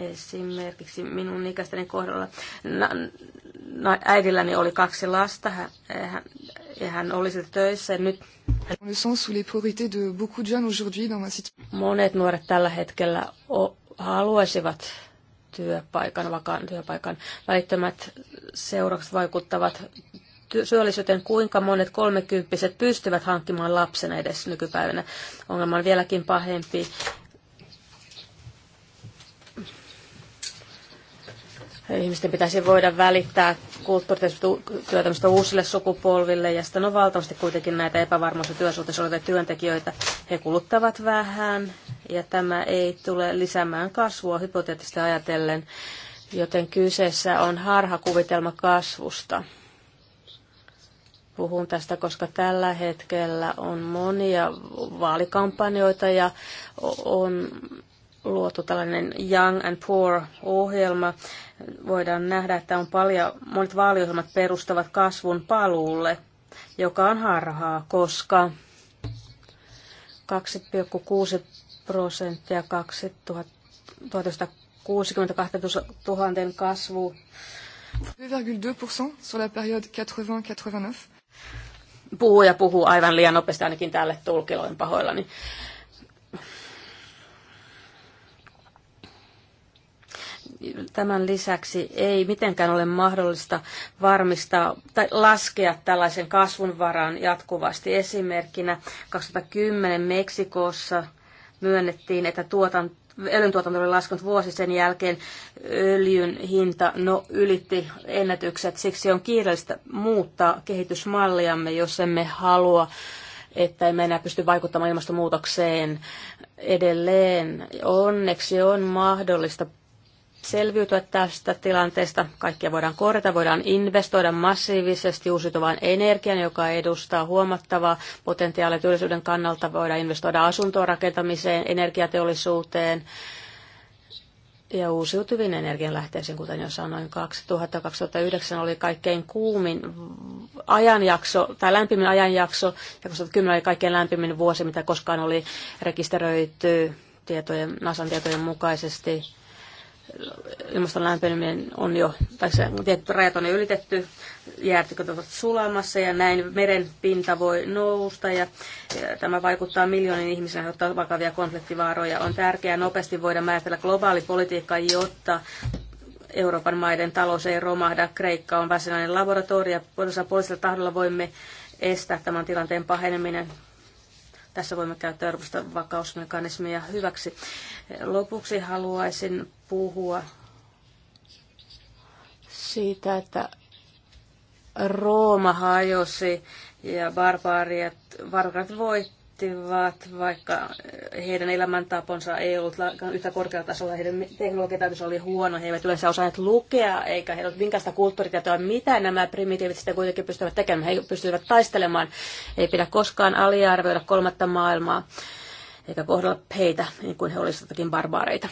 C: Esimerkiksi minun ikäisteni kohdalla na, na, äidilläni oli kaksi lasta hän, ja hän oli sitä töissä. Nyt Monet nuoret tällä hetkellä o, haluaisivat työpaikan, vakaan työpaikan. Välittömät seuraukset vaikuttavat syöllisyyteen, kuinka monet kolmekymppiset pystyvät hankkimaan lapsen edes nykypäivänä. Ongelma on vieläkin pahempi, Ihmisten pitäisi voida välittää kulttuurityötä uusille sukupolville ja sitten on valtavasti kuitenkin näitä epävarmuus- ja työsuhteessa olevia työntekijöitä. He kuluttavat vähän ja tämä ei tule lisäämään kasvua hypoteettisesti ajatellen, joten kyseessä on harhakuvitelma kasvusta puhun tästä, koska tällä hetkellä on monia vaalikampanjoita ja on luotu tällainen Young and Poor-ohjelma. Voidaan nähdä, että on paljon, monet vaaliohjelmat perustavat kasvun paluulle, joka on harhaa, koska 2,6 prosenttia 1960 000
D: kasvu. 2,2% sur la période 80-89.
C: Puhuja puhuu aivan liian nopeasti ainakin tälle tulkiloin pahoillani. Niin Tämän lisäksi ei mitenkään ole mahdollista varmistaa tai laskea tällaisen kasvun varaan jatkuvasti. Esimerkkinä 2010 Meksikossa myönnettiin, että tuotanto öljyntuotanto oli laskenut vuosi sen jälkeen. Öljyn hinta no, ylitti ennätykset. Siksi on kiireellistä muuttaa kehitysmalliamme, jos emme halua että emme enää pysty vaikuttamaan ilmastonmuutokseen edelleen. Onneksi on mahdollista selviytyä tästä tilanteesta. Kaikkia voidaan korjata, voidaan investoida massiivisesti uusiutuvaan energian, joka edustaa huomattavaa potentiaalia työllisyyden kannalta. Voidaan investoida asuntoon rakentamiseen, energiateollisuuteen ja uusiutuviin energianlähteisiin, kuten jo sanoin. 2000-2009 oli kaikkein kuumin ajanjakso, tai lämpimin ajanjakso, ja 2010 oli kaikkein lämpimin vuosi, mitä koskaan oli rekisteröity tietojen, NASAn tietojen mukaisesti ilmaston lämpeneminen on jo, tai se tietty rajat on jo ylitetty, jäätiköt ovat sulamassa ja näin meren pinta voi nousta ja, ja tämä vaikuttaa miljoonin ihmisen aiheuttaa vakavia konfliktivaaroja. On tärkeää nopeasti voida määritellä globaali politiikka, jotta Euroopan maiden talous ei romahda. Kreikka on varsinainen laboratorio ja poliisilla tahdolla voimme estää tämän tilanteen paheneminen. Tässä voimme käyttää Euroopan vakausmekanismia hyväksi. Lopuksi haluaisin puhua siitä, että Rooma hajosi ja barbaariat, voitti vaativat, vaikka heidän elämäntaponsa ei ollut yhtä korkealla tasolla, heidän teknologiataitonsa oli huono, he eivät yleensä osanneet lukea, eikä heillä ollut minkäänlaista kulttuuritietoa, mitä nämä primitiivit sitten kuitenkin pystyvät tekemään, he pystyvät taistelemaan, ei pidä koskaan aliarvioida kolmatta maailmaa, eikä kohdella heitä niin kuin he olisivat
D: jotakin barbaareita.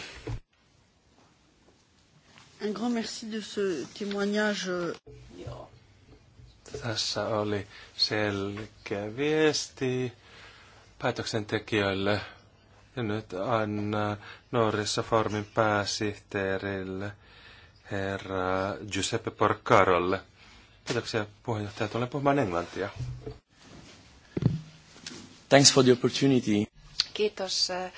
D: Un grand merci de ce témoignage.
A: Tässä oli selkeä viesti päätöksentekijöille. Ja nyt anna Norissa Formin pääsihteerille, herra Giuseppe Porcarolle. Kiitoksia puheenjohtaja, tulen puhumaan englantia.
F: Thanks for the opportunity.
B: Kiitos eh,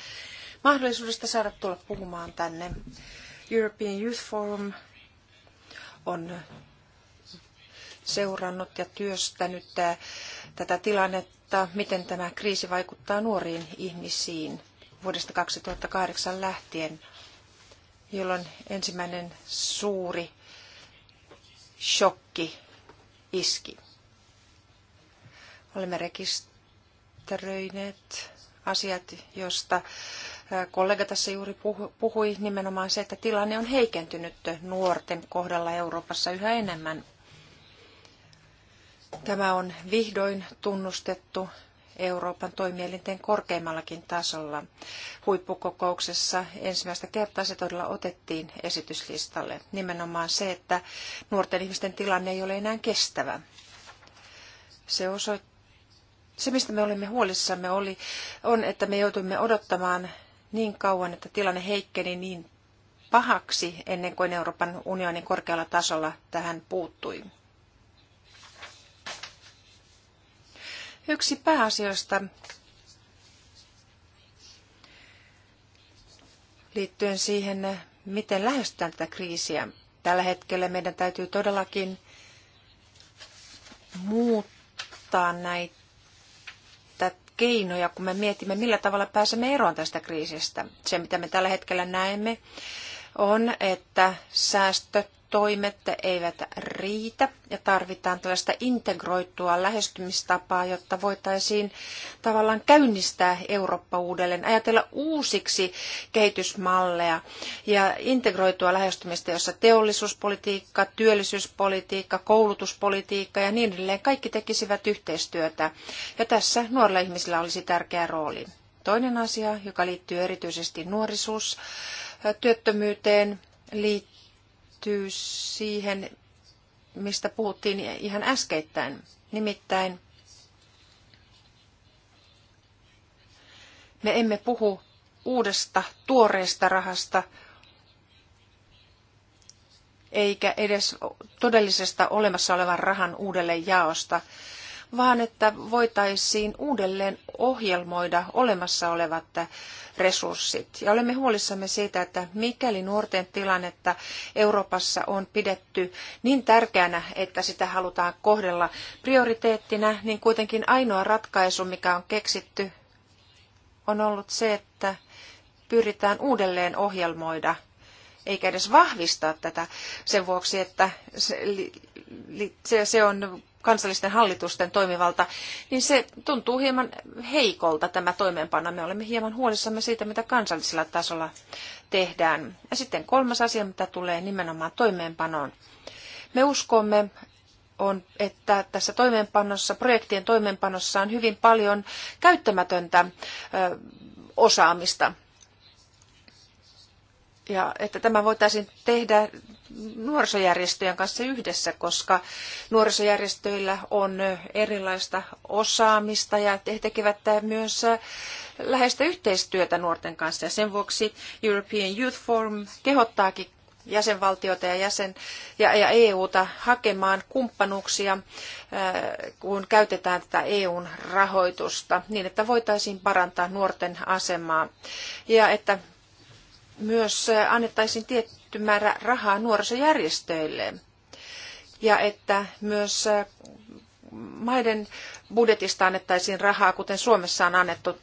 B: mahdollisuudesta saada tulla puhumaan tänne. European Youth Forum on seurannut ja työstänyt eh, tätä tilannetta osoittaa, miten tämä kriisi vaikuttaa nuoriin ihmisiin vuodesta 2008 lähtien, jolloin ensimmäinen suuri shokki iski. Olemme rekisteröineet asiat, josta kollega tässä juuri puhui, nimenomaan se, että tilanne on heikentynyt nuorten kohdalla Euroopassa yhä enemmän – Tämä on vihdoin tunnustettu Euroopan toimielinten korkeimmallakin tasolla. Huippukokouksessa ensimmäistä kertaa se todella otettiin esityslistalle. Nimenomaan se, että nuorten ihmisten tilanne ei ole enää kestävä. Se se, mistä me olimme huolissamme, oli, on, että me joutuimme odottamaan niin kauan, että tilanne heikkeni niin pahaksi ennen kuin Euroopan unionin korkealla tasolla tähän puuttui. Yksi pääasioista liittyen siihen, miten lähestytään tätä kriisiä. Tällä hetkellä meidän täytyy todellakin muuttaa näitä keinoja, kun me mietimme, millä tavalla pääsemme eroon tästä kriisistä. Se, mitä me tällä hetkellä näemme, on, että säästöt toimet eivät riitä ja tarvitaan tällaista integroitua lähestymistapaa, jotta voitaisiin tavallaan käynnistää Eurooppa uudelleen, ajatella uusiksi kehitysmalleja ja integroitua lähestymistä, jossa teollisuuspolitiikka, työllisyyspolitiikka, koulutuspolitiikka ja niin edelleen kaikki tekisivät yhteistyötä. Ja tässä nuorilla ihmisillä olisi tärkeä rooli. Toinen asia, joka liittyy erityisesti nuorisuus, työttömyyteen, liittyy liittyy siihen, mistä puhuttiin ihan äskeittäin. Nimittäin me emme puhu uudesta tuoreesta rahasta eikä edes todellisesta olemassa olevan rahan uudelle jaosta, vaan että voitaisiin uudelleen ohjelmoida olemassa olevat resurssit. Ja olemme huolissamme siitä, että mikäli nuorten tilannetta Euroopassa on pidetty niin tärkeänä, että sitä halutaan kohdella prioriteettina, niin kuitenkin ainoa ratkaisu, mikä on keksitty, on ollut se, että pyritään uudelleen ohjelmoida eikä edes vahvistaa tätä sen vuoksi, että se, se on kansallisten hallitusten toimivalta, niin se tuntuu hieman heikolta tämä toimeenpano. Me olemme hieman huolissamme siitä, mitä kansallisella tasolla tehdään. Ja sitten kolmas asia, mitä tulee nimenomaan toimeenpanoon. Me uskomme, on, että tässä toimeenpanossa, projektien toimeenpanossa on hyvin paljon käyttämätöntä osaamista ja että tämä voitaisiin tehdä nuorisojärjestöjen kanssa yhdessä, koska nuorisojärjestöillä on erilaista osaamista ja he tekevät myös läheistä yhteistyötä nuorten kanssa. Ja sen vuoksi European Youth Forum kehottaakin jäsenvaltioita ja, jäsen, ja, ja EUta hakemaan kumppanuuksia, äh, kun käytetään tätä EUn rahoitusta, niin että voitaisiin parantaa nuorten asemaa ja että myös annettaisiin tietty määrä rahaa nuorisojärjestöille ja että myös maiden budjetista annettaisiin rahaa, kuten Suomessa on annettu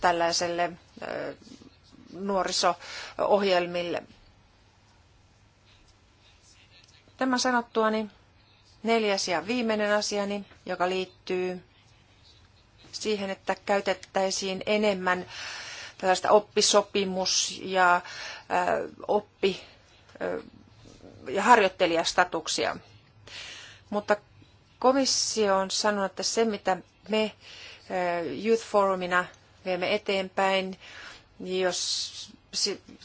B: tällaiselle nuoriso-ohjelmille. Tämän sanottuani neljäs ja viimeinen asiani, joka liittyy siihen, että käytettäisiin enemmän tällaista oppisopimus- ja äh, oppi- äh, ja harjoittelijastatuksia. Mutta komissio on sanonut, että se mitä me äh, Youth Forumina viemme eteenpäin, jos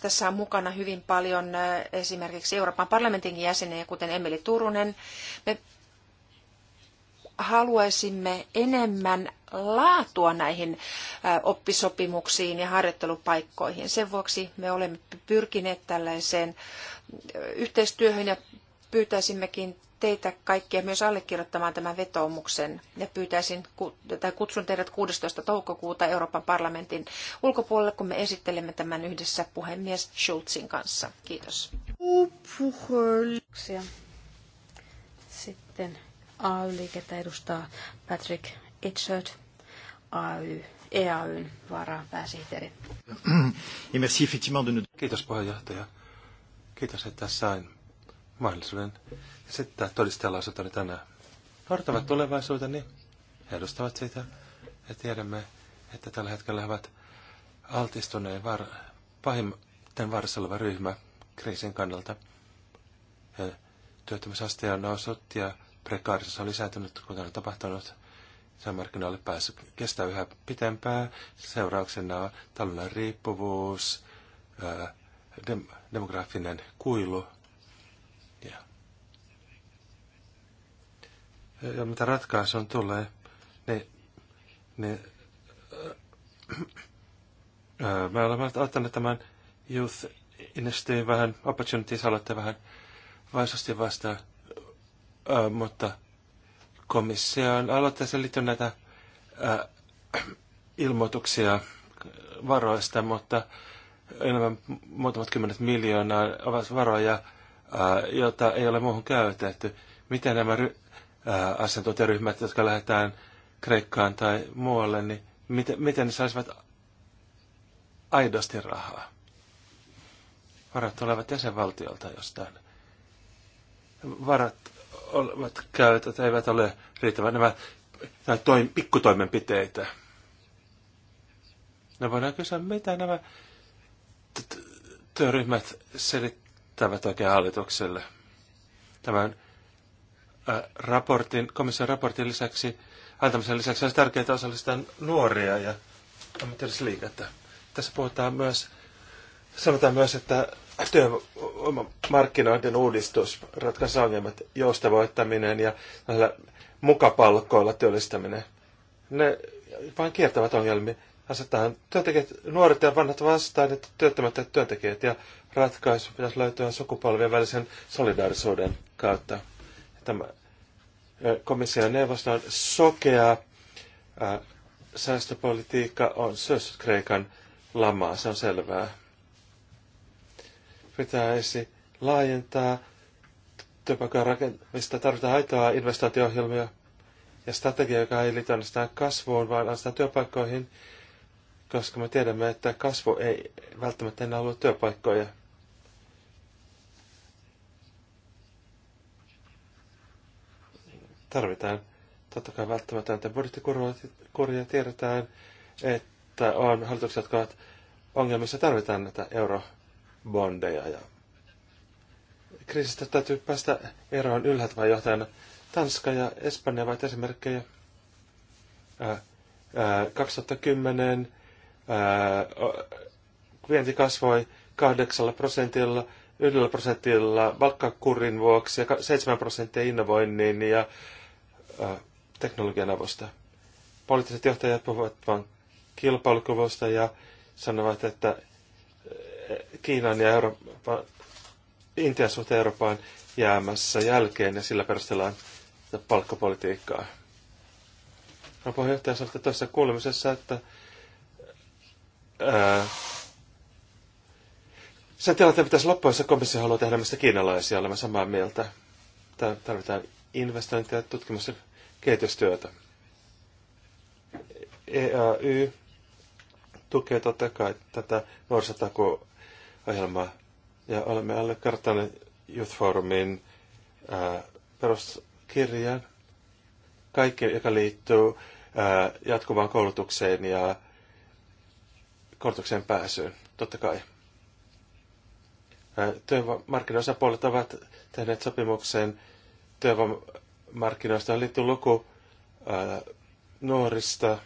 B: tässä on mukana hyvin paljon esimerkiksi Euroopan parlamentin jäseniä, kuten Emeli Turunen. Me haluaisimme enemmän laatua näihin oppisopimuksiin ja harjoittelupaikkoihin. Sen vuoksi me olemme pyrkineet tällaiseen yhteistyöhön ja pyytäisimmekin teitä kaikkia myös allekirjoittamaan tämän vetoomuksen ja pyytäisin, tai kutsun teidät 16. toukokuuta Euroopan parlamentin ulkopuolelle, kun me esittelemme tämän yhdessä puhemies Schulzin kanssa. Kiitos.
C: Sitten AY-liikettä edustaa Patrick Itchard, AY, EAYn varapääsihteeri.
A: Kiitos puheenjohtaja. Kiitos, että sain mahdollisuuden esittää todistajalaisuuteni tänään. Noudattavat tulevaisuuteni, edustavat sitä ja tiedämme, että tällä hetkellä he ovat altistuneen var, pahimman vaarassa oleva ryhmä kriisin kannalta. työttömyysaste on noussut ja prekaarisuus on lisääntynyt, kuten on tapahtunut. Sisämarkkinoille pääsy kestää yhä pitempään. Seurauksena taloudellinen riippuvuus, ää, dem- demografinen kuilu. Ja. ja mitä ratkaisuun tulee, niin, niin ää, me olemme ottaneet tämän Youth Industry vähän, Opportunities-aloitteen vähän vaisasti vastaan Ö, mutta komission aloitteeseen liittyy näitä ö, ilmoituksia varoista, mutta enemmän muutamat kymmenet miljoonaa ovat varoja, joita ei ole muuhun käytetty. Miten nämä ry- asiantuntijaryhmät, jotka lähdetään Kreikkaan tai muualle, niin miten, miten ne saisivat aidosti rahaa? Varat tulevat jäsenvaltiolta jostain. Varat olevat käytöt eivät ole riittävän nämä, nämä toim, pikkutoimenpiteitä. No voidaan kysyä, mitä nämä työryhmät selittävät oikein hallitukselle. Tämän raportin, komission raportin lisäksi, antamisen lisäksi olisi tärkeää osallistaa nuoria ja ammattilaisliikettä. Tässä puhutaan myös Sanotaan myös, että työmarkkinoiden uudistus ratkaisi ongelmat, joustavoittaminen ja näillä mukapalkkoilla työllistäminen. Ne vain kiertävät ongelmia. Asetetaan työntekijät, nuoret ja vanhat vastaan, että työttömät ja työntekijät ja ratkaisu pitäisi löytyä sukupolvien välisen solidaarisuuden kautta. Tämä komission neuvosto on sokea säästöpolitiikka on syössyt Kreikan lamaa, se on selvää pitäisi laajentaa. Työpaikan rakentamista tarvitaan aitoa investointiohjelmia ja strategia, joka ei liity ainoastaan kasvuun, vaan ainoastaan työpaikkoihin, koska me tiedämme, että kasvu ei välttämättä enää ollut työpaikkoja. Tarvitaan totta kai välttämätöntä budjettikuria. Tiedetään, että on hallitukset, jotka ovat ongelmissa, tarvitaan näitä euroa bondeja. Ja kriisistä täytyy päästä eroon ylhäältä vai johtajana. Tanska ja Espanja ovat esimerkkejä. Äh, äh, 2010 äh, vienti kasvoi 8 prosentilla, 1 prosentilla valkkakurin vuoksi ja 7 prosenttia innovoinnin ja äh, teknologian avusta. Poliittiset johtajat puhuvat vain kilpailukuvusta ja sanovat, että Kiinan ja Euroopan, Intian suhteen Euroopan jäämässä jälkeen ja sillä perustellaan palkkapolitiikkaa. No, puheenjohtaja sanoi tuossa kuulemisessa, että ää, sen tilanteen pitäisi loppua, jos komissio haluaa tehdä mistä kiinalaisia, olemme samaa mieltä. Tarvitaan investointia, tutkimus- ja kehitystyötä. EAY tukee totta kai tätä nuorisotakuun ohjelmaa. Ja olemme allekirjoittaneet Youth Forumin ää, peruskirjan, kaikki, joka liittyy ää, jatkuvaan koulutukseen ja koulutukseen pääsyyn, totta kai. Työmarkkinaosapuolet ovat tehneet sopimuksen työmarkkinoista. On liittyy luku ää, nuorista.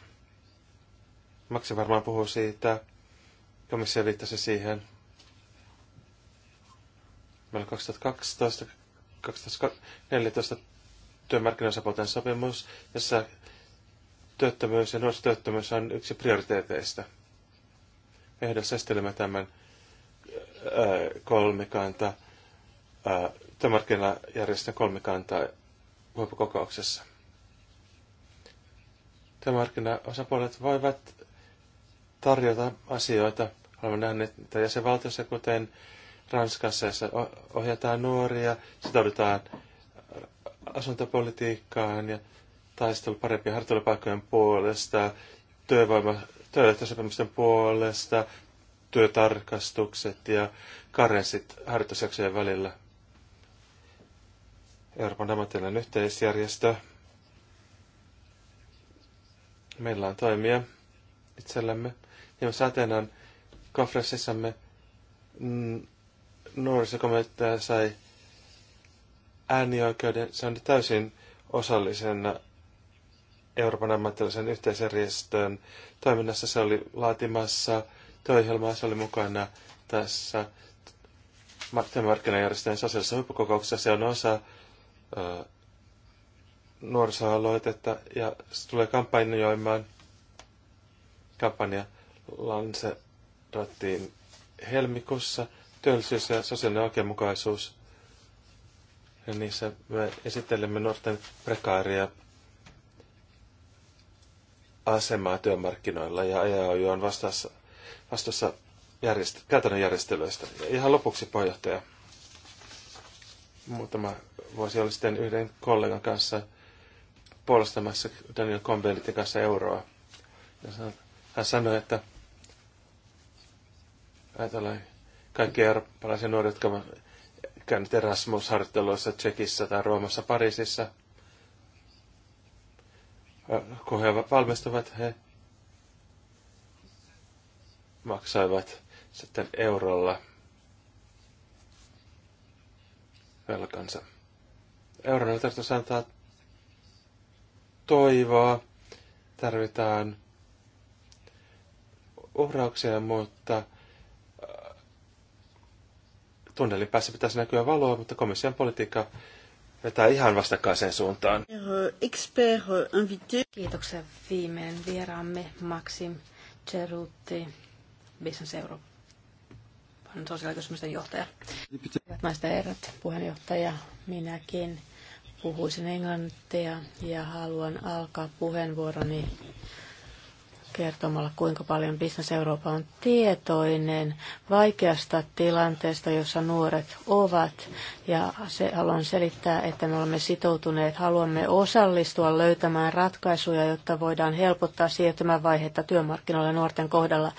A: Maksi varmaan puhuu siitä. Komissio viittasi siihen. Meillä on 2012, 2014 työmarkkinaosapuolten sopimus, jossa työttömyys ja nuorisotyöttömyys on yksi prioriteeteista. Me estelemme tämän kolmikanta, työmarkkinajärjestön kolmikanta huippukokouksessa. Työmarkkinaosapuolet voivat tarjota asioita, olemme nähneet niitä jäsenvaltiossa, kuten Ranskassa, jossa ohjataan nuoria, sitoudutaan äh, asuntopolitiikkaan ja taistelu parempien harjoittelupaikkojen puolesta, työvoima, työehtosopimusten puolesta, työtarkastukset ja karenssit harjoitusjaksojen välillä. Euroopan ammattilainen yhteisjärjestö. Meillä on toimia itsellämme. Ja niin me Atenan konferenssissamme mm, nuorisokomitea sai äänioikeuden. Se on täysin osallisena Euroopan ammattilaisen yhteisjärjestön toiminnassa. Se oli laatimassa työohjelmaa, se oli mukana tässä työmarkkinajärjestöjen sosiaalisessa huippukokouksessa. Se on osa ö, nuorisoaloitetta ja se tulee kampanjoimaan kampanja lanserattiin helmikuussa – työllisyys ja sosiaalinen oikeudenmukaisuus. Ja niissä me esittelemme nuorten prekaaria asemaa työmarkkinoilla ja EAU on vastassa vastassa järjest- käytännön järjestelyistä. Ja ihan lopuksi puheenjohtaja. Muutama vuosi oli sitten yhden kollegan kanssa puolustamassa Daniel Combelitin kanssa euroa. Ja hän sanoi, että ajatellaan kaikki eurooppalaisia nuoria, jotka ovat käyneet Erasmus-harjoitteluissa Tsekissä tai Roomassa, Pariisissa, kun he valmistuvat, he maksoivat sitten eurolla velkansa. Eurolla tarkoitus antaa toivoa, tarvitaan uhrauksia, mutta tunnelin päässä pitäisi näkyä valoa, mutta komission politiikka vetää ihan vastakkaiseen suuntaan.
D: Expert euh, Kiitoksia
C: viimeinen vieraamme Maxim Cerutti, Business Europe sosiaalikysymysten johtaja. Hyvät naiset ja herrat, puheenjohtaja, minäkin puhuisin englantia ja haluan alkaa puheenvuoroni kertomalla, kuinka paljon Business Eurooppa on tietoinen vaikeasta tilanteesta, jossa nuoret ovat. Ja se, haluan selittää, että me olemme sitoutuneet, haluamme osallistua löytämään ratkaisuja, jotta voidaan helpottaa siirtymävaihetta työmarkkinoilla nuorten kohdalla.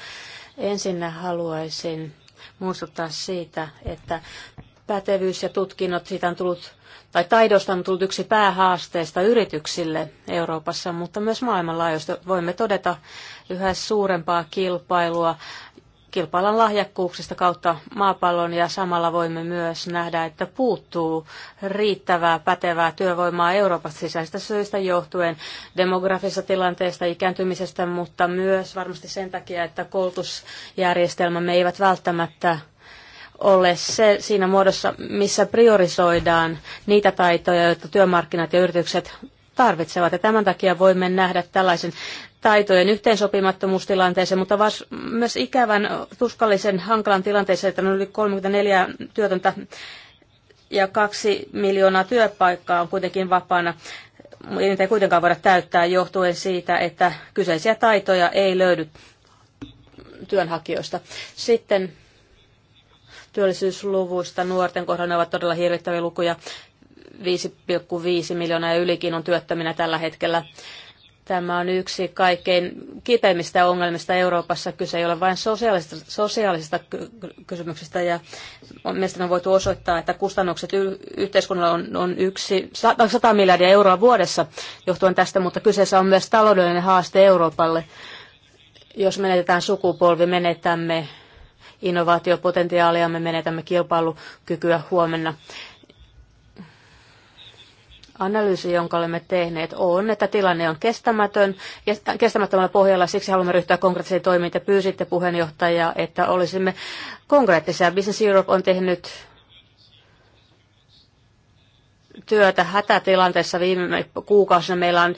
C: Ensinnä haluaisin muistuttaa siitä, että pätevyys ja tutkinnot, siitä on tullut, tai taidosta on tullut yksi päähaasteista yrityksille Euroopassa, mutta myös maailmanlaajuisesti voimme todeta yhä suurempaa kilpailua kilpaillaan lahjakkuuksista kautta maapallon ja samalla voimme myös nähdä, että puuttuu riittävää pätevää työvoimaa Euroopassa sisäisistä syistä johtuen demografisesta tilanteesta, ikääntymisestä, mutta myös varmasti sen takia, että koulutusjärjestelmämme eivät välttämättä ole se siinä muodossa, missä priorisoidaan niitä taitoja, joita työmarkkinat ja yritykset tarvitsevat. Ja tämän takia voimme nähdä tällaisen taitojen yhteensopimattomuustilanteeseen, mutta vas, myös ikävän, tuskallisen, hankalan tilanteeseen, että noin yli 34 työtöntä ja kaksi miljoonaa työpaikkaa on kuitenkin vapaana. Ei niitä ei kuitenkaan voida täyttää johtuen siitä, että kyseisiä taitoja ei löydy työnhakijoista. Sitten työllisyysluvuista nuorten kohdalla ne ovat todella hirvittäviä lukuja. 5,5 miljoonaa ja ylikin on työttöminä tällä hetkellä. Tämä on yksi kaikkein kipeimmistä ongelmista Euroopassa. Kyse ei ole vain sosiaalisista, sosiaalisista kysymyksistä ja mielestäni on voitu osoittaa, että kustannukset y- yhteiskunnalla on, on yksi 100 miljardia euroa vuodessa johtuen tästä, mutta kyseessä on myös taloudellinen haaste Euroopalle. Jos menetetään sukupolvi, menetämme innovaatiopotentiaalia, me menetämme kilpailukykyä huomenna. Analyysi, jonka olemme tehneet, on, että tilanne on kestämätön ja kestämättömällä pohjalla, siksi haluamme ryhtyä konkreettisiin toimiin. Te pyysitte puheenjohtajaa, että olisimme konkreettisia. Business Europe on tehnyt työtä hätätilanteessa viime kuukausina. Meillä on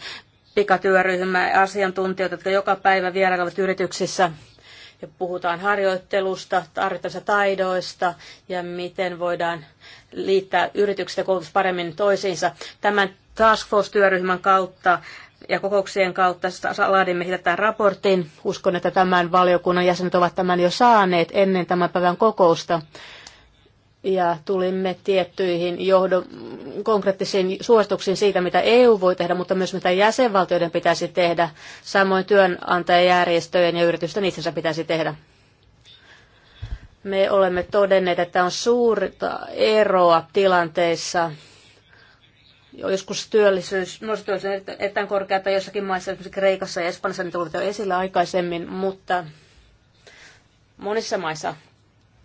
C: pikatyöryhmä asiantuntijoita, jotka joka päivä vierailevat yrityksissä ja puhutaan harjoittelusta, tarvittavista taidoista ja miten voidaan liittää yritykset ja koulutus paremmin toisiinsa. Tämän Task Force-työryhmän kautta ja kokouksien kautta laadimme tämän raportin. Uskon, että tämän valiokunnan jäsenet ovat tämän jo saaneet ennen tämän päivän kokousta ja tulimme tiettyihin johdon, konkreettisiin suosituksiin siitä, mitä EU voi tehdä, mutta myös mitä jäsenvaltioiden pitäisi tehdä. Samoin työnantajajärjestöjen ja yritysten itsensä pitäisi tehdä. Me olemme todenneet, että on suurta eroa tilanteissa. Joskus työllisyys, nuorisotyöllisyys on erittäin, korkeata jossakin maissa, esimerkiksi Kreikassa ja Espanjassa, niin tullut jo esillä aikaisemmin, mutta monissa maissa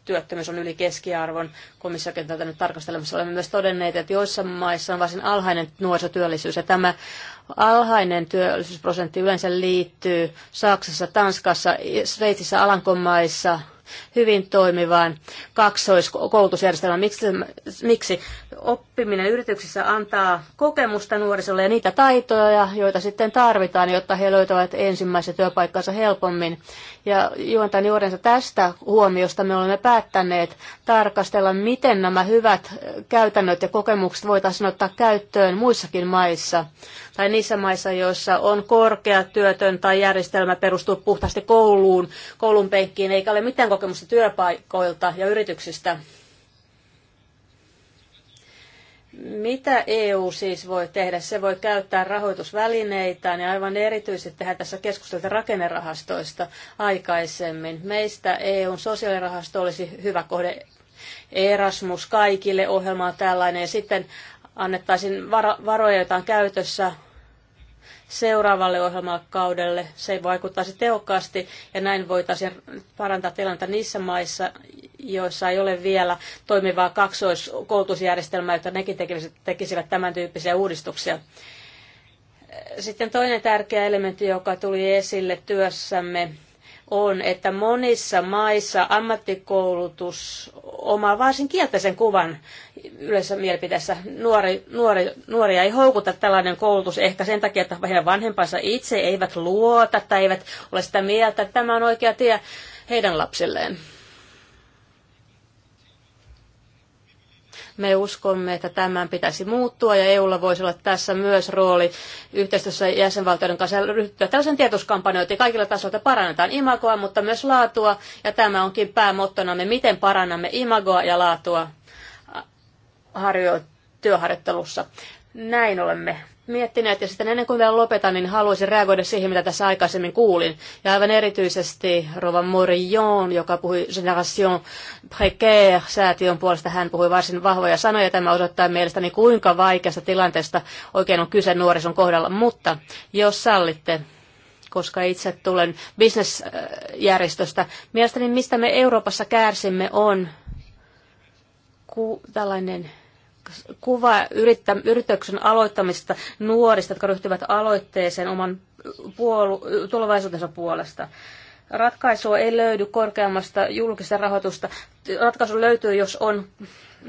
C: työttömyys on yli keskiarvon. Komissiokin tätä nyt tarkastelemassa olemme myös todenneet, että joissain maissa on varsin alhainen nuorisotyöllisyys ja tämä alhainen työllisyysprosentti yleensä liittyy Saksassa, Tanskassa, Sveitsissä, Alankomaissa, hyvin toimivaan kaksoiskoulutusjärjestelmään. Miksi, miksi? oppiminen yrityksissä antaa kokemusta nuorisolle ja niitä taitoja, joita sitten tarvitaan, jotta he löytävät ensimmäisen työpaikkansa helpommin. Ja juontan juurensa tästä huomiosta me olemme päättäneet tarkastella, miten nämä hyvät käytännöt ja kokemukset voitaisiin ottaa käyttöön muissakin maissa tai niissä maissa, joissa on korkea työtön tai järjestelmä perustuu puhtaasti kouluun, koulun penkkiin, eikä ole mitään kokemusta työpaikoilta ja yrityksistä mitä EU siis voi tehdä? Se voi käyttää rahoitusvälineitään niin ja aivan erityisesti tehdä tässä keskustelta rakennerahastoista aikaisemmin. Meistä EUn sosiaalirahasto olisi hyvä kohde Erasmus kaikille ohjelmaa tällainen ja sitten annettaisiin varoja, joita on käytössä seuraavalle ohjelmakaudelle. Se vaikuttaisi tehokkaasti ja näin voitaisiin parantaa tilannetta niissä maissa, joissa ei ole vielä toimivaa kaksoiskoulutusjärjestelmää, jotta nekin tekisivät tämän tyyppisiä uudistuksia. Sitten toinen tärkeä elementti, joka tuli esille työssämme, on, että monissa maissa ammattikoulutus omaa varsin kielteisen kuvan yleisessä mielipiteessä. Nuori, nuori, nuoria ei houkuta tällainen koulutus ehkä sen takia, että heidän vanhempansa itse eivät luota tai eivät ole sitä mieltä, että tämä on oikea tie heidän lapsilleen. Me uskomme, että tämän pitäisi muuttua ja EUlla voisi olla tässä myös rooli yhteistyössä jäsenvaltioiden kanssa ryhtyä tällaisen tietoskampanjoita kaikilla tasoilla parannetaan imagoa, mutta myös laatua ja tämä onkin päämottonamme, miten parannamme imagoa ja laatua harjo- työharjoittelussa. Näin olemme miettineet. Ja sitten ennen kuin vielä lopetan, niin haluaisin reagoida siihen, mitä tässä aikaisemmin kuulin. Ja aivan erityisesti Rova Morillon, joka puhui Generation Précaire-säätiön puolesta, hän puhui varsin vahvoja sanoja. Tämä osoittaa mielestäni, kuinka vaikeasta tilanteesta oikein on kyse nuorison kohdalla. Mutta jos sallitte, koska itse tulen bisnesjärjestöstä, mielestäni mistä me Euroopassa kärsimme on ku, tällainen kuva yrittä, yrityksen aloittamista nuorista, jotka ryhtyvät aloitteeseen oman puolu, tulevaisuutensa puolesta. Ratkaisua ei löydy korkeammasta julkista rahoitusta. Ratkaisu löytyy, jos on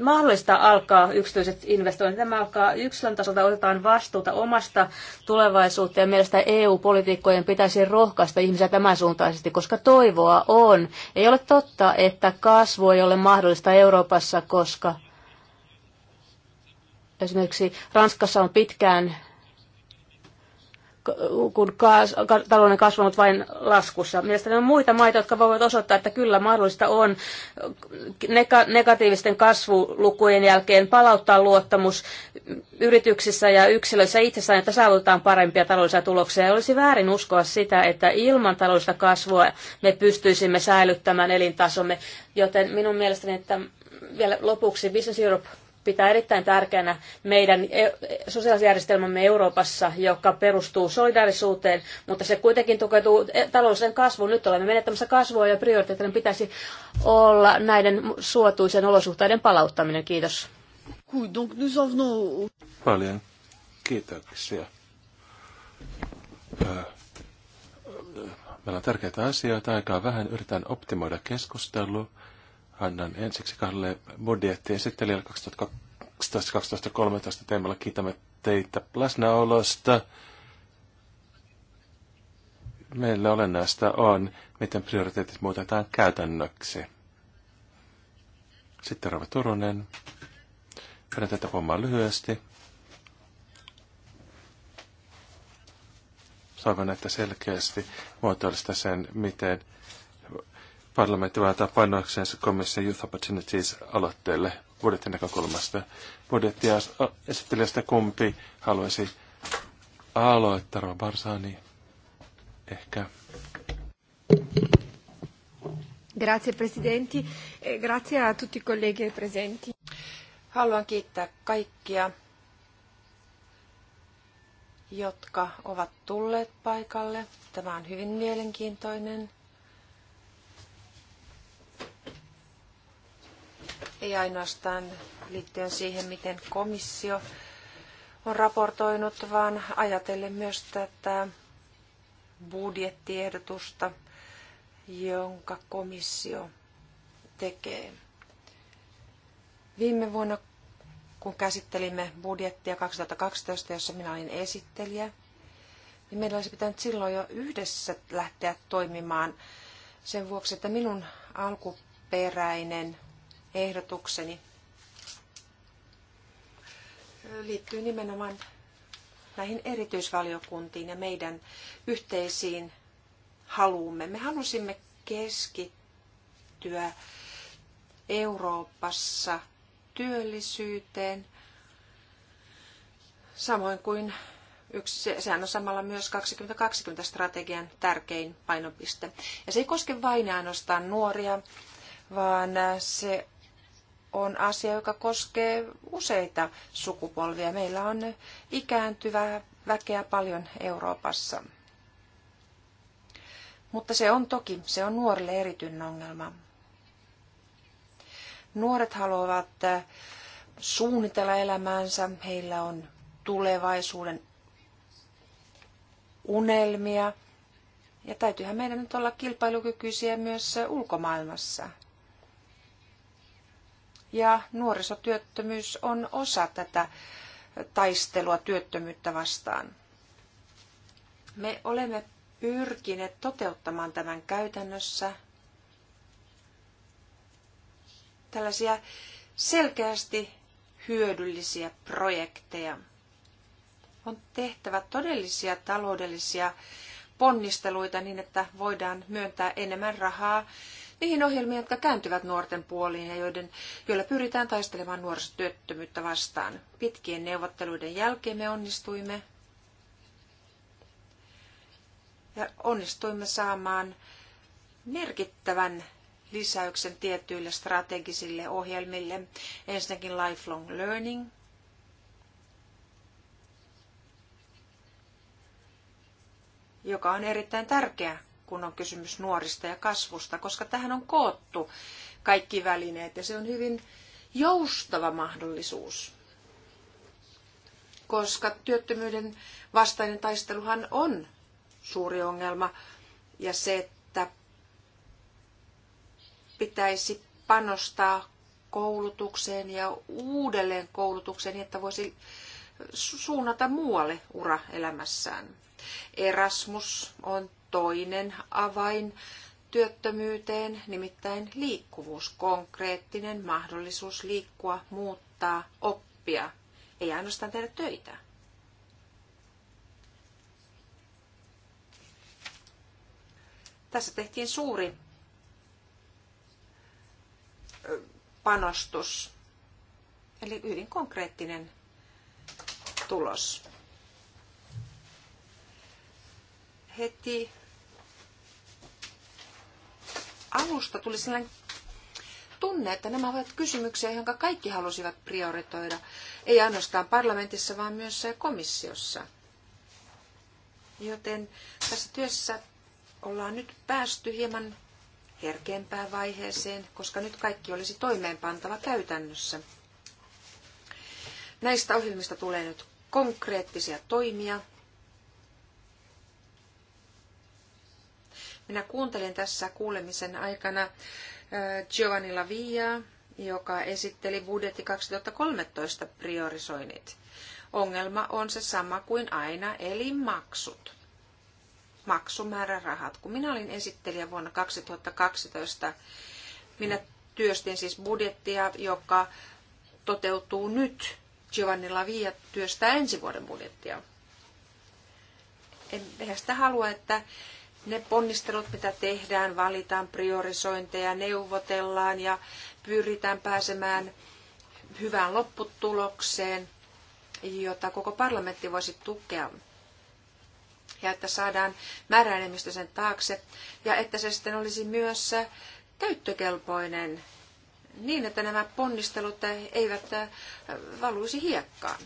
C: mahdollista alkaa yksityiset investoinnit. Tämä alkaa yksilön tasolta, otetaan vastuuta omasta tulevaisuutta ja mielestäni EU-politiikkojen pitäisi rohkaista ihmisiä tämän suuntaisesti, koska toivoa on. Ei ole totta, että kasvu ei ole mahdollista Euroopassa, koska Esimerkiksi Ranskassa on pitkään kun kaas, talouden kasvanut vain laskussa. Mielestäni on muita maita, jotka voivat osoittaa, että kyllä mahdollista on negatiivisten kasvulukujen jälkeen palauttaa luottamus yrityksissä ja yksilöissä itsessään, että saavutetaan parempia taloudellisia tuloksia. Ja olisi väärin uskoa sitä, että ilman taloudellista kasvua me pystyisimme säilyttämään elintasomme. Joten minun mielestäni, että vielä lopuksi Business Europe pitää erittäin tärkeänä meidän e- sosiaalisjärjestelmämme Euroopassa, joka perustuu solidaarisuuteen, mutta se kuitenkin tukeutuu e- taloudelliseen kasvuun. Nyt olemme menettämässä kasvua ja prioriteettina pitäisi olla näiden suotuisen olosuhteiden palauttaminen. Kiitos.
A: Paljon kiitoksia. Äh, meillä on tärkeitä asioita, aikaa vähän. Yritän optimoida keskustelua. Annan ensiksi kahdelle budjettiesittelijälle 2012-2013 teemalla kiitämme teitä läsnäolosta. Meillä olennaista on, miten prioriteetit muutetaan käytännöksi. Sitten Rova Turunen. Pidän tätä hommaa lyhyesti. Saavun näyttää selkeästi muotoilista sen, miten parlamentti vaataa painoakseensa komission Youth Opportunities-aloitteelle budjetin näkökulmasta. Budjettia esittelijästä kumpi haluaisi aloittaa, Rova Barsani? Ehkä.
B: Grazie Presidenti e grazie a tutti i colleghi presenti. Haluan kiittää kaikkia, jotka ovat tulleet paikalle. Tämä on hyvin mielenkiintoinen ei ainoastaan liittyen siihen, miten komissio on raportoinut, vaan ajatellen myös tätä budjettiehdotusta, jonka komissio tekee. Viime vuonna, kun käsittelimme budjettia 2012, jossa minä olin esittelijä, niin meidän olisi pitänyt silloin jo yhdessä lähteä toimimaan sen vuoksi, että minun alkuperäinen ehdotukseni liittyy nimenomaan näihin erityisvaliokuntiin ja meidän yhteisiin haluumme. Me halusimme keskittyä Euroopassa työllisyyteen, samoin kuin yksi, sehän on samalla myös 2020-strategian tärkein painopiste. Ja se ei koske vain ainoastaan nuoria, vaan se on asia, joka koskee useita sukupolvia. Meillä on ikääntyvää väkeä paljon Euroopassa. Mutta se on toki, se on nuorille erityinen ongelma. Nuoret haluavat äh, suunnitella elämäänsä, heillä on tulevaisuuden unelmia. Ja täytyyhän meidän nyt olla kilpailukykyisiä myös äh, ulkomaailmassa ja nuorisotyöttömyys on osa tätä taistelua työttömyyttä vastaan. Me olemme pyrkineet toteuttamaan tämän käytännössä tällaisia selkeästi hyödyllisiä projekteja. On tehtävä todellisia taloudellisia ponnisteluita niin, että voidaan myöntää enemmän rahaa niihin ohjelmiin, jotka kääntyvät nuorten puoliin ja joiden, joilla pyritään taistelemaan nuorisotyöttömyyttä vastaan. Pitkien neuvotteluiden jälkeen me onnistuimme ja onnistuimme saamaan merkittävän lisäyksen tietyille strategisille ohjelmille. Ensinnäkin Lifelong Learning, joka on erittäin tärkeä kun on kysymys nuorista ja kasvusta, koska tähän on koottu kaikki välineet ja se on hyvin joustava mahdollisuus. Koska työttömyyden vastainen taisteluhan on suuri ongelma ja se, että pitäisi panostaa koulutukseen ja uudelleen koulutukseen, että voisi suunnata muualle ura elämässään. Erasmus on toinen avain työttömyyteen, nimittäin liikkuvuus, konkreettinen mahdollisuus liikkua, muuttaa, oppia, ei ainoastaan tehdä töitä. Tässä tehtiin suuri panostus, eli hyvin konkreettinen tulos. Heti alusta tuli sellainen tunne, että nämä ovat kysymyksiä, jonka kaikki halusivat prioritoida, ei ainoastaan parlamentissa, vaan myös komissiossa. Joten tässä työssä ollaan nyt päästy hieman herkeämpään vaiheeseen, koska nyt kaikki olisi toimeenpantava käytännössä. Näistä ohjelmista tulee nyt konkreettisia toimia, Minä kuuntelin tässä kuulemisen aikana Giovanni Laviaa, joka esitteli budjetti 2013 priorisoinnit. Ongelma on se sama kuin aina, eli maksut. Maksumäärärahat. Kun minä olin esittelijä vuonna 2012, minä työstin siis budjettia, joka toteutuu nyt. Giovanni Lavia työstää ensi vuoden budjettia. En, sitä halua, että ne ponnistelut, mitä tehdään, valitaan priorisointeja, neuvotellaan ja pyritään pääsemään hyvään lopputulokseen, jota koko parlamentti voisi tukea. Ja että saadaan määräenemmistö sen taakse. Ja että se sitten olisi myös käyttökelpoinen niin, että nämä ponnistelut eivät valuisi hiekkaan.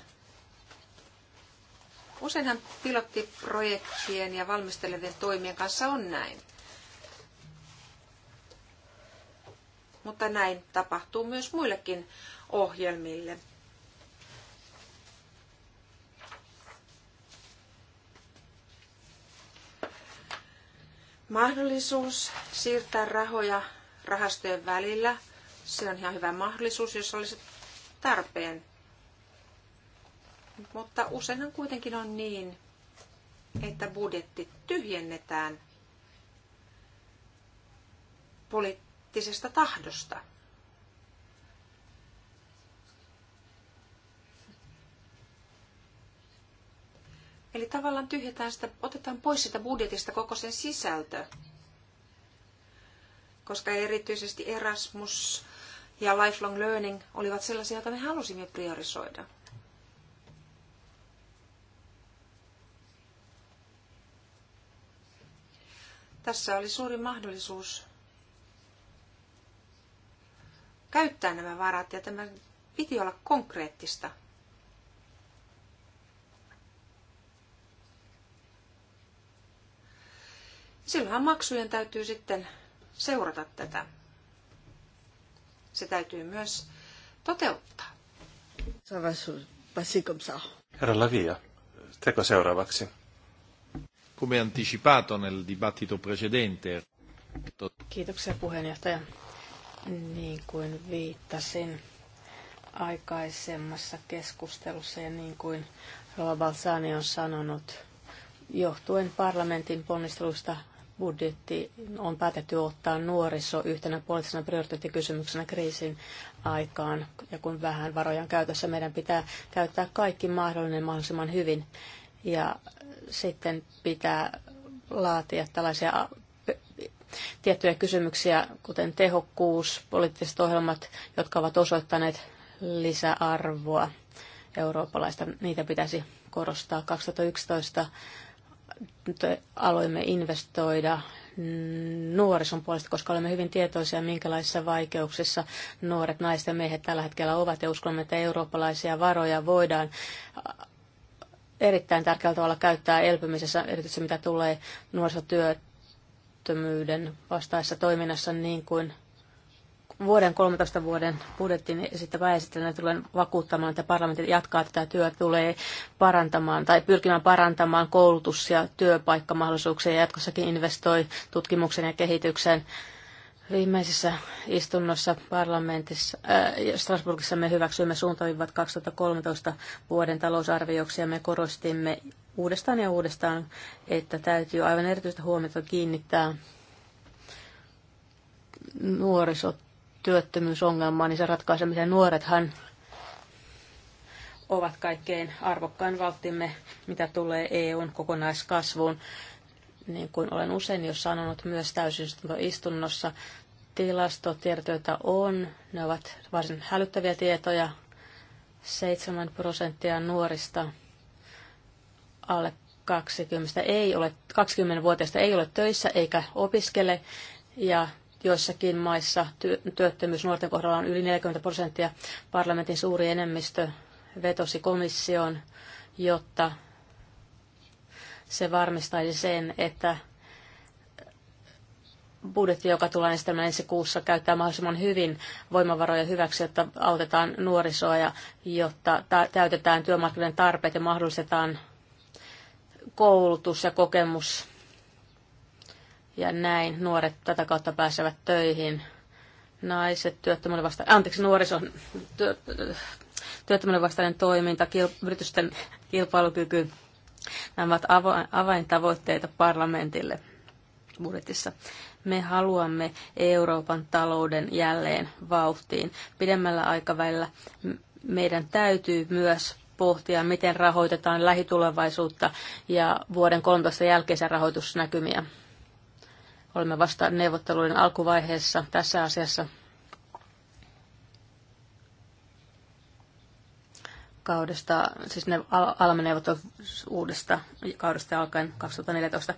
B: Useinhan pilottiprojektien ja valmistelevien toimien kanssa on näin. Mutta näin tapahtuu myös muillekin ohjelmille. Mahdollisuus siirtää rahoja rahastojen välillä, se on ihan hyvä mahdollisuus, jos olisi tarpeen mutta useinhan kuitenkin on niin, että budjetti tyhjennetään poliittisesta tahdosta. Eli tavallaan tyhjätään sitä, otetaan pois sitä budjetista koko sen sisältö. Koska erityisesti Erasmus ja Lifelong Learning olivat sellaisia, joita me halusimme priorisoida. Tässä oli suuri mahdollisuus käyttää nämä varat ja tämä piti olla konkreettista. Silloinhan maksujen täytyy sitten seurata tätä. Se täytyy myös toteuttaa.
E: Herra Lavia, teko seuraavaksi come anticipato nel dibattito precedente.
C: Kiitoksia puheenjohtaja. Niin kuin viittasin aikaisemmassa keskustelussa ja niin kuin Rova Balsani on sanonut, johtuen parlamentin ponnisteluista budjetti on päätetty ottaa nuoriso yhtenä poliittisena prioriteettikysymyksenä kriisin aikaan. Ja kun vähän varoja on käytössä, meidän pitää käyttää kaikki mahdollinen mahdollisimman hyvin ja sitten pitää laatia tällaisia äh, tiettyjä kysymyksiä, kuten tehokkuus, poliittiset ohjelmat, jotka ovat osoittaneet lisäarvoa eurooppalaista. Niitä pitäisi korostaa. 2011 aloimme investoida nuorison puolesta, koska olemme hyvin tietoisia, minkälaisissa vaikeuksissa nuoret naiset ja miehet tällä hetkellä ovat, ja uskomme, että eurooppalaisia varoja voidaan erittäin tärkeällä tavalla käyttää elpymisessä, erityisesti mitä tulee nuorisotyöttömyyden vastaessa toiminnassa, niin kuin vuoden 13 vuoden budjettiin sitten väestönä tulen vakuuttamaan, että parlamentti jatkaa tätä työtä, tulee parantamaan tai pyrkimään parantamaan koulutus- ja työpaikkamahdollisuuksia ja jatkossakin investoi tutkimukseen ja kehitykseen Viimeisessä istunnossa parlamentissa ää, äh, Strasbourgissa me hyväksyimme suuntaviivat 2013 vuoden talousarvioksi ja me korostimme uudestaan ja uudestaan, että täytyy aivan erityistä huomiota kiinnittää nuorisotyöttömyysongelmaan, niin se ratkaisemiseen nuorethan ovat kaikkein arvokkain valttimme, mitä tulee EUn kokonaiskasvuun. Niin kuin olen usein jo sanonut myös täysistuntoistunnossa, tilastotietoja on, ne ovat varsin hälyttäviä tietoja. 7 prosenttia nuorista alle 20 ei ole, 20-vuotiaista ei ole töissä eikä opiskele ja joissakin maissa työttömyys nuorten kohdalla on yli 40 prosenttia. Parlamentin suuri enemmistö vetosi komissioon, jotta se varmistaisi sen, että budjetti, joka tulee esittämään ensi kuussa, käyttää mahdollisimman hyvin voimavaroja hyväksi, jotta autetaan nuorisoa ja jotta täytetään työmarkkinoiden tarpeet ja mahdollistetaan koulutus ja kokemus. Ja näin nuoret tätä kautta pääsevät töihin. Naiset, työttömyyden vasta- anteeksi, nuoriso, työ, työttömyyden vastainen toiminta, kil, yritysten kilpailukyky, Nämä ovat avaintavoitteita parlamentille budjetissa. Me haluamme Euroopan talouden jälleen vauhtiin. Pidemmällä aikavälillä meidän täytyy myös pohtia, miten rahoitetaan lähitulevaisuutta ja vuoden 13 jälkeisen rahoitusnäkymiä. Olemme vasta neuvotteluiden alkuvaiheessa tässä asiassa kaudesta, siis ne almaneuvottelut uudesta kaudesta alkaen 2014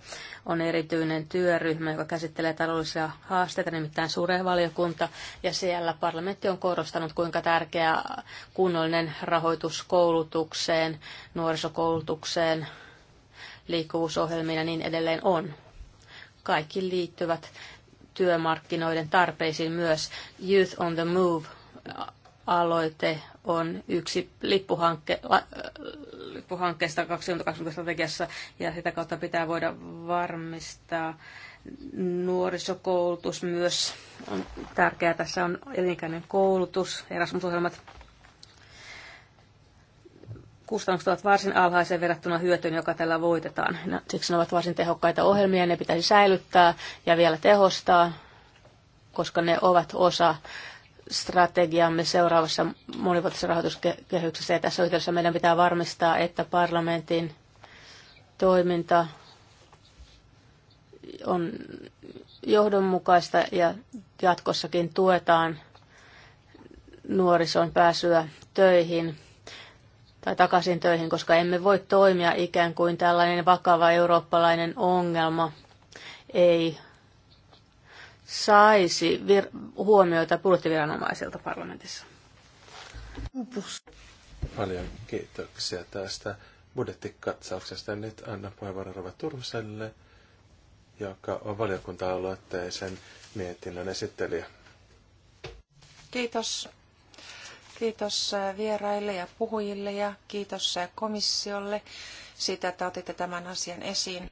C: on erityinen työryhmä, joka käsittelee taloudellisia haasteita, nimittäin valiokunta, ja siellä parlamentti on korostanut, kuinka tärkeä kunnollinen rahoitus koulutukseen, nuorisokoulutukseen, liikkuvuusohjelmiin ja niin edelleen on. Kaikki liittyvät työmarkkinoiden tarpeisiin myös Youth on the Move aloite on yksi lippuhankke, la, äh, lippuhankkeesta 2020 strategiassa ja sitä kautta pitää voida varmistaa nuorisokoulutus myös on tärkeää. Tässä on elinikäinen koulutus, Erasmus-ohjelmat. Kustannukset ovat varsin alhaisen verrattuna hyötyyn, joka tällä voitetaan. No, siksi ne ovat varsin tehokkaita ohjelmia, ne pitäisi säilyttää ja vielä tehostaa, koska ne ovat osa strategiamme seuraavassa monivuotisessa rahoituskehyksessä. Ja tässä yhteydessä meidän pitää varmistaa, että parlamentin toiminta on johdonmukaista ja jatkossakin tuetaan nuorison pääsyä töihin tai takaisin töihin, koska emme voi toimia ikään kuin tällainen vakava eurooppalainen ongelma ei saisi vir- huomioita budjettiviranomaisilta parlamentissa. Upus.
A: Paljon kiitoksia tästä budjettikatsauksesta. Nyt annan puheenvuoron Rova Turuselle, joka on valiokunta-aloitteisen mietinnön esittelijä.
B: Kiitos. Kiitos äh, vieraille ja puhujille ja kiitos äh, komissiolle siitä, että otitte tämän asian esiin.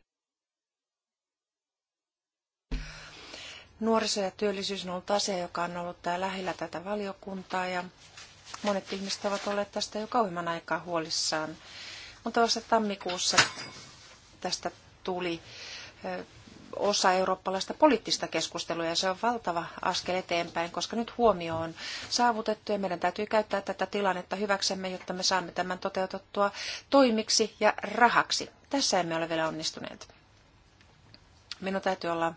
B: Nuoriso ja työllisyys on ollut asia, joka on ollut täällä lähellä tätä valiokuntaa ja monet ihmiset ovat olleet tästä jo kauemman aikaa huolissaan. Mutta vasta tammikuussa tästä tuli osa eurooppalaista poliittista keskustelua ja se on valtava askel eteenpäin, koska nyt huomio on saavutettu ja meidän täytyy käyttää tätä tilannetta hyväksemme, jotta me saamme tämän toteutettua toimiksi ja rahaksi. Tässä emme ole vielä onnistuneet. Minun täytyy olla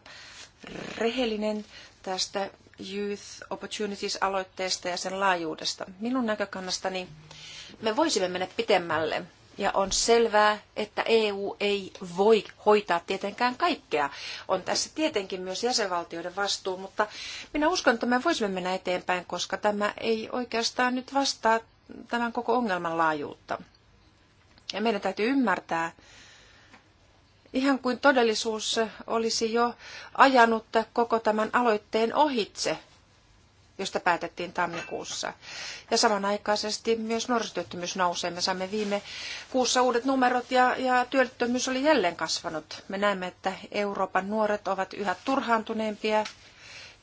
B: rehellinen tästä Youth Opportunities-aloitteesta ja sen laajuudesta. Minun näkökannastani me voisimme mennä pitemmälle ja on selvää, että EU ei voi hoitaa tietenkään kaikkea. On tässä tietenkin myös jäsenvaltioiden vastuu, mutta minä uskon, että me voisimme mennä eteenpäin, koska tämä ei oikeastaan nyt vastaa tämän koko ongelman laajuutta. Ja meidän täytyy ymmärtää, ihan kuin todellisuus olisi jo ajanut koko tämän aloitteen ohitse, josta päätettiin tammikuussa. Ja samanaikaisesti myös nuorisotyöttömyys nousee. Me saimme viime kuussa uudet numerot ja, ja työttömyys oli jälleen kasvanut. Me näemme, että Euroopan nuoret ovat yhä turhaantuneempia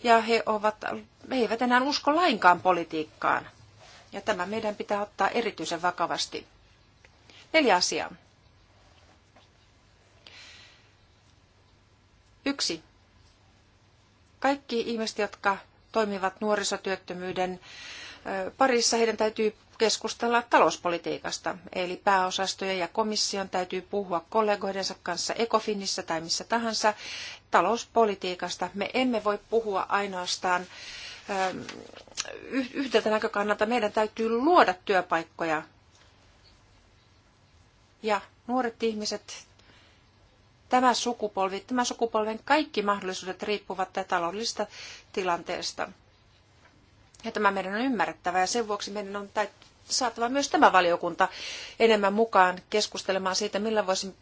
B: ja he, ovat, he eivät enää usko lainkaan politiikkaan. Ja tämä meidän pitää ottaa erityisen vakavasti. Neljä asiaa. Yksi. Kaikki ihmiset, jotka toimivat nuorisotyöttömyyden parissa, heidän täytyy keskustella talouspolitiikasta, eli pääosastojen ja komission täytyy puhua kollegoidensa kanssa Ecofinissa tai missä tahansa talouspolitiikasta. Me emme voi puhua ainoastaan yhdeltä näkökannalta. Meidän täytyy luoda työpaikkoja. Ja nuoret ihmiset tämä sukupolvi, tämä sukupolven kaikki mahdollisuudet riippuvat taloudellisesta tilanteesta. Ja tämä meidän on ymmärrettävä ja sen vuoksi meidän on saatava myös tämä valiokunta enemmän mukaan keskustelemaan siitä, millä voisimme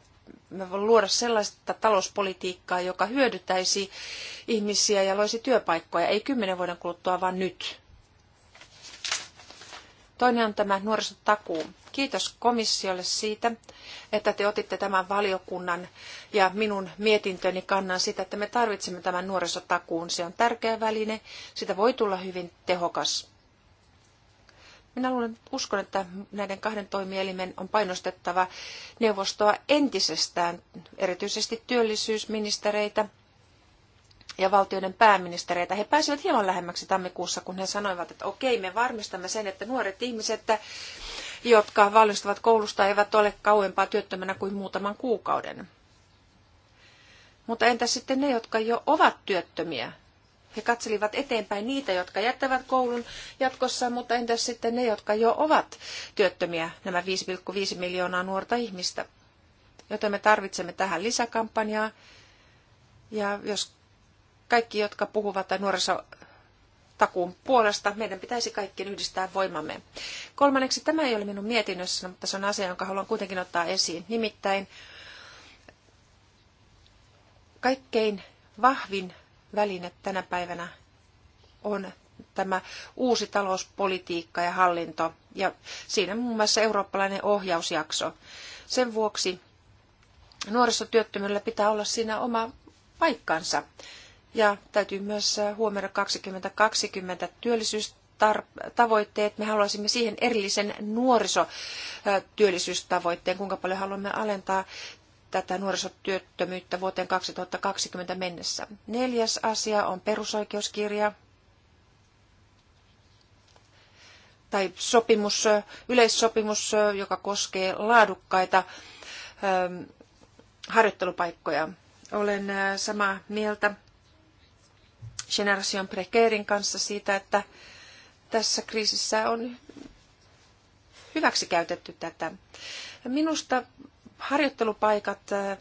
B: luoda sellaista talouspolitiikkaa, joka hyödyttäisi ihmisiä ja loisi työpaikkoja, ei kymmenen vuoden kuluttua, vaan nyt. Toinen on tämä nuorisotakuu. Kiitos komissiolle siitä, että te otitte tämän valiokunnan ja minun mietintöni kannan sitä, että me tarvitsemme tämän nuorisotakuun. Se on tärkeä väline. Sitä voi tulla hyvin tehokas. Minä luulen, uskon, että näiden kahden toimielimen on painostettava neuvostoa entisestään, erityisesti työllisyysministereitä ja valtioiden pääministereitä. He pääsivät hieman lähemmäksi tammikuussa, kun he sanoivat, että okei, me varmistamme sen, että nuoret ihmiset, jotka valmistuvat koulusta, eivät ole kauempaa työttömänä kuin muutaman kuukauden. Mutta entäs sitten ne, jotka jo ovat työttömiä? He katselivat eteenpäin niitä, jotka jättävät koulun jatkossa, mutta entäs sitten ne, jotka jo ovat työttömiä, nämä 5,5 miljoonaa nuorta ihmistä? Joten me tarvitsemme tähän lisäkampanjaa. Ja jos kaikki, jotka puhuvat nuorisotakuun puolesta, meidän pitäisi kaikkien yhdistää voimamme. Kolmanneksi, tämä ei ole minun mietinnössäni, mutta se on asia, jonka haluan kuitenkin ottaa esiin. Nimittäin kaikkein vahvin väline tänä päivänä on tämä uusi talouspolitiikka ja hallinto, ja siinä muun muassa eurooppalainen ohjausjakso. Sen vuoksi nuorisotyöttömyydellä pitää olla siinä oma paikkansa. Ja täytyy myös äh, huomioida 2020 työllisyystavoitteet. Me haluaisimme siihen erillisen nuorisotyöllisyystavoitteen, kuinka paljon haluamme alentaa tätä nuorisotyöttömyyttä vuoteen 2020 mennessä. Neljäs asia on perusoikeuskirja tai sopimus, äh, yleissopimus, äh, joka koskee laadukkaita ähm, harjoittelupaikkoja. Olen samaa mieltä Generation Prekeerin kanssa siitä, että tässä kriisissä on hyväksi käytetty tätä. Minusta harjoittelupaikat äh,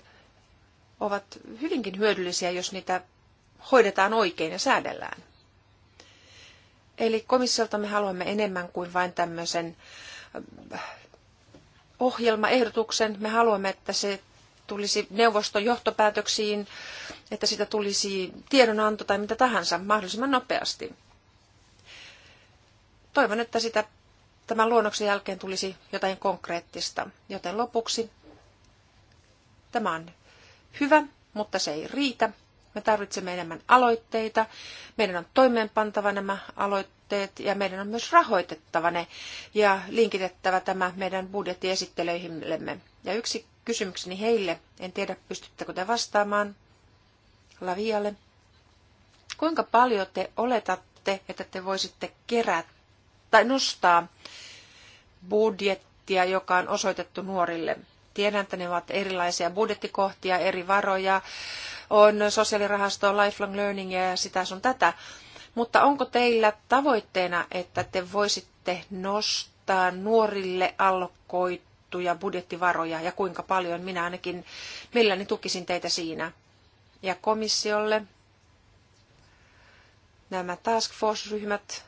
B: ovat hyvinkin hyödyllisiä, jos niitä hoidetaan oikein ja säädellään. Eli komissiolta me haluamme enemmän kuin vain tämmöisen äh, ohjelmaehdotuksen. Me haluamme, että se tulisi neuvoston johtopäätöksiin, että sitä tulisi tiedonanto tai mitä tahansa mahdollisimman nopeasti. Toivon, että sitä tämän luonnoksen jälkeen tulisi jotain konkreettista. Joten lopuksi tämä on hyvä, mutta se ei riitä. Me tarvitsemme enemmän aloitteita, meidän on toimeenpantava nämä aloitteet ja meidän on myös rahoitettava ne ja linkitettävä tämä meidän budjettiesittelyihimme. Ja yksi kysymykseni heille, en tiedä pystyttekö te vastaamaan Lavialle, kuinka paljon te oletatte, että te voisitte kerätä tai nostaa budjettia, joka on osoitettu nuorille? Tiedän, että ne ovat erilaisia budjettikohtia, eri varoja, on sosiaalirahasto, lifelong learning ja sitä sun tätä. Mutta onko teillä tavoitteena, että te voisitte nostaa nuorille allokoituja budjettivaroja ja kuinka paljon? Minä ainakin milläni tukisin teitä siinä. Ja komissiolle nämä task force-ryhmät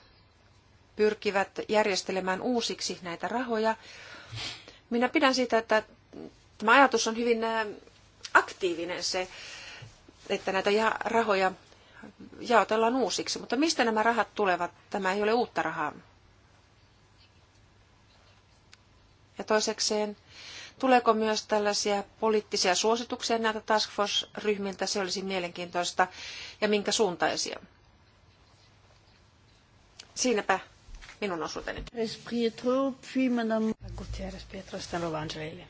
B: pyrkivät järjestelemään uusiksi näitä rahoja. Minä pidän siitä, että tämä ajatus on hyvin äh, aktiivinen se että näitä rahoja jaotellaan uusiksi. Mutta mistä nämä rahat tulevat? Tämä ei ole uutta rahaa. Ja toisekseen, tuleeko myös tällaisia poliittisia suosituksia näitä Task Force-ryhmiltä? Se olisi mielenkiintoista. Ja minkä suuntaisia? Siinäpä minun osuuteni.
D: Gutierrez Pietro, Stanovangeli.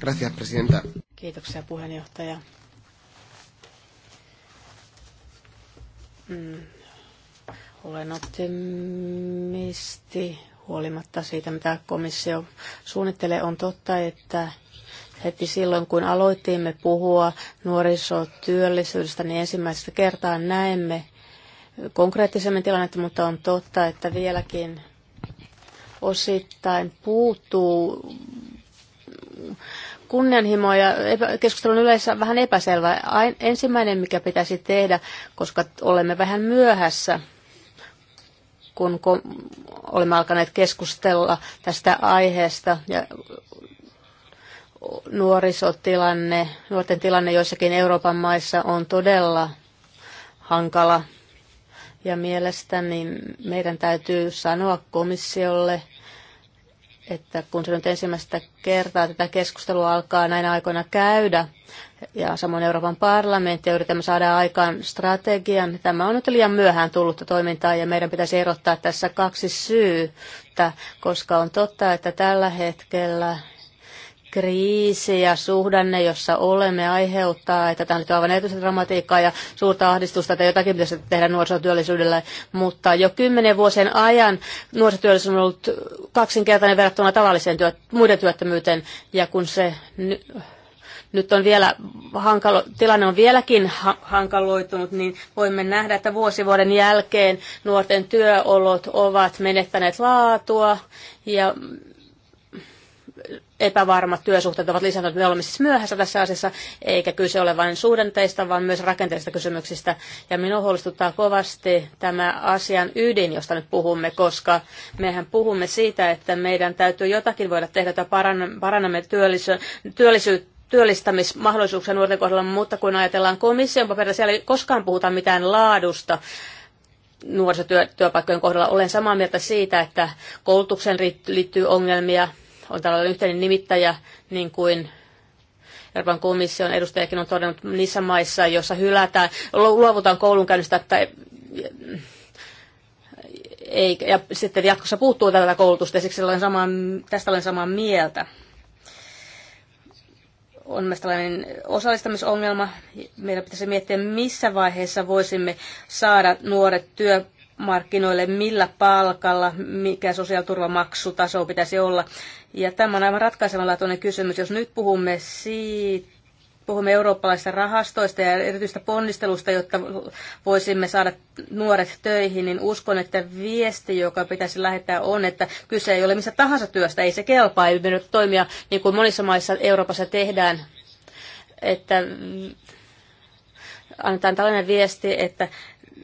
D: Gracias, presidenta.
C: Kiitoksia puheenjohtaja. Mm, olen optimisti huolimatta siitä, mitä komissio suunnittelee. On totta, että heti silloin, kun aloitimme puhua nuorisotyöllisyydestä, niin ensimmäistä kertaa näemme konkreettisemmin tilannetta, mutta on totta, että vieläkin osittain puuttuu kunnianhimo ja keskustelun yleensä vähän epäselvä. Ensimmäinen, mikä pitäisi tehdä, koska olemme vähän myöhässä, kun olemme alkaneet keskustella tästä aiheesta ja nuorisotilanne, nuorten tilanne joissakin Euroopan maissa on todella hankala. Ja mielestäni meidän täytyy sanoa komissiolle että kun se nyt ensimmäistä kertaa tätä keskustelua alkaa näinä aikoina käydä, ja samoin Euroopan parlamentti, ja yritämme saada aikaan strategian, niin tämä on nyt liian myöhään tullutta toimintaa, ja meidän pitäisi erottaa tässä kaksi syytä, koska on totta, että tällä hetkellä kriisi ja suhdanne, jossa olemme, aiheuttaa, että tämä on aivan erityistä dramatiikkaa ja suurta ahdistusta, että jotakin pitäisi tehdä nuorisotyöllisyydellä. Mutta jo kymmenen vuosien ajan nuorisotyöllisyys on ollut kaksinkertainen verrattuna tavalliseen työ, muiden työttömyyteen, ja kun se nyt on vielä hankalo, tilanne on vieläkin ha- hankaloitunut, niin voimme nähdä, että vuosi vuoden jälkeen nuorten työolot ovat menettäneet laatua ja epävarmat työsuhteet ovat lisääntyneet. Me olemme siis myöhässä tässä asiassa, eikä kyse ole vain suhdanteista, vaan myös rakenteellisista kysymyksistä. Ja minua huolestuttaa kovasti tämä asian ydin, josta nyt puhumme, koska mehän puhumme siitä, että meidän täytyy jotakin voida tehdä, että parannamme työllisyyttä työllistämismahdollisuuksia nuorten kohdalla, mutta kun ajatellaan komission paperilla, siellä ei koskaan puhuta mitään laadusta nuorisotyöpaikkojen kohdalla. Olen samaa mieltä siitä, että koulutukseen liittyy ongelmia, on tällainen yhteinen nimittäjä, niin kuin Euroopan komission edustajakin on todennut niissä maissa, joissa hylätään, luovutaan koulunkäynnistä, että ei, ja sitten jatkossa puuttuu tätä koulutusta, ja siksi olen samaa, tästä olen samaa mieltä. On myös tällainen osallistamisongelma. Meidän pitäisi miettiä, missä vaiheessa voisimme saada nuoret työ, markkinoille, millä palkalla, mikä sosiaaliturvamaksutaso pitäisi olla. Ja tämä on aivan ratkaisevanlaatuinen kysymys. Jos nyt puhumme siitä, puhumme eurooppalaisista rahastoista ja erityistä ponnistelusta, jotta voisimme saada nuoret töihin, niin uskon, että viesti, joka pitäisi lähettää, on, että kyse ei ole missä tahansa työstä, ei se kelpaa, ei mennyt toimia niin kuin monissa maissa Euroopassa tehdään, että annetaan tällainen viesti, että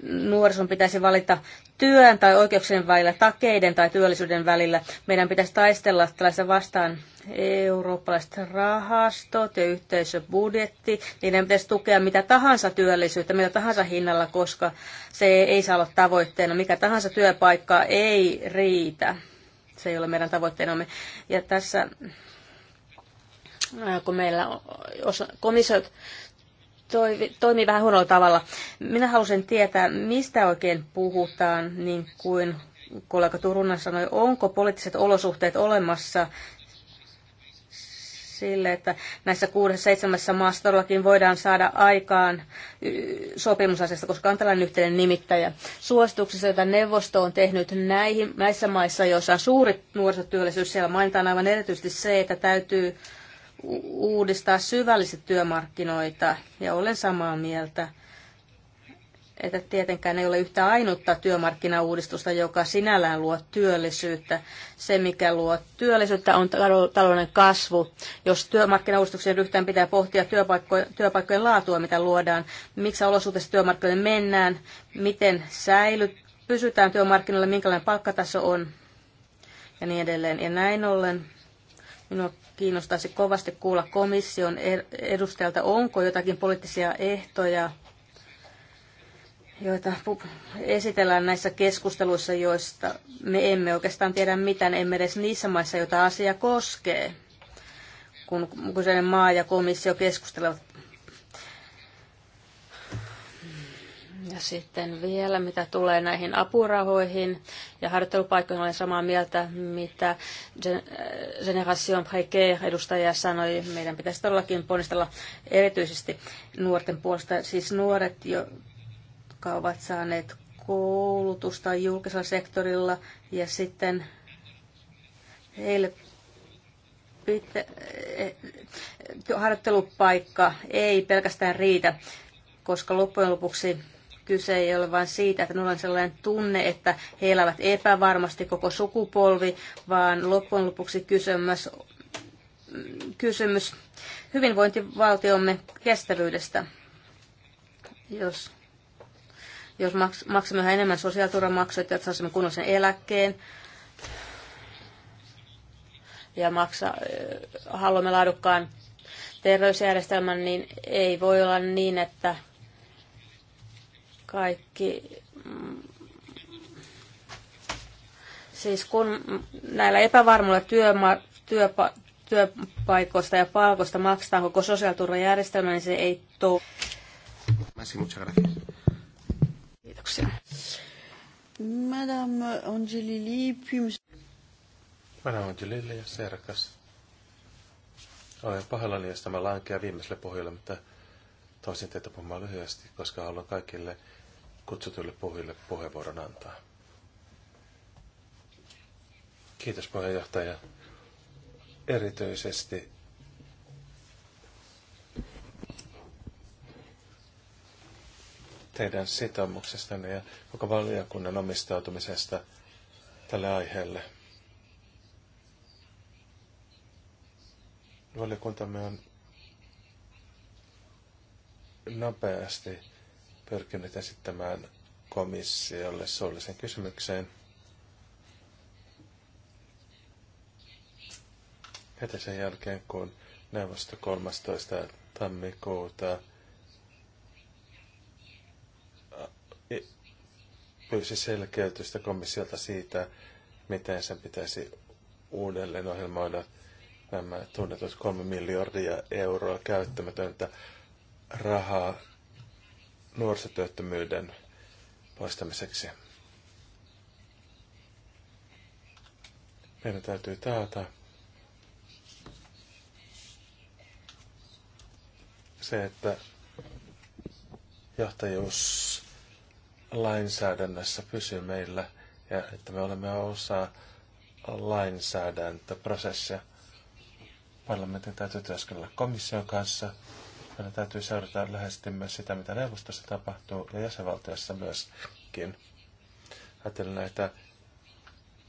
C: nuorison pitäisi valita työn tai oikeuksien välillä, takeiden tai työllisyyden välillä. Meidän pitäisi taistella tällaista vastaan eurooppalaiset rahastot ja yhteisöbudjetti. Niiden pitäisi tukea mitä tahansa työllisyyttä, mitä tahansa hinnalla, koska se ei saa olla tavoitteena. Mikä tahansa työpaikka ei riitä. Se ei ole meidän tavoitteenamme. Ja tässä äh, kun meillä on komissiot toimii vähän huonolla tavalla. Minä halusin tietää, mistä oikein puhutaan, niin kuin kollega Turunen sanoi, onko poliittiset olosuhteet olemassa sille, että näissä kuudessa seitsemässä maassa todellakin voidaan saada aikaan sopimusasiasta, koska on tällainen yhteinen nimittäjä. Suosituksissa, joita neuvosto on tehnyt näihin, näissä maissa, joissa on suuri nuorisotyöllisyys, siellä mainitaan aivan erityisesti se, että täytyy uudistaa syvällisesti työmarkkinoita ja olen samaa mieltä, että tietenkään ei ole yhtä ainutta työmarkkinauudistusta, joka sinällään luo työllisyyttä. Se, mikä luo työllisyyttä, on talouden kasvu. Jos työmarkkinauudistuksen ryhtään pitää pohtia työpaikkojen, työpaikkojen laatua, mitä luodaan, miksi olosuhteissa työmarkkinoille mennään, miten säilyt, pysytään työmarkkinoilla, minkälainen palkkataso on ja niin edelleen. Ja näin ollen Minua kiinnostaisi kovasti kuulla komission edustajalta, onko jotakin poliittisia ehtoja, joita esitellään näissä keskusteluissa, joista me emme oikeastaan tiedä mitään, emme edes niissä maissa, joita asia koskee, kun kyseinen maa ja komissio keskustelevat Ja sitten vielä, mitä tulee näihin apurahoihin ja harjoittelupaikkoihin, olen samaa mieltä, mitä äh, Generation Précaire edustaja sanoi. Meidän pitäisi todellakin ponnistella erityisesti nuorten puolesta. Siis nuoret, jotka ovat saaneet koulutusta julkisella sektorilla ja sitten heille pitä, eh, harjoittelupaikka ei pelkästään riitä koska loppujen lopuksi Kyse ei ole vain siitä, että minulla on sellainen tunne, että he elävät epävarmasti koko sukupolvi, vaan loppujen lopuksi kysymys, kysymys hyvinvointivaltiomme kestävyydestä. Jos, jos maks, maksamme yhä enemmän sosiaaliturvamaksuja, että saisimme kunnollisen eläkkeen, ja maksa, äh, haluamme laadukkaan terveysjärjestelmän, niin ei voi olla niin, että kaikki mm, siis kun näillä epävarmuilla työma- työpa- työpaikoista ja palkoista maksetaan koko
D: sosiaaliturvajärjestelmä, niin se ei tule. Kiitoksia. Madame Angelili, puis...
A: Madame Angelili ja Serkas. Olen pahoillani, jos tämä lankea viimeiselle pohjalle, mutta toisin teitä puhumaan lyhyesti, koska haluan kaikille kutsutuille puhujille puheenvuoron antaa. Kiitos puheenjohtaja. Erityisesti teidän sitoumuksestanne ja koko valiokunnan omistautumisesta tälle aiheelle. Valiokuntamme on nopeasti pyrkinyt esittämään komissiolle suullisen kysymykseen. Heti sen jälkeen, kun neuvosto 13. tammikuuta pyysi selkeytystä komissiolta siitä, miten sen pitäisi uudelleen ohjelmoida nämä tunnetut kolme miljardia euroa käyttämätöntä rahaa nuorisotyöttömyyden poistamiseksi. Meidän täytyy taata se, että johtajuus lainsäädännössä pysyy meillä ja että me olemme osa lainsäädäntöprosessia. Parlamentin täytyy työskennellä komission kanssa meidän täytyy seurata läheisesti myös sitä, mitä neuvostossa tapahtuu ja jäsenvaltiossa myöskin. Ajattelen näitä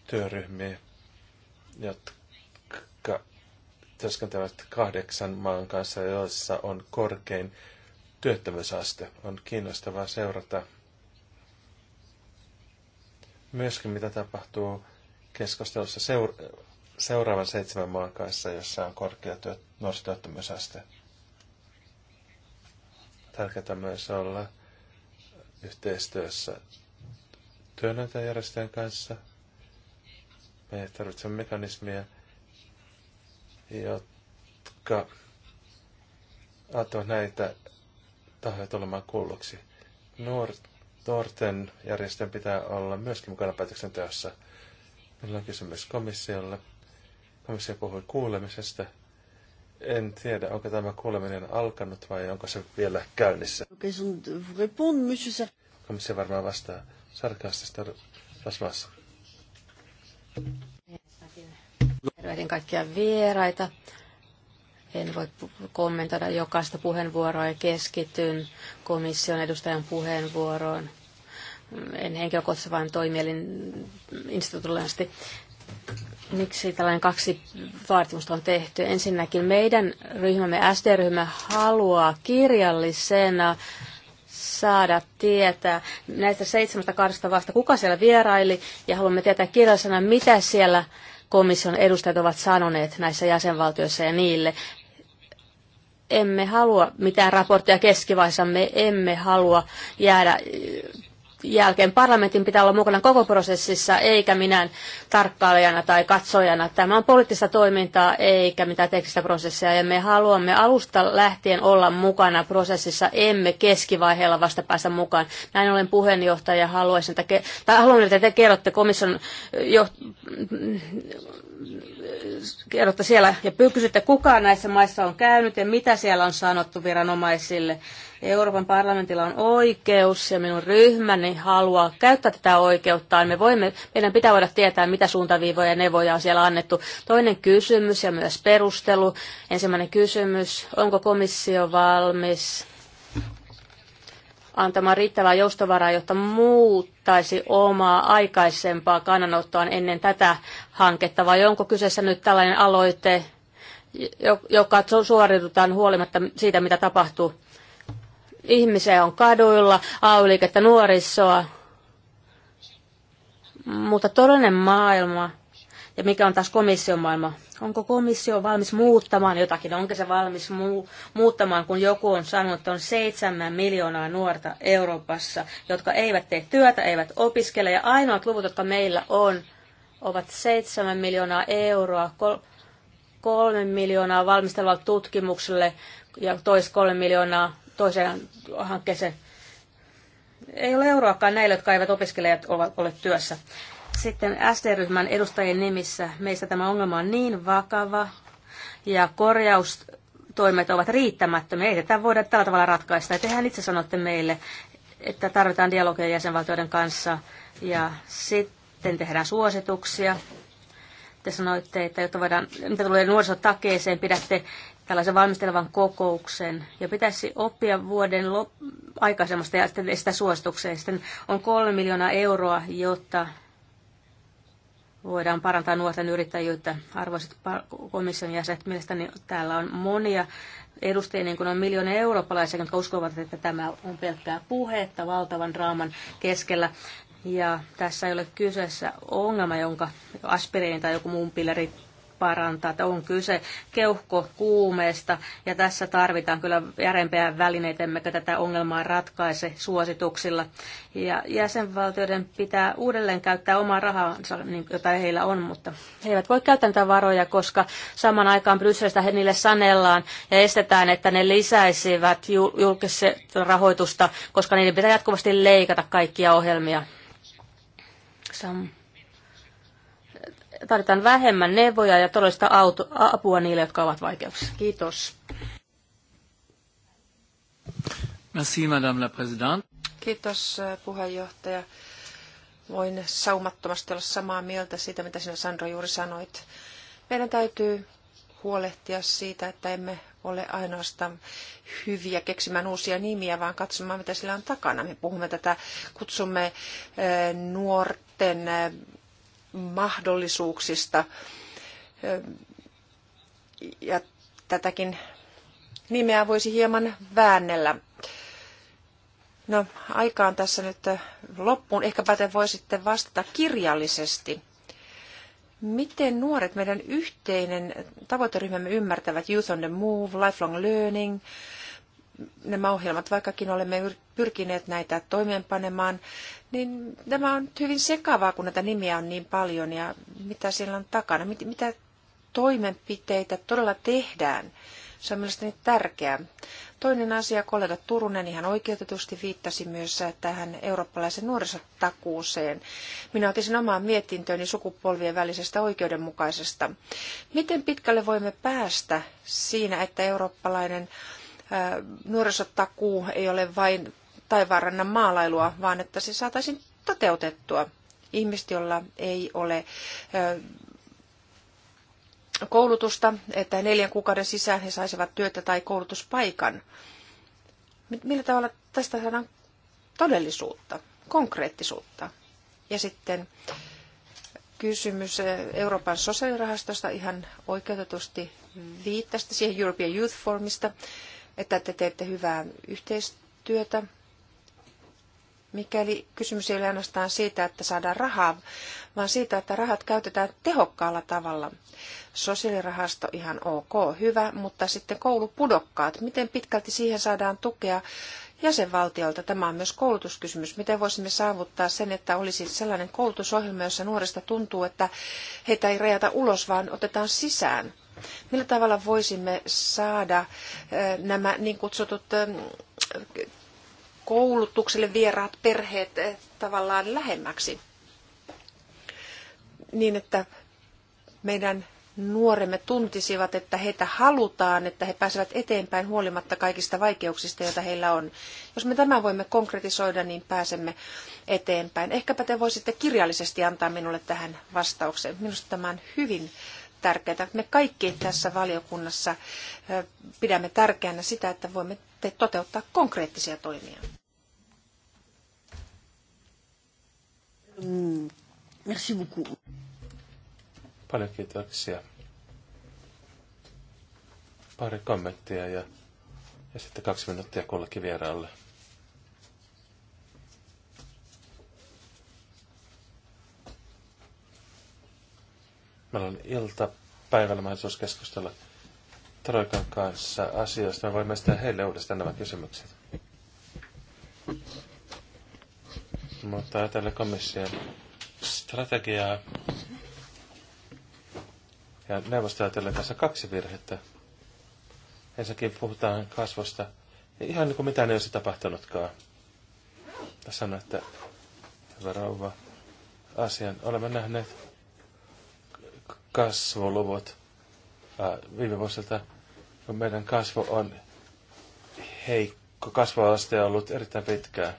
A: työryhmiä, jotka työskentelevät kahdeksan maan kanssa, joissa on korkein työttömyysaste. On kiinnostavaa seurata myöskin, mitä tapahtuu keskustelussa seura- seuraavan seitsemän maan kanssa, jossa on korkea työ- nuorisotyöttömyysaste tärkeää myös olla yhteistyössä työnantajärjestöjen kanssa. Me tarvitsemme mekanismia, jotka auttavat näitä tahoja tulemaan kuulluksi. Nuorten järjestöjen pitää olla myöskin mukana päätöksenteossa. Meillä on kysymys komissiolle. Komissio puhui kuulemisesta – en tiedä, onko tämä kuuleminen alkanut vai onko se vielä käynnissä. Komissio varmaan vastaa sarkastista rasvassa.
C: Tervehdin kaikkia vieraita. En voi kommentoida jokaista puheenvuoroa ja keskityn komission edustajan puheenvuoroon. En henkilökohtaisesti, vain toimielin instituutiollisesti miksi tällainen kaksi vaatimusta on tehty. Ensinnäkin meidän ryhmämme, SD-ryhmä, haluaa kirjallisena saada tietää näistä seitsemästä kahdesta vasta, kuka siellä vieraili, ja haluamme tietää kirjallisena, mitä siellä komission edustajat ovat sanoneet näissä jäsenvaltioissa ja niille. Emme halua mitään raporttia keskivaiheessa, me emme halua jäädä jälkeen parlamentin pitää olla mukana koko prosessissa, eikä minä tarkkailijana tai katsojana. Tämä on poliittista toimintaa, eikä mitään teknistä prosessia, ja me haluamme alusta lähtien olla mukana prosessissa, emme keskivaiheella vasta päästä mukaan. Näin olen puheenjohtaja, haluaisin, että, tai haluan, että te kerrotte komission jo, kerrotte siellä ja kysytte, kuka näissä maissa on käynyt ja mitä siellä on sanottu viranomaisille. Euroopan parlamentilla on oikeus ja minun ryhmäni haluaa käyttää tätä oikeuttaan. Me voimme, meidän pitää voida tietää, mitä suuntaviivoja ja neuvoja on siellä annettu. Toinen kysymys ja myös perustelu. Ensimmäinen kysymys, onko komissio valmis antamaan riittävää joustovaraa, jotta muuttaisi omaa aikaisempaa kannanottoaan ennen tätä hanketta, vai onko kyseessä nyt tällainen aloite, joka suoritutaan huolimatta siitä, mitä tapahtuu? Ihmisiä on kaduilla, AY-liikettä nuorisoa, mutta todellinen maailma, ja mikä on taas komission maailma, Onko komissio valmis muuttamaan jotakin? Onko se valmis muuttamaan, kun joku on sanonut, että on seitsemän miljoonaa nuorta Euroopassa, jotka eivät tee työtä, eivät opiskele. Ja ainoat luvut, jotka meillä on, ovat seitsemän miljoonaa euroa, kolme miljoonaa valmistelevalle tutkimukselle ja tois kolme miljoonaa toiseen hankkeeseen. Ei ole euroakaan näille, jotka eivät opiskele eivät ole työssä. Sitten SD-ryhmän edustajien nimissä meistä tämä ongelma on niin vakava ja korjaustoimet ovat riittämättömiä. Ei tätä voida tällä tavalla ratkaista. Ja tehän itse sanotte meille, että tarvitaan dialogia jäsenvaltioiden kanssa ja sitten tehdään suosituksia. Te sanoitte, että jotta voidaan, mitä tulee nuorisotakeeseen, pidätte tällaisen valmistelevan kokouksen ja pitäisi oppia vuoden lop- aikaisemmasta ja sitten sitä suositukseen. Sitten on kolme miljoonaa euroa, jotta voidaan parantaa nuorten yrittäjyyttä. Arvoisat komission jäsenet, mielestäni täällä on monia edustajia, niin kuin on miljoonia eurooppalaisia, jotka uskovat, että tämä on pelkkää puhetta valtavan draaman keskellä. Ja tässä ei ole kyseessä ongelma, jonka aspiriini tai joku muun pilleri parantaa, että on kyse keuhko kuumeesta ja tässä tarvitaan kyllä järempiä välineitä, emmekä tätä ongelmaa ratkaise suosituksilla. Ja jäsenvaltioiden pitää uudelleen käyttää omaa rahansa, niin, jota heillä on, mutta he eivät voi käyttää niitä varoja, koska saman aikaan Brysselistä he niille sanellaan ja estetään, että ne lisäisivät julkista rahoitusta, koska niiden pitää jatkuvasti leikata kaikkia ohjelmia. Some tarvitaan vähemmän neuvoja ja todellista apua niille, jotka ovat vaikeuksissa. Kiitos.
F: Merci, Madame la Présidente.
B: Kiitos äh, puheenjohtaja. Voin saumattomasti olla samaa mieltä siitä, mitä sinä Sandro juuri sanoit. Meidän täytyy huolehtia siitä, että emme ole ainoastaan hyviä keksimään uusia nimiä, vaan katsomaan, mitä sillä on takana. Me puhumme tätä, kutsumme äh, nuorten äh, mahdollisuuksista. Ja tätäkin nimeä voisi hieman väännellä. No, aika on tässä nyt loppuun. Ehkäpä te voisitte vastata kirjallisesti. Miten nuoret, meidän yhteinen tavoiteryhmämme ymmärtävät Youth on the Move, Lifelong Learning, nämä ohjelmat, vaikkakin olemme pyrkineet näitä toimeenpanemaan, niin tämä on hyvin sekavaa, kun näitä nimiä on niin paljon ja mitä siellä on takana, mit, mitä toimenpiteitä todella tehdään. Se on mielestäni tärkeää. Toinen asia, kollega Turunen ihan oikeutetusti viittasi myös tähän eurooppalaisen nuorisotakuuseen. Minä otin sen omaan mietintööni sukupolvien välisestä oikeudenmukaisesta. Miten pitkälle voimme päästä siinä, että eurooppalainen nuorisotakuu ei ole vain taivaanrannan maalailua, vaan että se saataisiin toteutettua. Ihmiset, joilla ei ole koulutusta, että neljän kuukauden sisään he saisivat työtä tai koulutuspaikan. Millä tavalla tästä saadaan todellisuutta, konkreettisuutta? Ja sitten kysymys Euroopan sosiaalirahastosta ihan oikeutetusti viittasta siihen European Youth Formista että te teette hyvää yhteistyötä. Mikäli kysymys ei ole ainoastaan siitä, että saadaan rahaa, vaan siitä, että rahat käytetään tehokkaalla tavalla. Sosiaalirahasto ihan ok, hyvä, mutta sitten koulupudokkaat, miten pitkälti siihen saadaan tukea jäsenvaltiolta? Tämä on myös koulutuskysymys. Miten voisimme saavuttaa sen, että olisi sellainen koulutusohjelma, jossa nuorista tuntuu, että heitä ei rajata ulos, vaan otetaan sisään? Millä tavalla voisimme saada nämä niin kutsutut koulutukselle vieraat perheet tavallaan lähemmäksi? Niin, että meidän nuoremme tuntisivat, että heitä halutaan, että he pääsevät eteenpäin huolimatta kaikista vaikeuksista, joita heillä on. Jos me tämän voimme konkretisoida, niin pääsemme eteenpäin. Ehkäpä te voisitte kirjallisesti antaa minulle tähän vastauksen. Minusta tämä on hyvin tärkeää. Me kaikki tässä valiokunnassa pidämme tärkeänä sitä, että voimme toteuttaa konkreettisia toimia.
D: Mm, merci
B: beaucoup.
A: Paljon kiitoksia. Pari kommenttia ja, ja sitten kaksi minuuttia kullekin vieraalle. Meillä on päivällä mahdollisuus keskustella Troikan kanssa asioista. Me voimme sitten heille uudestaan nämä kysymykset. Mutta ajatellen komission strategiaa ja neuvosto ajatellen tässä kaksi virhettä. Ensinnäkin puhutaan kasvosta. Ja ihan niin kuin mitään ei olisi tapahtunutkaan. Tässä on, että hyvä rouva asian olemme nähneet kasvuluvut äh, viime vuosilta, kun meidän kasvu on heikko, kasvuaste on ollut erittäin pitkää,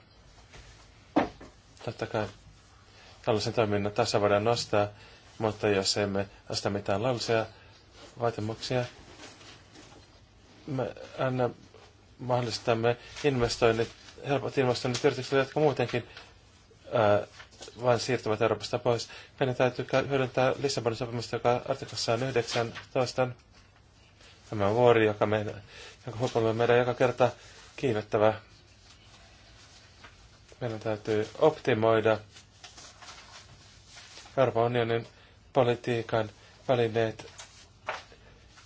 A: Totta kai tällaisen toiminnan tasa voidaan nostaa, mutta jos emme asta mitään laillisia vaatimuksia, me aina mahdollistamme investoinnit, helpot investoinnit yrityksille, jotka muutenkin ää, äh, vain siirtyvät Euroopasta pois. Meidän täytyy hyödyntää Lissabonin sopimusta, joka artiklassa on 19. Tämä on vuori, joka meidän, jonka huipulla meidän joka kerta kiinnittävä. Meidän täytyy optimoida Euroopan unionin politiikan välineet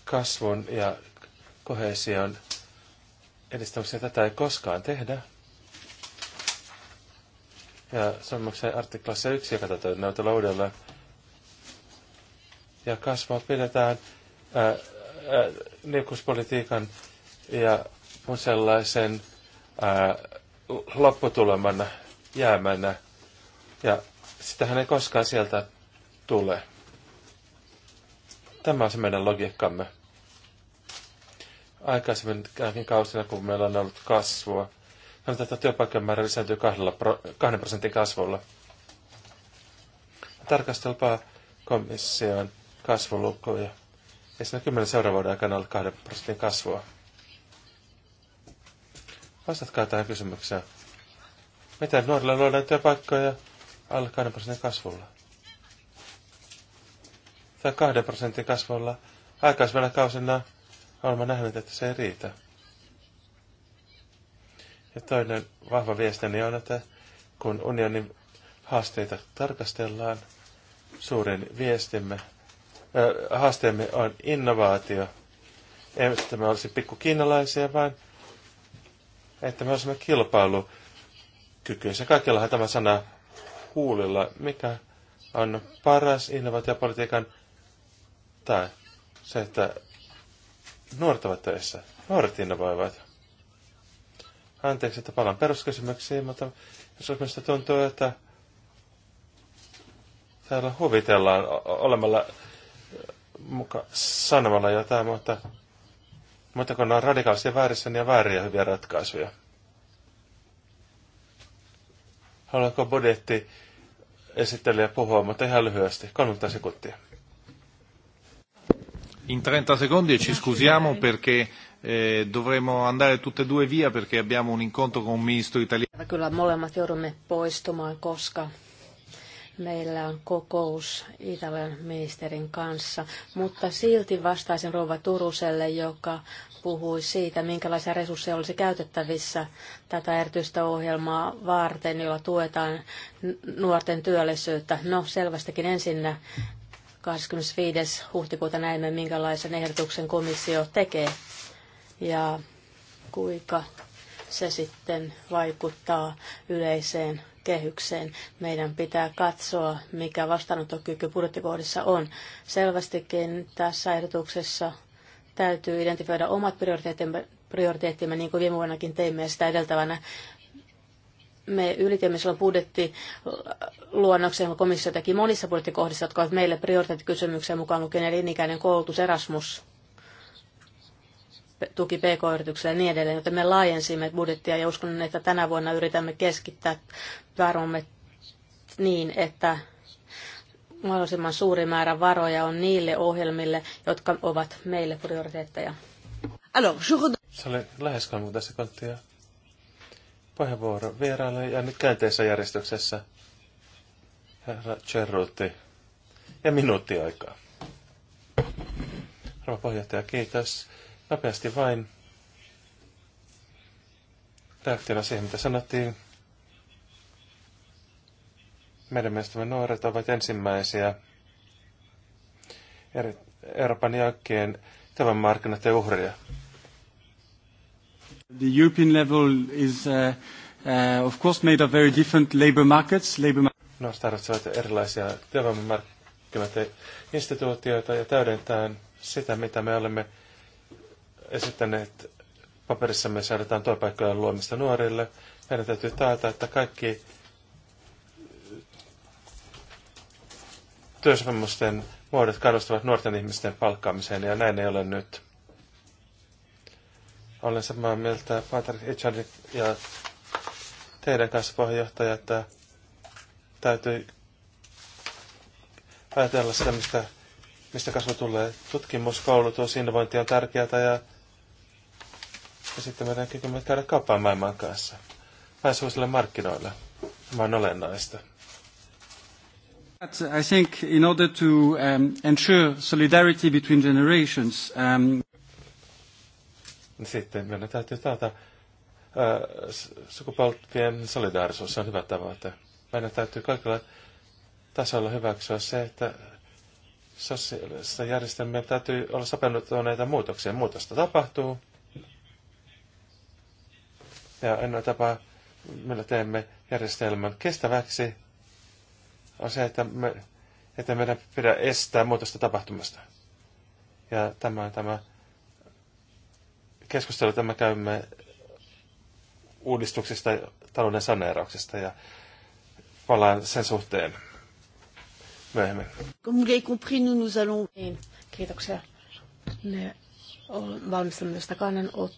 A: kasvun ja kohesion edistämiseen. Tätä ei koskaan tehdä. Ja sopimuksen artiklassa yksi, joka tätä neuvotella uudelleen. Ja kasvua pidetään ää, ää, ja mun sellaisen ää, jäämänä. Ja sitähän ei koskaan sieltä tule. Tämä on se meidän logiikkamme. Aikaisemmin kausina, kun meillä on ollut kasvua, Sanotaan, että työpaikkojen määrä lisääntyy kahdella, kahden prosentin kasvulla. Tarkastelpaa komission kasvulukuja. Ja kymmenen seuraavan vuoden aikana alle kahden prosentin kasvua. Vastatkaa tähän kysymykseen. Miten nuorilla luodaan työpaikkoja alle kahden prosentin kasvulla? Tai kahden prosentin kasvulla aikaisemmilla kausina olemme nähneet, että se ei riitä. Ja toinen vahva viestini on, että kun unionin haasteita tarkastellaan, suurin viestimme, äh, haasteemme on innovaatio. Ei, että me olisi pikku kiinalaisia, vaan että me olisimme kilpailukykyisiä. Kaikillahan tämä sana huulilla, mikä on paras innovaatiopolitiikan tai se, että nuoret ovat töissä, nuoret innovoivat. Anteeksi, että palaan peruskysymyksiin, mutta jos minusta tuntuu, että täällä huvitellaan olemalla muka sanomalla jotain, mutta, mutta kun on radikaalisti väärissä, niin on vääriä hyviä ratkaisuja. Haluanko
E: budjetti esittelijä puhua, mutta ihan lyhyesti, 30 sekuntia. In 30 secondi ci scusiamo perché eh, dovremmo andare tutte e due via perché abbiamo un incontro con un ministro italiano.
C: Kyllä molemmat joudumme poistumaan, koska meillä on kokous Italian ministerin kanssa, mutta silti vastaisin Rouva Turuselle, joka puhui siitä, minkälaisia resursseja olisi käytettävissä tätä erityistä ohjelmaa varten, jolla tuetaan nuorten työllisyyttä. No selvästikin ensinnä 25. huhtikuuta näemme, minkälaisen ehdotuksen komissio tekee ja kuinka se sitten vaikuttaa yleiseen kehykseen. Meidän pitää katsoa, mikä vastaanottokyky budjettikohdissa on. Selvästikin tässä ehdotuksessa täytyy identifioida omat prioriteettimme, prioriteettimme niin kuin viime vuonnakin teimme ja sitä edeltävänä me ylitimme silloin budjettiluonnoksen, kun komissio teki monissa budjettikohdissa, jotka ovat meille prioriteettikysymyksen mukaan lukien elinikäinen koulutus Erasmus tuki PK-yrityksille ja niin edelleen, joten me laajensimme budjettia ja uskon, että tänä vuonna yritämme keskittää varomme niin, että mahdollisimman suuri määrä varoja on niille ohjelmille, jotka ovat meille prioriteetteja.
A: Se oli lähes 30 sekuntia. Puheenvuoro vieraille ja nyt käänteessä järjestyksessä. Herra Cerruti. Ja minuutti aikaa. Rouva puheenjohtaja, kiitos nopeasti vain reaktiona siihen, mitä sanottiin. Meidän mielestämme nuoret ovat ensimmäisiä Euroopan jälkeen tämän markkinat ja uhria.
F: The European level is uh, uh, of course made of very different labor markets. Labor mar-
A: no, tarvitsevat erilaisia työvoimamarkkinoita instituutioita ja täydentään sitä, mitä me olemme esittäneet paperissamme säädetään työpaikkojen luomista nuorille. Meidän täytyy taata, että kaikki työsopimusten muodot kannustavat nuorten ihmisten palkkaamiseen, ja näin ei ole nyt. Olen samaa mieltä Patrick Itchardin ja teidän kanssa puheenjohtaja, että täytyy ajatella sitä, mistä, mistä kasvu tulee. Tutkimus, koulutus, innovointi on tärkeää ja ja sitten meidän kykymme käydä kauppaan maailman kanssa. Pääsy uusille markkinoille. Tämä on olennaista.
F: I think in order to um, ensure solidarity between generations... Um... Niin sitten meidän täytyy
A: taata sukupolvien solidaarisuus on hyvä tavoite. Meidän täytyy kaikilla tasolla hyväksyä se, että sosiaalisessa järjestelmässä täytyy olla sopeutuneita muutoksia. Muutosta tapahtuu. Ja ainoa tapa, millä teemme järjestelmän kestäväksi, on se, että, me, että meidän pidä estää muutosta tapahtumasta. Ja tämä, tämä keskustelu, tämä käymme uudistuksista ja talouden saneerauksesta ja palaan sen suhteen myöhemmin.
D: Comme vous l'avez compris, nous nous allons... Niin,
C: kiitoksia. Me valmistamme sitä kannanottoa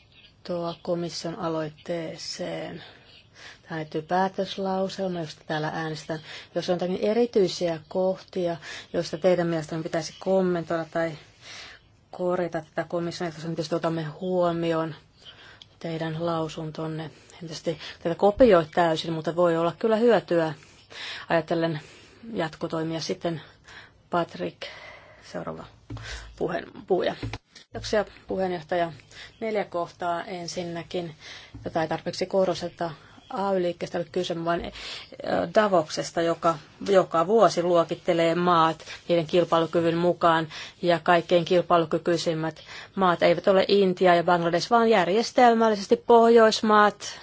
C: vetoa komission aloitteeseen. Tähän liittyy päätöslauselma, josta täällä äänestän. Jos on jotakin erityisiä kohtia, joista teidän mielestänne pitäisi kommentoida tai korjata tätä komission ehdotusta, niin tietysti otamme huomioon teidän lausuntonne. En tietysti tätä kopioi täysin, mutta voi olla kyllä hyötyä. Ajattelen jatkotoimia sitten Patrick, seuraava puheen, puhuja. Kiitoksia puheenjohtaja. Neljä kohtaa ensinnäkin, tätä ei tarpeeksi korosteta. AY-liikkeestä oli kyse vain eh, Davoksesta, joka joka vuosi luokittelee maat niiden kilpailukyvyn mukaan. Ja kaikkein kilpailukykyisimmät maat eivät ole Intia ja Bangladesh, vaan järjestelmällisesti Pohjoismaat,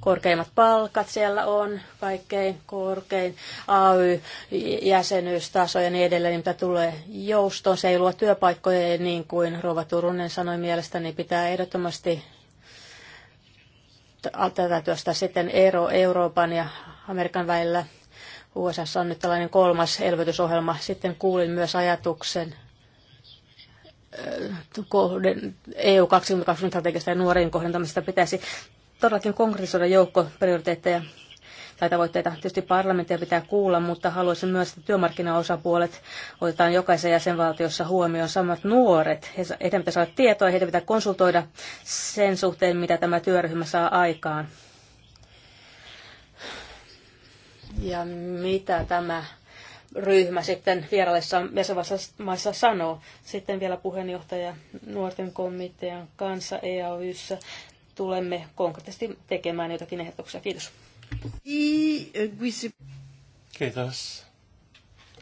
C: korkeimmat palkat siellä on, kaikkein korkein AY-jäsenyystaso ja niin edelleen, niin mitä tulee joustoon. Se ei luo työpaikkoja, niin kuin Rova Turunen sanoi mielestäni, niin pitää ehdottomasti tätä työstä sitten ero Euroopan ja Amerikan välillä. USA on nyt tällainen kolmas elvytysohjelma. Sitten kuulin myös ajatuksen EU e 2020 strategiasta ja nuoriin kohdentamista pitäisi todellakin konkretisoida joukko prioriteetteja tai tavoitteita. Tietysti parlamenttia pitää kuulla, mutta haluaisin myös, että työmarkkinaosapuolet otetaan jokaisessa jäsenvaltiossa huomioon samat nuoret. Heidän pitää saada tietoa ja heidän pitää konsultoida sen suhteen, mitä tämä työryhmä saa aikaan. Ja mitä tämä ryhmä sitten vieraillessa jäsenmaissa sanoo. Sitten vielä puheenjohtaja nuorten komitean kanssa EAYssä tulemme konkreettisesti tekemään jotakin ehdotuksia. Kiitos.
D: Eh,
A: Kiitos.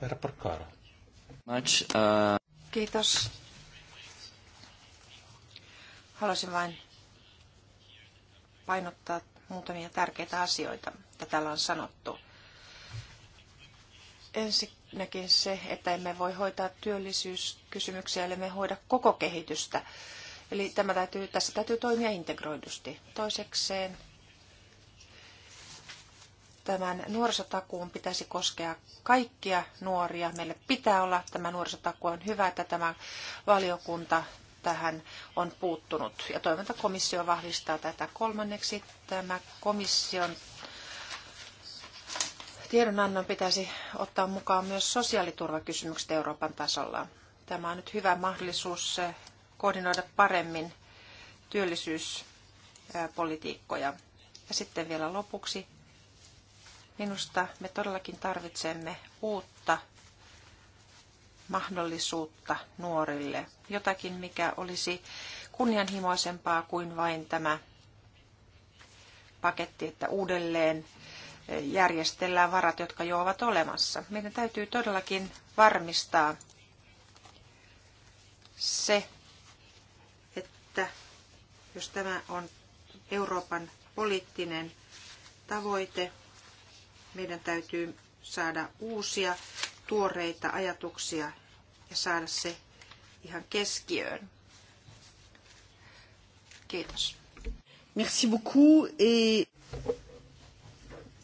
A: Herra Porcaro. Much, uh...
B: Kiitos. Haluaisin vain painottaa muutamia tärkeitä asioita, mitä täällä on sanottu. Ensinnäkin se, että emme voi hoitaa työllisyyskysymyksiä, ellei me hoida koko kehitystä Eli tämä täytyy, tässä täytyy toimia integroidusti. Toisekseen tämän nuorisotakuun pitäisi koskea kaikkia nuoria. meille pitää olla tämä nuorisotakuu. On hyvä, että tämä valiokunta tähän on puuttunut. Ja toivon, että komissio vahvistaa tätä. Kolmanneksi tämä komission tiedonannon pitäisi ottaa mukaan myös sosiaaliturvakysymykset Euroopan tasolla. Tämä on nyt hyvä mahdollisuus koordinoida paremmin työllisyyspolitiikkoja. Ja sitten vielä lopuksi. Minusta me todellakin tarvitsemme uutta mahdollisuutta nuorille. Jotakin, mikä olisi kunnianhimoisempaa kuin vain tämä paketti, että uudelleen järjestellään varat, jotka jo ovat olemassa. Meidän täytyy todellakin varmistaa se, että jos tämä on Euroopan poliittinen tavoite, meidän täytyy saada uusia tuoreita ajatuksia ja saada se ihan keskiöön. Kiitos. Merci beaucoup et...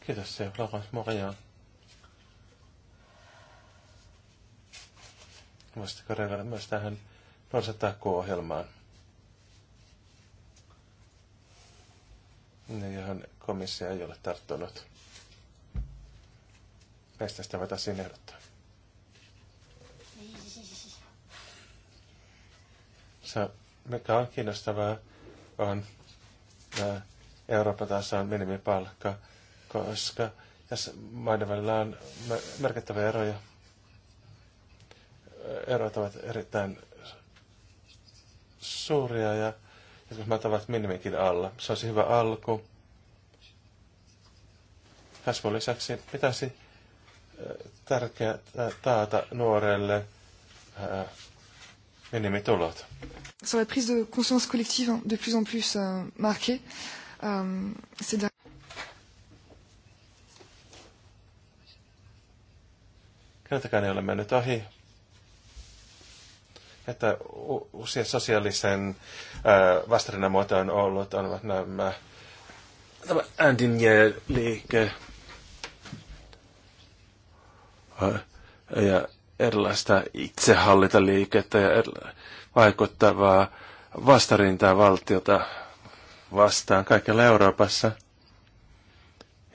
A: Kiitos Florence Moria. Voisitko reagoida myös tähän ohjelmaan? ne, niin, johon komissio ei ole tarttunut. Näistä sitä voitaisiin ehdottaa. Se, mikä on kiinnostavaa, on Euroopan tason minimipalkka, koska tässä maiden välillä on merkittäviä eroja. Erot ovat erittäin suuria ja ryhmät ovat minimikin alla. Se olisi hyvä alku. Kasvun lisäksi pitäisi tärkeää taata nuorelle minimitulot.
D: Sur la prise de conscience collective de plus en plus euh, marquée, euh, ces derniers...
A: Keneltäkään ei ole mennyt ohi, että uusien sosiaalisen vastarinnan muoto on ollut, ovat nämä tämä liike ja erilaista itsehallita liikettä ja vaikuttavaa vastarintaa valtiota vastaan kaikilla Euroopassa.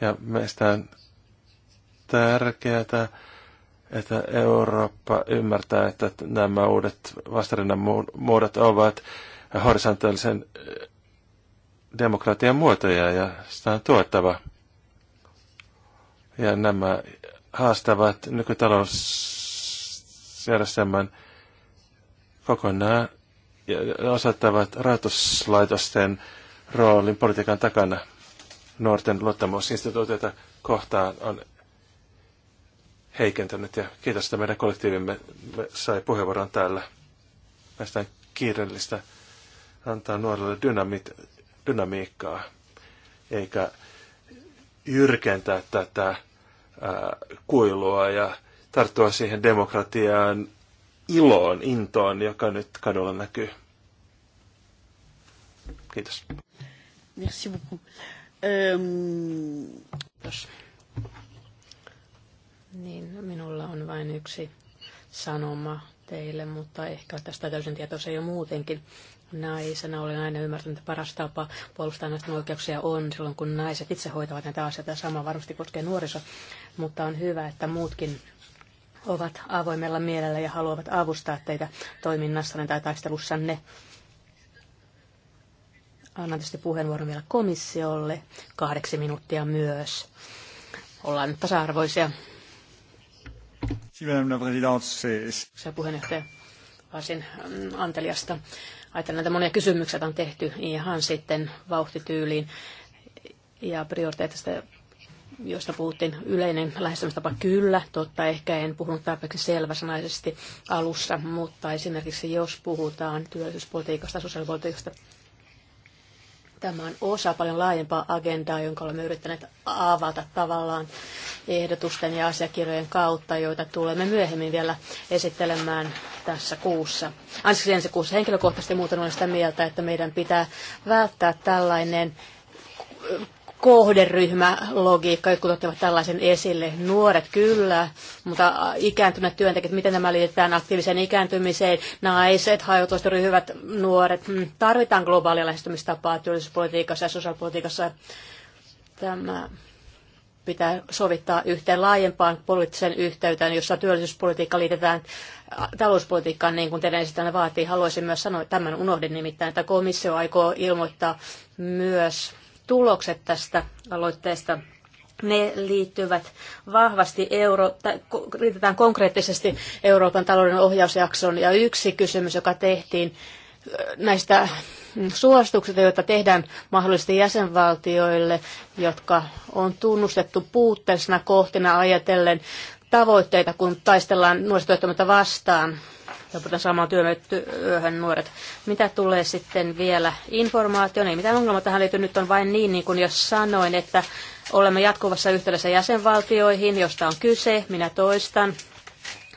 A: Ja meistä on tärkeää että Eurooppa ymmärtää, että nämä uudet vastarinnan muodot ovat horisontaalisen eh, demokratian muotoja ja sitä on tuettava. Ja nämä haastavat nykytalousjärjestelmän kokonaan ja osoittavat rahoituslaitosten roolin politiikan takana. Nuorten luottamusinstituutioita kohtaan on heikentänyt. Ja kiitos, että meidän kollektiivimme sai puheenvuoron täällä. Näistä on kiireellistä antaa nuorille dynamit, dynamiikkaa, eikä jyrkentää tätä ää, kuilua ja tarttua siihen demokratiaan iloon, intoon, joka nyt kadulla näkyy. Kiitos.
D: Merci beaucoup. Euh... Kiitos.
C: Niin, no minulla on vain yksi sanoma teille, mutta ehkä tästä täysin tietoisia jo muutenkin. Naisena olen aina ymmärtänyt, että paras tapa puolustaa naisten oikeuksia on silloin, kun naiset itse hoitavat näitä asioita. Sama varmasti koskee nuoriso, mutta on hyvä, että muutkin ovat avoimella mielellä ja haluavat avustaa teitä toiminnassanne tai taistelussanne. Annan tietysti puheenvuoron vielä komissiolle, kahdeksi minuuttia myös. Ollaan nyt tasa-arvoisia. Se puheenjohtaja varsin mm, anteliasta. Ajattelen näitä monia kysymyksiä, on tehty ihan sitten vauhtityyliin ja prioriteetista joista puhuttiin yleinen lähestymistapa, kyllä, totta, ehkä en puhunut tarpeeksi selväsanaisesti alussa, mutta esimerkiksi jos puhutaan työllisyyspolitiikasta, sosiaalipolitiikasta, Tämä on osa paljon laajempaa agendaa, jonka olemme yrittäneet avata tavallaan ehdotusten ja asiakirjojen kautta, joita tulemme myöhemmin vielä esittelemään tässä kuussa. Anteeksi ensi kuussa henkilökohtaisesti muuten olen sitä mieltä, että meidän pitää välttää tällainen kohderyhmälogiikka, jotkut ottavat tällaisen esille. Nuoret kyllä, mutta ikääntyneet työntekijät, miten nämä liitetään aktiiviseen ikääntymiseen, naiset, hajotustoryhmät, nuoret. Hmm, tarvitaan globaalia lähestymistapaa työllisyyspolitiikassa ja sosiaalipolitiikassa. Tämä pitää sovittaa yhteen laajempaan poliittiseen yhteyteen, jossa työllisyyspolitiikka liitetään talouspolitiikkaan, niin kuin teidän esitänne vaatii. Haluaisin myös sanoa, tämän unohdin nimittäin, että komissio aikoo ilmoittaa myös tulokset tästä aloitteesta ne liittyvät vahvasti euro, tai liitetään konkreettisesti Euroopan talouden ohjausjaksoon Ja yksi kysymys, joka tehtiin näistä mm, suosituksista, joita tehdään mahdollisesti jäsenvaltioille, jotka on tunnustettu puutteellisena kohtina ajatellen tavoitteita, kun taistellaan nuorisotyöttömyyttä vastaan ja saamaan työhön nuoret. Mitä tulee sitten vielä informaatioon, ei mitään ongelmaa tähän liittyy. Nyt on vain niin, niin kuin jos sanoin, että olemme jatkuvassa yhteydessä jäsenvaltioihin, josta on kyse, minä toistan.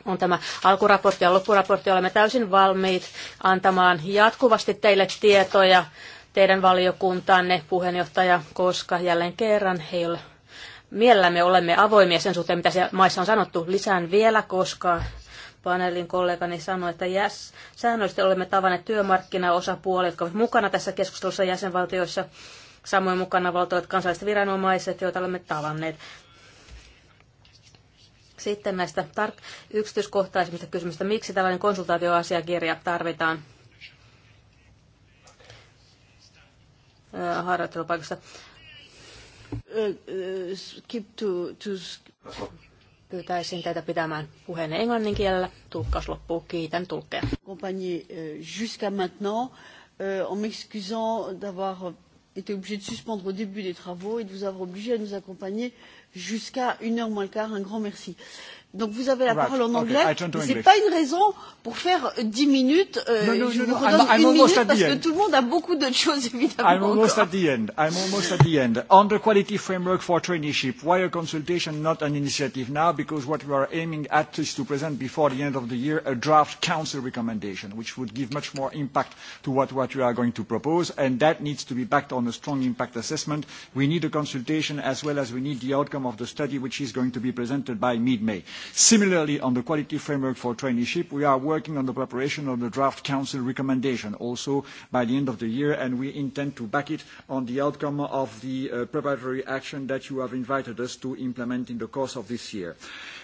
C: On tämä alkuraportti ja loppuraportti. Olemme täysin valmiit antamaan jatkuvasti teille tietoja teidän valiokuntaanne, puheenjohtaja, koska jälleen kerran ei ole mielellämme olemme avoimia sen suhteen, mitä se maissa on sanottu. Lisään vielä, koska paneelin kollegani sanoi, että jäs, säännöllisesti olemme tavanneet työmarkkinaosapuolet, jotka ovat mukana tässä keskustelussa jäsenvaltioissa, samoin mukana valtavat kansalliset viranomaiset, joita olemme tavanneet. Sitten näistä tar- yksityiskohtaisemmista kysymyksistä, miksi tällainen konsultaatioasiakirja tarvitaan äh, harjoittelupaikassa.
D: Äh, äh, skip to, to...
C: Pyytäisin teitä pitämään puheen englannin kielellä. Tulkkaus loppuu. Kiitän tulkkeja.
D: Compagnie eh, jusqu'à maintenant, eh, en m'excusant d'avoir été obligé de suspendre au début des travaux et de vous avoir obligé à nous accompagner jusqu'à une heure moins le quart. Un grand merci. Donc vous avez la right. parole en anglais. Okay, Ce n'est pas une raison pour faire 10 minutes. Euh, no, no, je no, vous no. redonne I'm, I'm une minute parce que tout le monde a beaucoup d'autres choses évidemment. I'm almost encore. at
F: the end. I'm almost at the end. On the quality framework for traineeship, why a consultation, not an initiative now? Because what we are aiming at is to present before the end of the year a draft council recommendation, which would give much more impact to what, what we are going to propose, and that needs to be backed on a strong impact assessment. We need a consultation as well as we need the outcome of the study, which is going to be presented by mid-May. Similarly, on the quality framework for traineeship, we are working on the preparation of the draft council recommendation also by the end of the year, and we intend to back it on the outcome of the uh, preparatory action that you have invited us to implement in the course of this year.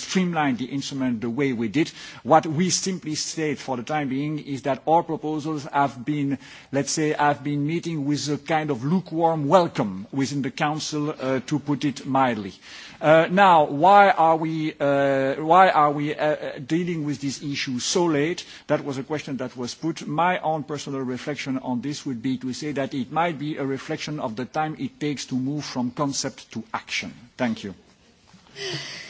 F: streamline the instrument the way we did. What we simply state for the time being is that our proposals have been, let's say, have been meeting with a kind of lukewarm welcome within the council, uh, to put it mildly. Uh, now, why are we, uh, why are we uh, uh, dealing with this issue so late? That was a question that was put. My own personal reflection on this would be to say that it might be a reflection of the time it takes to move from concept to action. Thank you.